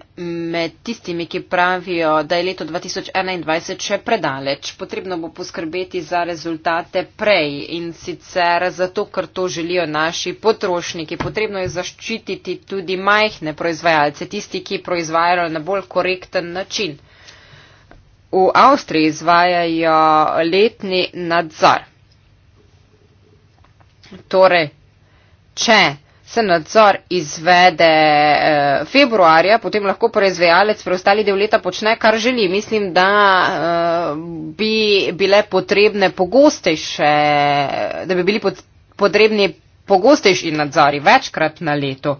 med tistimi, ki pravijo, da je leto 2021 še predaleč. Potrebno bo poskrbeti za rezultate prej in sicer zato, ker to želijo naši potrošniki. Potrebno je zaščititi tudi majhne proizvajalce, tisti, ki proizvajajo na bolj korekten način v Avstriji izvajajo letni nadzor. Torej, če se nadzor izvede eh, februarja, potem lahko proizvajalec preostali del leta počne, kar želi. Mislim, da eh, bi bile potrebne pogostejše, da bi bili potrebni pogostejši nadzori večkrat na leto.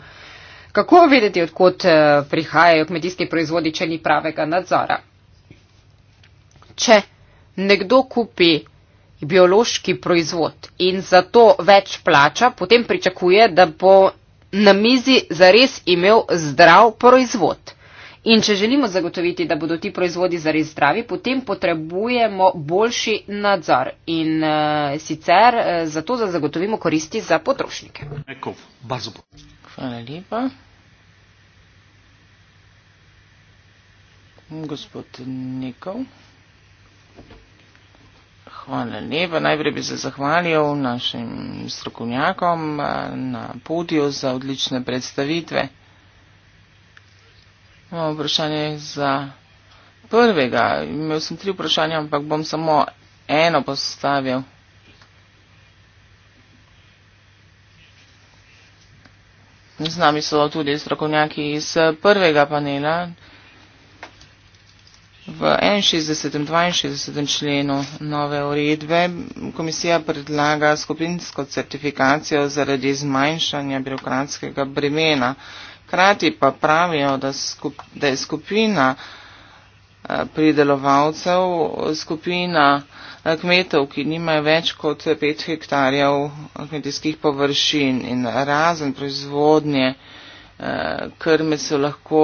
Kako videti, odkot eh, prihajajo kmetijski proizvodi, če ni pravega nadzora? če nekdo kupi biološki proizvod in za to več plača, potem pričakuje, da bo na mizi zares imel zdrav proizvod. In če želimo zagotoviti, da bodo ti proizvodi zares zdravi, potem potrebujemo boljši nadzor in uh, sicer uh, eh, zato, da zagotovimo koristi za potrošnike. Hvala lepa. Gospod Nikov. Hvala lepa. Najprej bi se zahvalil našim strokovnjakom eh, na podiju za odlične predstavitve. Imamo vprašanje za prvega. Imel sem tri vprašanja, ampak bom samo eno postavil. Z nami so tudi strokovnjaki iz prvega panela. V 61. 62. členu nove uredbe komisija predlaga skupinsko certifikacijo zaradi zmanjšanja birokratskega bremena. Krati pa pravijo, da, skup, da je skupina eh, pridelovalcev, skupina eh, kmetov, ki nimajo več kot 5 hektarjev eh, kmetijskih površin in razen proizvodnje krme so lahko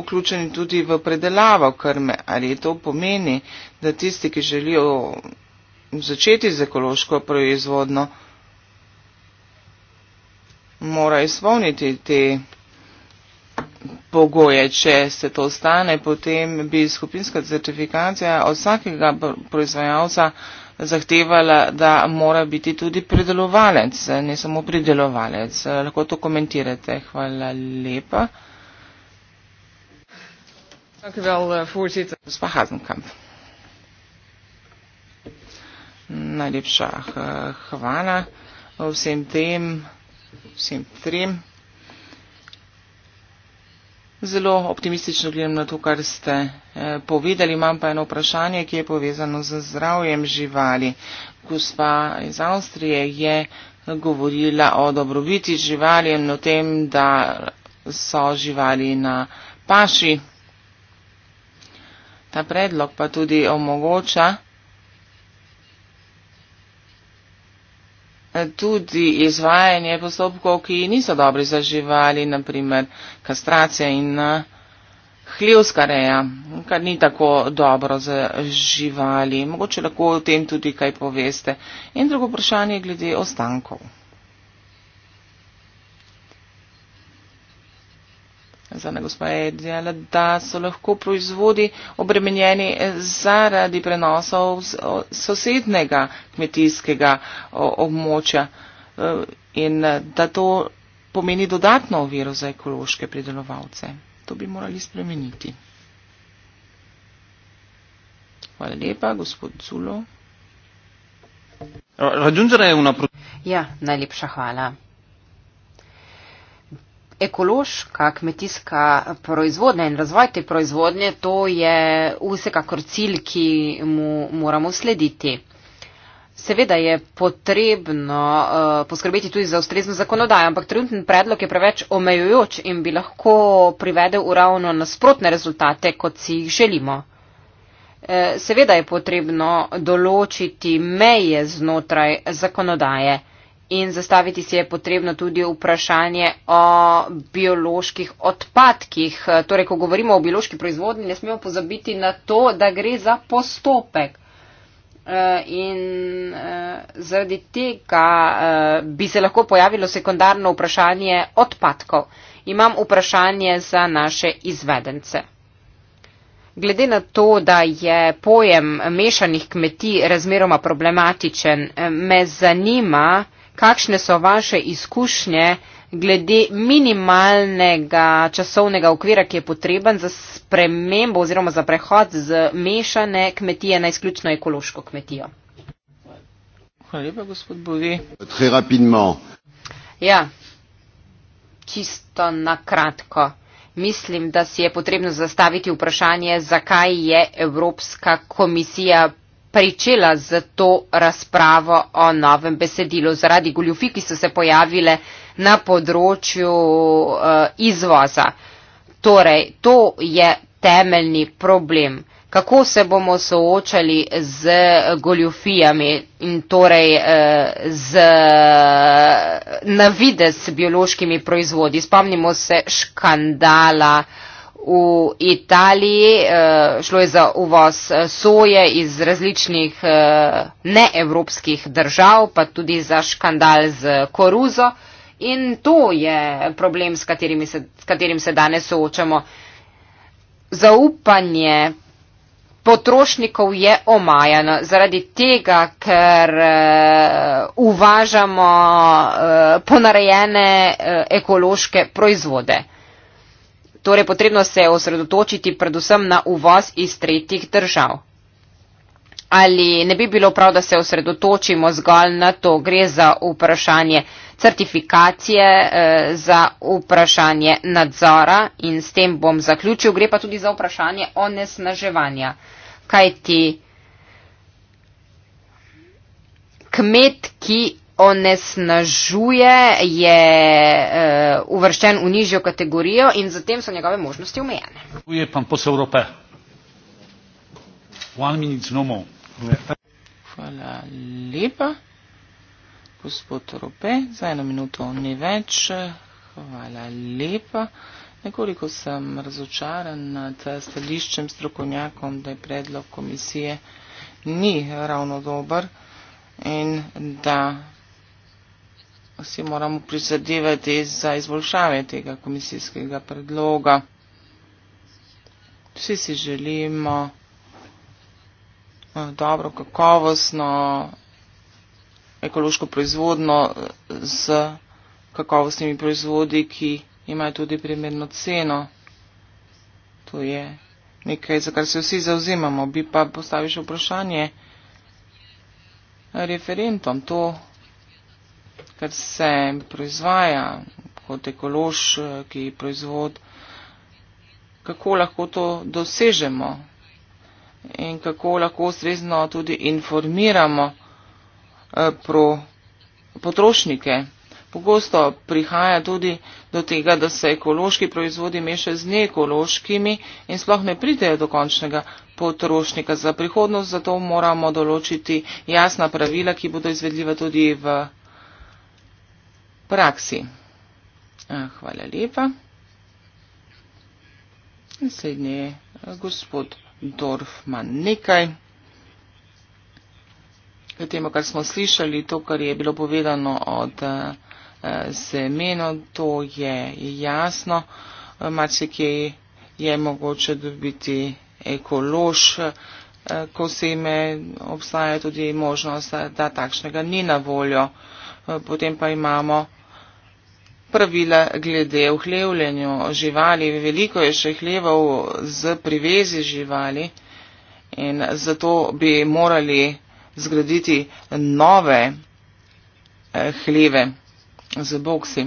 vključeni tudi v predelavo krme. Ali to pomeni, da tisti, ki želijo začeti z ekološko proizvodno, mora izpolniti te pogoje. Če se to stane, potem bi skupinska certifikacija od vsakega proizvajalca zahtevala, da mora biti tudi predelovalec, ne samo pridelovalec. Lahko to komentirate. Hvala lepa. Dank u wel, eh, voorzitter. Mevrouw Hazenkamp. Najlepša eh, hvala vsem tem, vsem trem. Zelo optimistično gledam na to, kar ste eh, povedali. Imam pa eno vprašanje, ki je povezano z zdravjem živali. Gospa iz Avstrije je govorila o dobrobiti živali in o tem, da so živali na paši. Ta predlog pa tudi omogoča tudi izvajanje postopkov, ki niso dobri za živali, naprimer kastracija in hljivska reja, kar ni tako dobro za živali. Mogoče lahko o tem tudi kaj poveste. In drugo vprašanje je glede ostankov. Zdaj, gospa je dejala, da so lahko proizvodi obremenjeni zaradi prenosov sosednega kmetijskega območja e, in da to pomeni dodatno oviro za ekološke pridelovalce. To bi morali spremeniti. Hvala lepa, gospod Culo. Ja, najlepša hvala ekološka kmetijska proizvodnja in razvoj te proizvodnje, to je vsekakor cilj, ki mu moramo slediti. Seveda je potrebno uh, poskrbeti tudi za ustrezno zakonodajo, ampak trenutni predlog je preveč omejujoč in bi lahko privedel v ravno nasprotne rezultate, kot si jih želimo. Eh, seveda je potrebno določiti meje znotraj zakonodaje in zastaviti si je potrebno tudi vprašanje o bioloških odpadkih. Torej, ko govorimo o biološki proizvodni, ne smemo pozabiti na to, da gre za postopek. Eh, in eh, zaradi tega eh, bi se lahko pojavilo sekundarno vprašanje odpadkov. Imam vprašanje za naše izvedence. Glede na to, da je pojem mešanih kmetij razmeroma problematičen, me zanima, kakšne so vaše izkušnje glede minimalnega časovnega okvira, ki je potreben za spremembo oziroma za prehod z mešane kmetije na izključno ekološko kmetijo. Hvala lepa, gospod Bovi. Ja, čisto na kratko. Mislim, da si je potrebno zastaviti vprašanje, zakaj je Evropska komisija pričela z to razpravo o novem besedilu zaradi goljufi, ki so se pojavile na področju uh, izvoza. Torej, to je temeljni problem. Kako se bomo soočali z goljufijami in torej eh, z navide s biološkimi proizvodi? Spomnimo se škandala eh, v Italiji, eh, šlo je za uvoz eh, soje iz različnih eh, neevropskih držav, pa tudi za škandal z koruzo. In to je problem, s, se, s katerim se danes soočamo. Zaupanje potrošnikov je omajano zaradi tega, ker uvažamo ponarejene ekološke proizvode. Torej, potrebno se je osredotočiti predvsem na uvoz iz tretjih držav. Ali ne bi bilo prav, da se osredotočimo zgolj na to, gre za vprašanje certifikacije, eh, za vprašanje nadzora in s tem bom zaključil, gre pa tudi za vprašanje onesnaževanja. Kaj ti kmet, ki onesnažuje, je uh, uvrščen v nižjo kategorijo in zatem so njegove možnosti omejene. No Hvala lepa. Gospod Rope, za eno minuto ni več. Hvala lepa. Nekoliko sem razočaran nad stališčem strokovnjakom, da je predlog komisije ni ravno dober in da si moramo prizadevati za izboljšave tega komisijskega predloga. Vsi si želimo eh, dobro, kakovostno, ekološko proizvodno eh, z kakovostnimi proizvodi, ki imajo tudi primerno ceno. To je nekaj, za kar se vsi zauzimamo. Bi pa postavil še vprašanje referentom. To kar se proizvaja kot ekološki eh, proizvod, kako lahko to dosežemo in kako lahko ustrezno tudi informiramo eh, pro potrošnike. Pogosto prihaja tudi do tega, da se ekološki proizvodi mešajo z neekološkimi in sploh ne pridejo do končnega potrošnika. Za prihodnost zato moramo določiti jasna pravila, ki bodo izvedljiva tudi v praksi. Hvala lepa. Naslednji je gospod Dorfman. Nekaj k temu, kar smo slišali, to, kar je bilo povedano od semena, to je jasno. Marsikje je mogoče dobiti ekološ, ko se ime obstaja tudi možnost, da takšnega ni na voljo. Potem pa imamo pravila glede uhlevljenju živali. Veliko je še hlevov z privezi živali in zato bi morali zgraditi nove eh, hleve z boksi.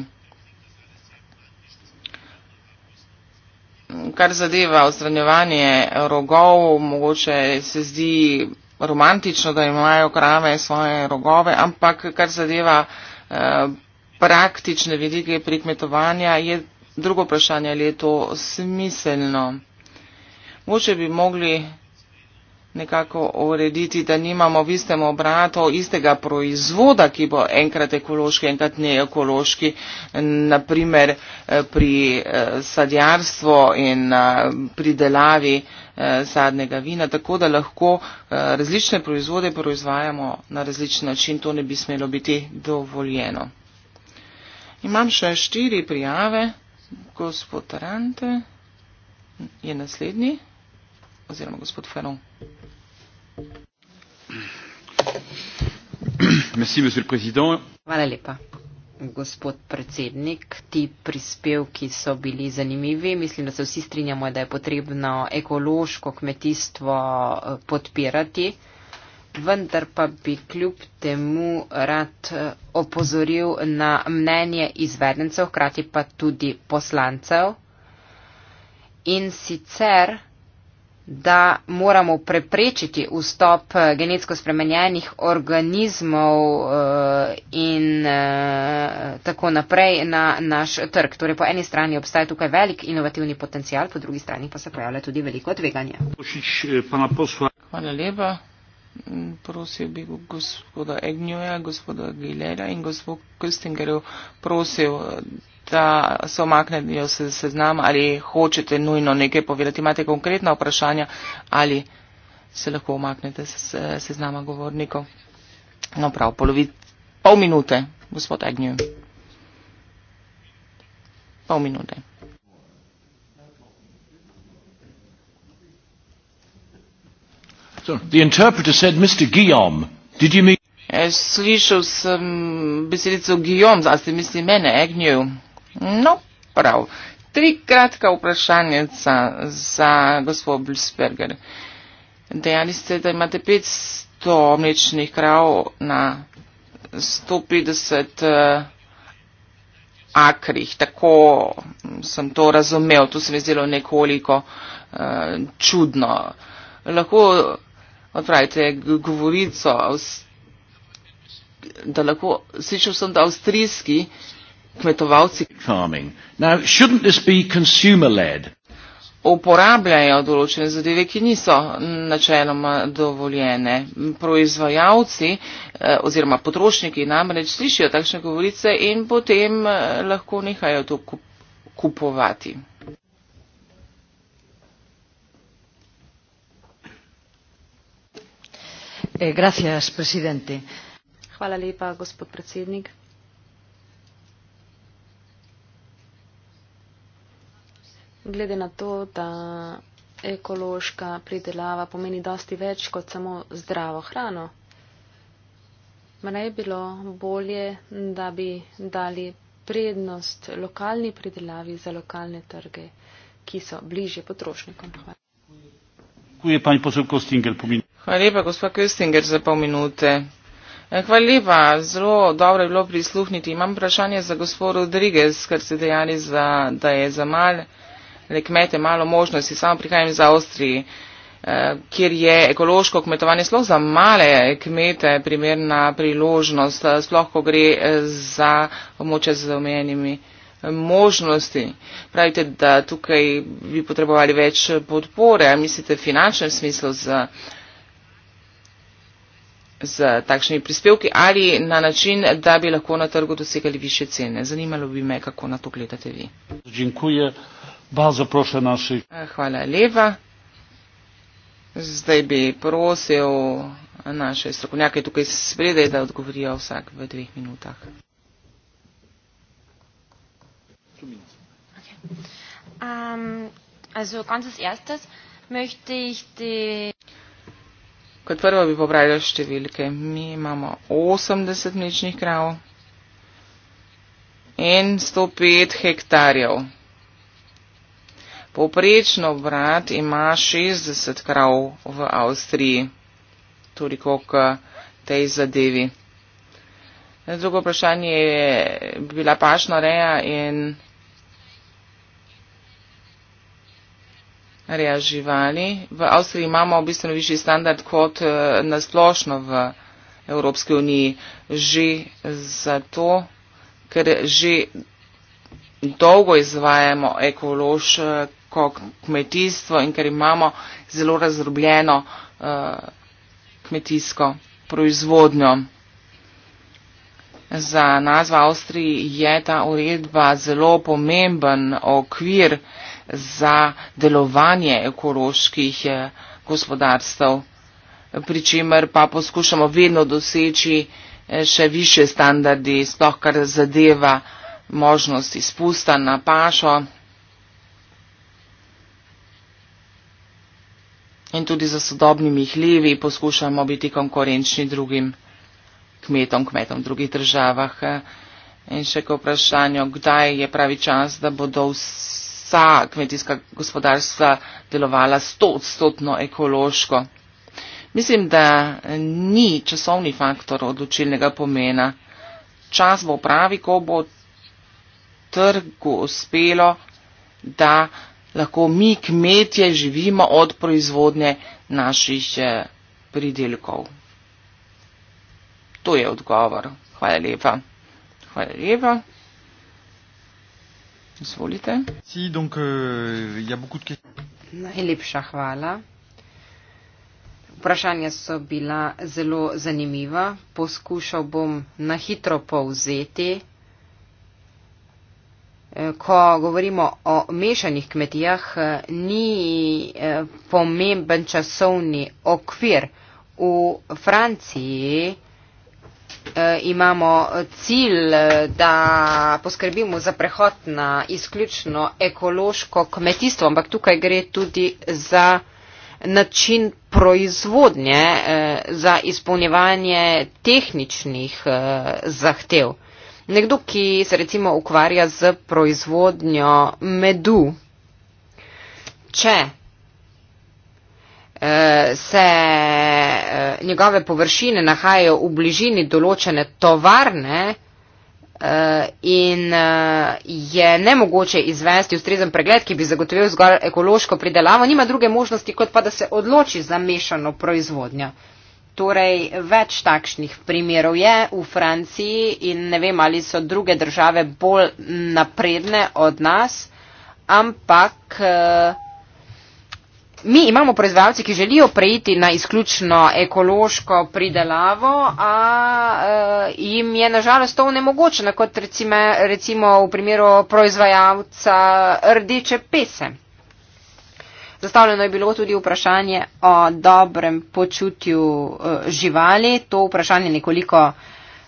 Kar zadeva ostranjevanje rogov, mogoče se zdi romantično, da imajo krave svoje rogove, ampak kar zadeva eh, praktične vidike prikmetovanja, je drugo vprašanje, ali je to smiselno. Mogoče bi mogli nekako urediti, da nimamo v istem obratu istega proizvoda, ki bo enkrat ekološki, enkrat neekološki, naprimer eh, pri eh, sadjarstvu in eh, pridelavi sadnega vina, tako da lahko različne proizvode proizvajamo na različen način, to ne bi smelo biti dovoljeno. Imam še štiri prijave. Gospod Rante je naslednji, oziroma gospod Ferron. Merci, monsieur le président. Hvala lepa. Gospod predsednik, ti prispevki so bili zanimivi. Mislim, da se vsi strinjamo, da je potrebno ekološko kmetijstvo eh, podpirati vendar pa bi kljub temu rad eh, opozoril na mnenje izvedencev, hkrati pa tudi poslancev. In sicer, da moramo preprečiti vstop eh, genetsko spremenjenih organizmov eh, in tako naprej na naš trg. Torej, po eni strani obstaja tukaj velik inovativni potencial, po drugi strani pa se pojavlja tudi veliko tveganje. Hvala lepa prosil bi gospoda Egnjoja, gospoda Gilera in gospod Krstingerov prosil, da se omaknejo se seznam ali hočete nujno nekaj povedati. Imate konkretna vprašanja ali se lahko omaknete se seznama govornikov? No prav, polovic, pol minute, gospod Egnjoj. Pol minute. Eh, slišal sem besedico Guillaume, a ste misli mene, Agnew? Eh, no, prav. Tri kratka vprašanjeca za gospod Blisberger. Dejali ste, da imate 500 mlečnih krav na 150 uh, eh, akrih. Tako sem to razumel. To se mi je zdelo nekoliko uh, čudno. Lahko odpravite govorico, da lahko slišal sem, da avstrijski kmetovalci uporabljajo določene zadeve, ki niso načeloma dovoljene. Proizvajalci eh, oziroma potrošniki namreč slišijo takšne govorice in potem eh, lahko nehajo to kupovati. Eh, hvala lepa gospod predsednik glede na to da ekološka pridelava pomeni dosti več kot samo zdravo hrano mar ne bi bilo bolje da bi dali prednost lokalni pridelavi za lokalne trge ki so bližje potrošnikom hvala. Kuj je pani poslanka Stingel pomeni? Hvala lepa, gospod Köstinger, za pol minute. E, hvala lepa, zelo dobro je bilo prisluhniti. Imam vprašanje za gospod Rodriguez, ker ste dejali, za, da je za male kmete malo možnosti. Samo prihajam iz Avstrije, e, kjer je ekološko kmetovanje sploh za male kmete primerna priložnost, sploh ko gre e, za območje z omenjenimi možnosti. Pravite, da tukaj bi potrebovali več podpore, mislite finančnem smislu za z takšnimi prispevki ali na način, da bi lahko na trgu dosegali više cene. Zanimalo bi me, kako na to gledate vi. E, hvala lepa. Zdaj bi prosil naše strokovnjake tukaj spredaj, da odgovorijo vsak v dveh minutah. Um, also ganz als erstes möchte ich die. Kot prvo bi pobrali številke. Mi imamo 80 mlečnih krav in 105 hektarjev. Poprečno brat ima 60 krav v Avstriji, toliko k tej zadevi. Drugo vprašanje je bila pašna reja in reja živali. V Avstriji imamo v bistvu višji standard kot eh, nasplošno v Evropski uniji že zato, ker že dolgo izvajamo ekološko kmetijstvo in ker imamo zelo razrobljeno uh, eh, kmetijsko proizvodnjo. Za nas v Avstriji je ta uredba zelo pomemben okvir. Uh, za delovanje ekoloških eh, gospodarstv, pri čemer pa poskušamo vedno doseči eh, še više standardi, sploh kar zadeva možnost izpusta na pašo. In tudi za sodobnimi hlevi poskušamo biti konkurenčni drugim kmetom, kmetom v drugih državah. Eh, In še k vprašanju, kdaj je pravi čas, da bodo vsi ta kmetijska gospodarstva delovala stotstotno ekološko. Mislim, da ni časovni faktor odločilnega pomena. Čas bo pravi, ko bo trgu uspelo, da lahko mi kmetje živimo od proizvodnje naših eh, pridelkov. To je odgovor. Hvala lepa. Hvala lepa. Izvolite. Si, donc, euh, ja Najlepša hvala. Vprašanja so bila zelo zanimiva. Poskušal bom na hitro povzeti. Eh, ko govorimo o mešanih kmetijah, eh, ni eh, pomemben časovni okvir. V Franciji Eh, imamo cilj, da poskrbimo za prehod na izključno ekološko kmetijstvo, ampak tukaj gre tudi za način proizvodnje, eh, za izpolnjevanje tehničnih eh, zahtev. Nekdo, ki se recimo ukvarja z proizvodnjo medu, če Eh, se eh, njegove površine nahajajo v bližini določene tovarne eh, in je nemogoče izvesti ustrezen pregled, ki bi zagotovil zgolj ekološko pridelavo, nima druge možnosti, kot pa da se odloči za mešano proizvodnjo. Torej, več takšnih primerov je v Franciji in ne vem, ali so druge države bolj napredne od nas, ampak. Uh Mi imamo proizvajalce, ki želijo preiti na izključno ekološko pridelavo, a uh, jim je nažalost to onemogočeno, kot recime, recimo v primeru proizvajalca rdeče pese. Zastavljeno je bilo tudi vprašanje o dobrem počutju uh, živali. To vprašanje nekoliko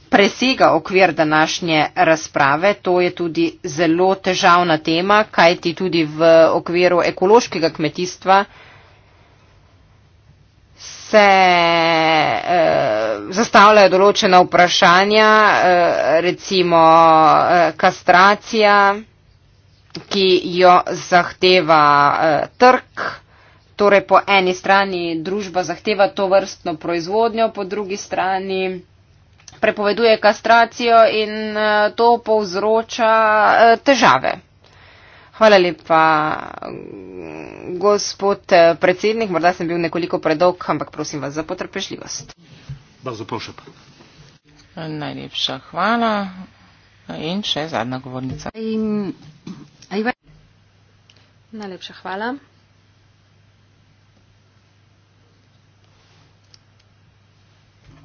presega okvir današnje razprave. To je tudi zelo težavna tema, kajti tudi v okviru ekološkega kmetijstva se eh, zastavljajo določena vprašanja, eh, recimo eh, kastracija, ki jo zahteva eh, trg, torej po eni strani družba zahteva to vrstno proizvodnjo, po drugi strani prepoveduje kastracijo in eh, to povzroča eh, težave. Hvala lepa, gospod eh, predsednik. Morda sem bil nekoliko predolg, ampak prosim vas za potrpešljivost. Najlepša hvala. In še zadnja govornica. Najlepša hvala.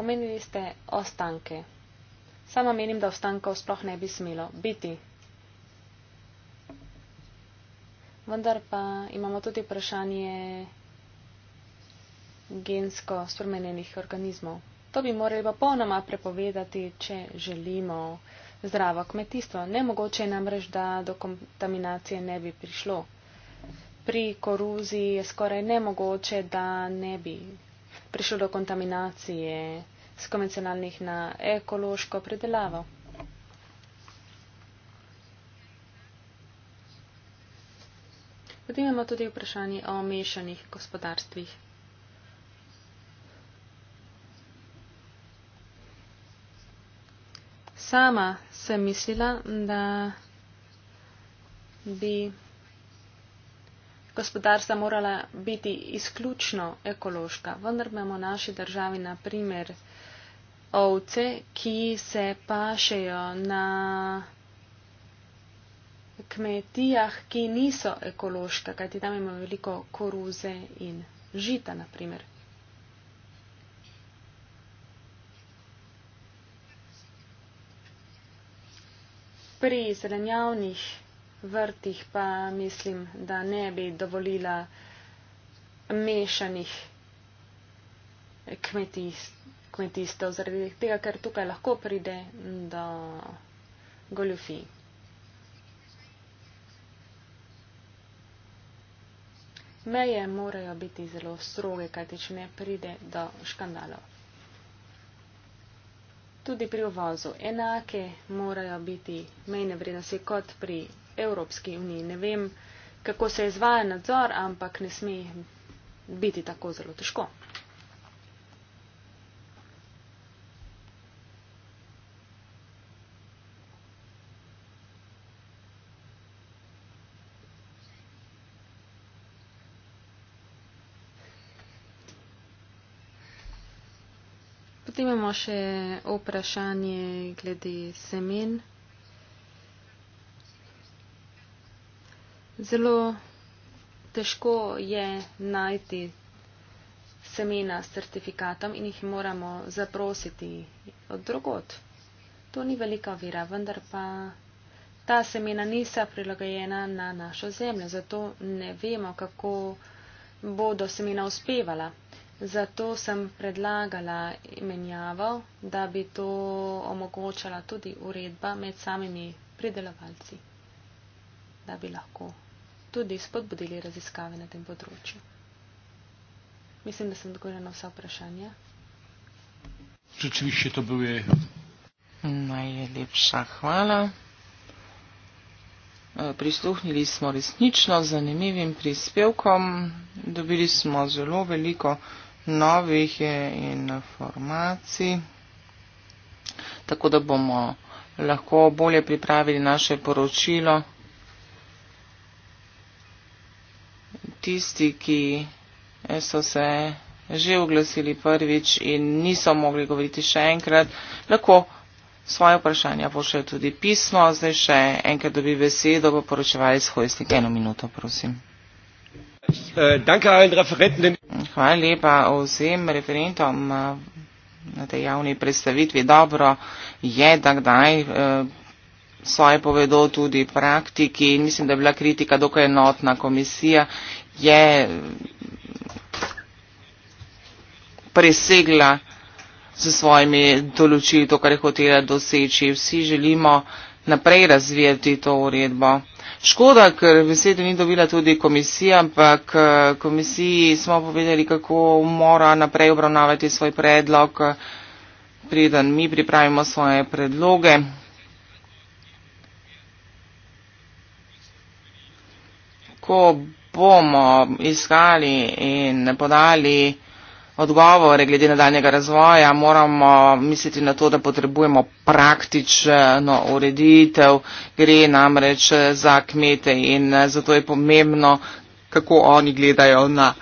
Omenili ste ostanke. Sama menim, da ostankov sploh ne bi smelo biti. vendar pa imamo tudi vprašanje gensko spremenjenih organizmov. To bi morali pa polnoma prepovedati, če želimo zdravo kmetijstvo. Nemogoče je namreč, da do kontaminacije ne bi prišlo. Pri koruzi je skoraj nemogoče, da ne bi prišlo do kontaminacije z konvencionalnih na ekološko predelavo. Potem imamo tudi vprašanje o mešanih gospodarstvih. Sama sem mislila, da bi gospodarstva morala biti izključno ekološka, vendar imamo v naši državi naprimer ovce, ki se pašejo na kmetijah, ki niso ekološka, kajti tam imajo veliko koruze in žita, naprimer. Pri zelenjavnih vrtih pa mislim, da ne bi dovolila mešanih kmetijstv, zaradi tega, ker tukaj lahko pride do goljufij. Meje morajo biti zelo stroge, kajti če ne pride do škandalov. Tudi pri uvozu enake morajo biti mejne vrednosti kot pri Evropski uniji. Ne vem, kako se izvaja nadzor, ampak ne sme biti tako zelo težko. potem imamo še vprašanje glede semen. Zelo težko je najti semena s certifikatom in jih moramo zaprositi od drugot. To ni velika vira, vendar pa ta semena niso prilagojena na našo zemljo, zato ne vemo, kako bodo semena uspevala. Zato sem predlagala menjavo, da bi to omogočala tudi uredba med samimi pridelovalci, da bi lahko tudi spodbudili raziskave na tem področju. Mislim, da sem odgovorila na vsa vprašanja. Čučiš, to bil je. Najlepša hvala. E, prisluhnili smo resnično zanimivim prispevkom, dobili smo zelo veliko novih informacij, tako da bomo lahko bolje pripravili naše poročilo. Tisti, ki so se že oglasili prvič in niso mogli govoriti še enkrat, lahko svoje vprašanja pošljajo tudi pismo. Zdaj še enkrat dobi besedo, bo poročevali s hojstnik. Eno minuto, prosim. Äh, Hvala lepa vsem referentom äh, na tej javni predstavitvi. Dobro je, da kdaj äh, svoje povedo tudi praktiki. Mislim, da je bila kritika dokaj enotna. Komisija je mm, presegla z svojimi določili to, kar je hotela doseči. Vsi želimo naprej razvijati to uredbo. Škoda, ker besede ni dobila tudi komisija, ampak eh, komisiji smo povedali, kako mora naprej obravnavati svoj predlog, eh, preden mi pripravimo svoje predloge. Ko bomo iskali in podali predloge, odgovore glede nadaljnega razvoja, moramo misliti na to, da potrebujemo praktično ureditev, gre namreč za kmete in zato je pomembno, kako oni gledajo na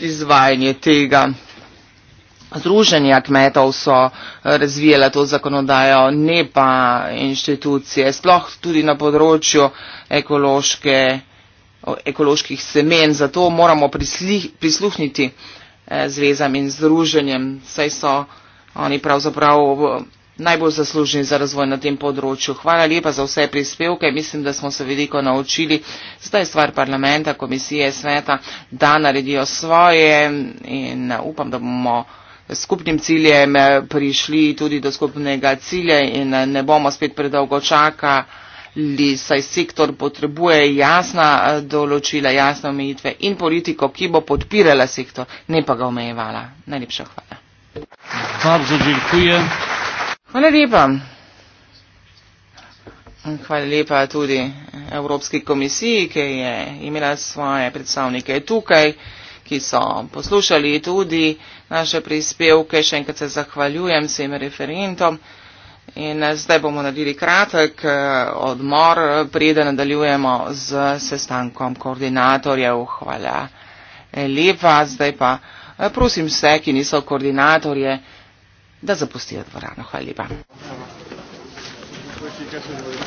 izvajanje tega. Združenja kmetov so razvijala to zakonodajo, ne pa inštitucije, sploh tudi na področju ekoloških semen. Zato moramo prisluhniti zvezam in združenjem, saj so oni pravzaprav eh, najbolj zaslužni za razvoj na tem področju. Hvala lepa za vse prispevke, mislim, da smo se veliko naučili. Zdaj je stvar parlamenta, komisije, sveta, da naredijo svoje in eh, upam, da bomo s skupnim ciljem eh, prišli tudi do skupnega cilja in ne bomo spet predolgo čakali saj sektor potrebuje jasna eh, določila, jasne omejitve in politiko, ki bo podpirala sektor, ne pa ga omejevala. Najlepša hvala. Hvala lepa. Hvala lepa tudi Evropski komisiji, ki je imela svoje predstavnike tukaj, ki so poslušali tudi naše prispevke. Še enkrat se zahvaljujem vsem referentom. In eh, zdaj bomo naredili kratek eh, odmor, eh, preden nadaljujemo z sestankom koordinatorjev. Hvala lepa. Zdaj pa prosim vse, ki niso koordinatorje, da zapustijo dvorano. Hvala lepa. Hvala.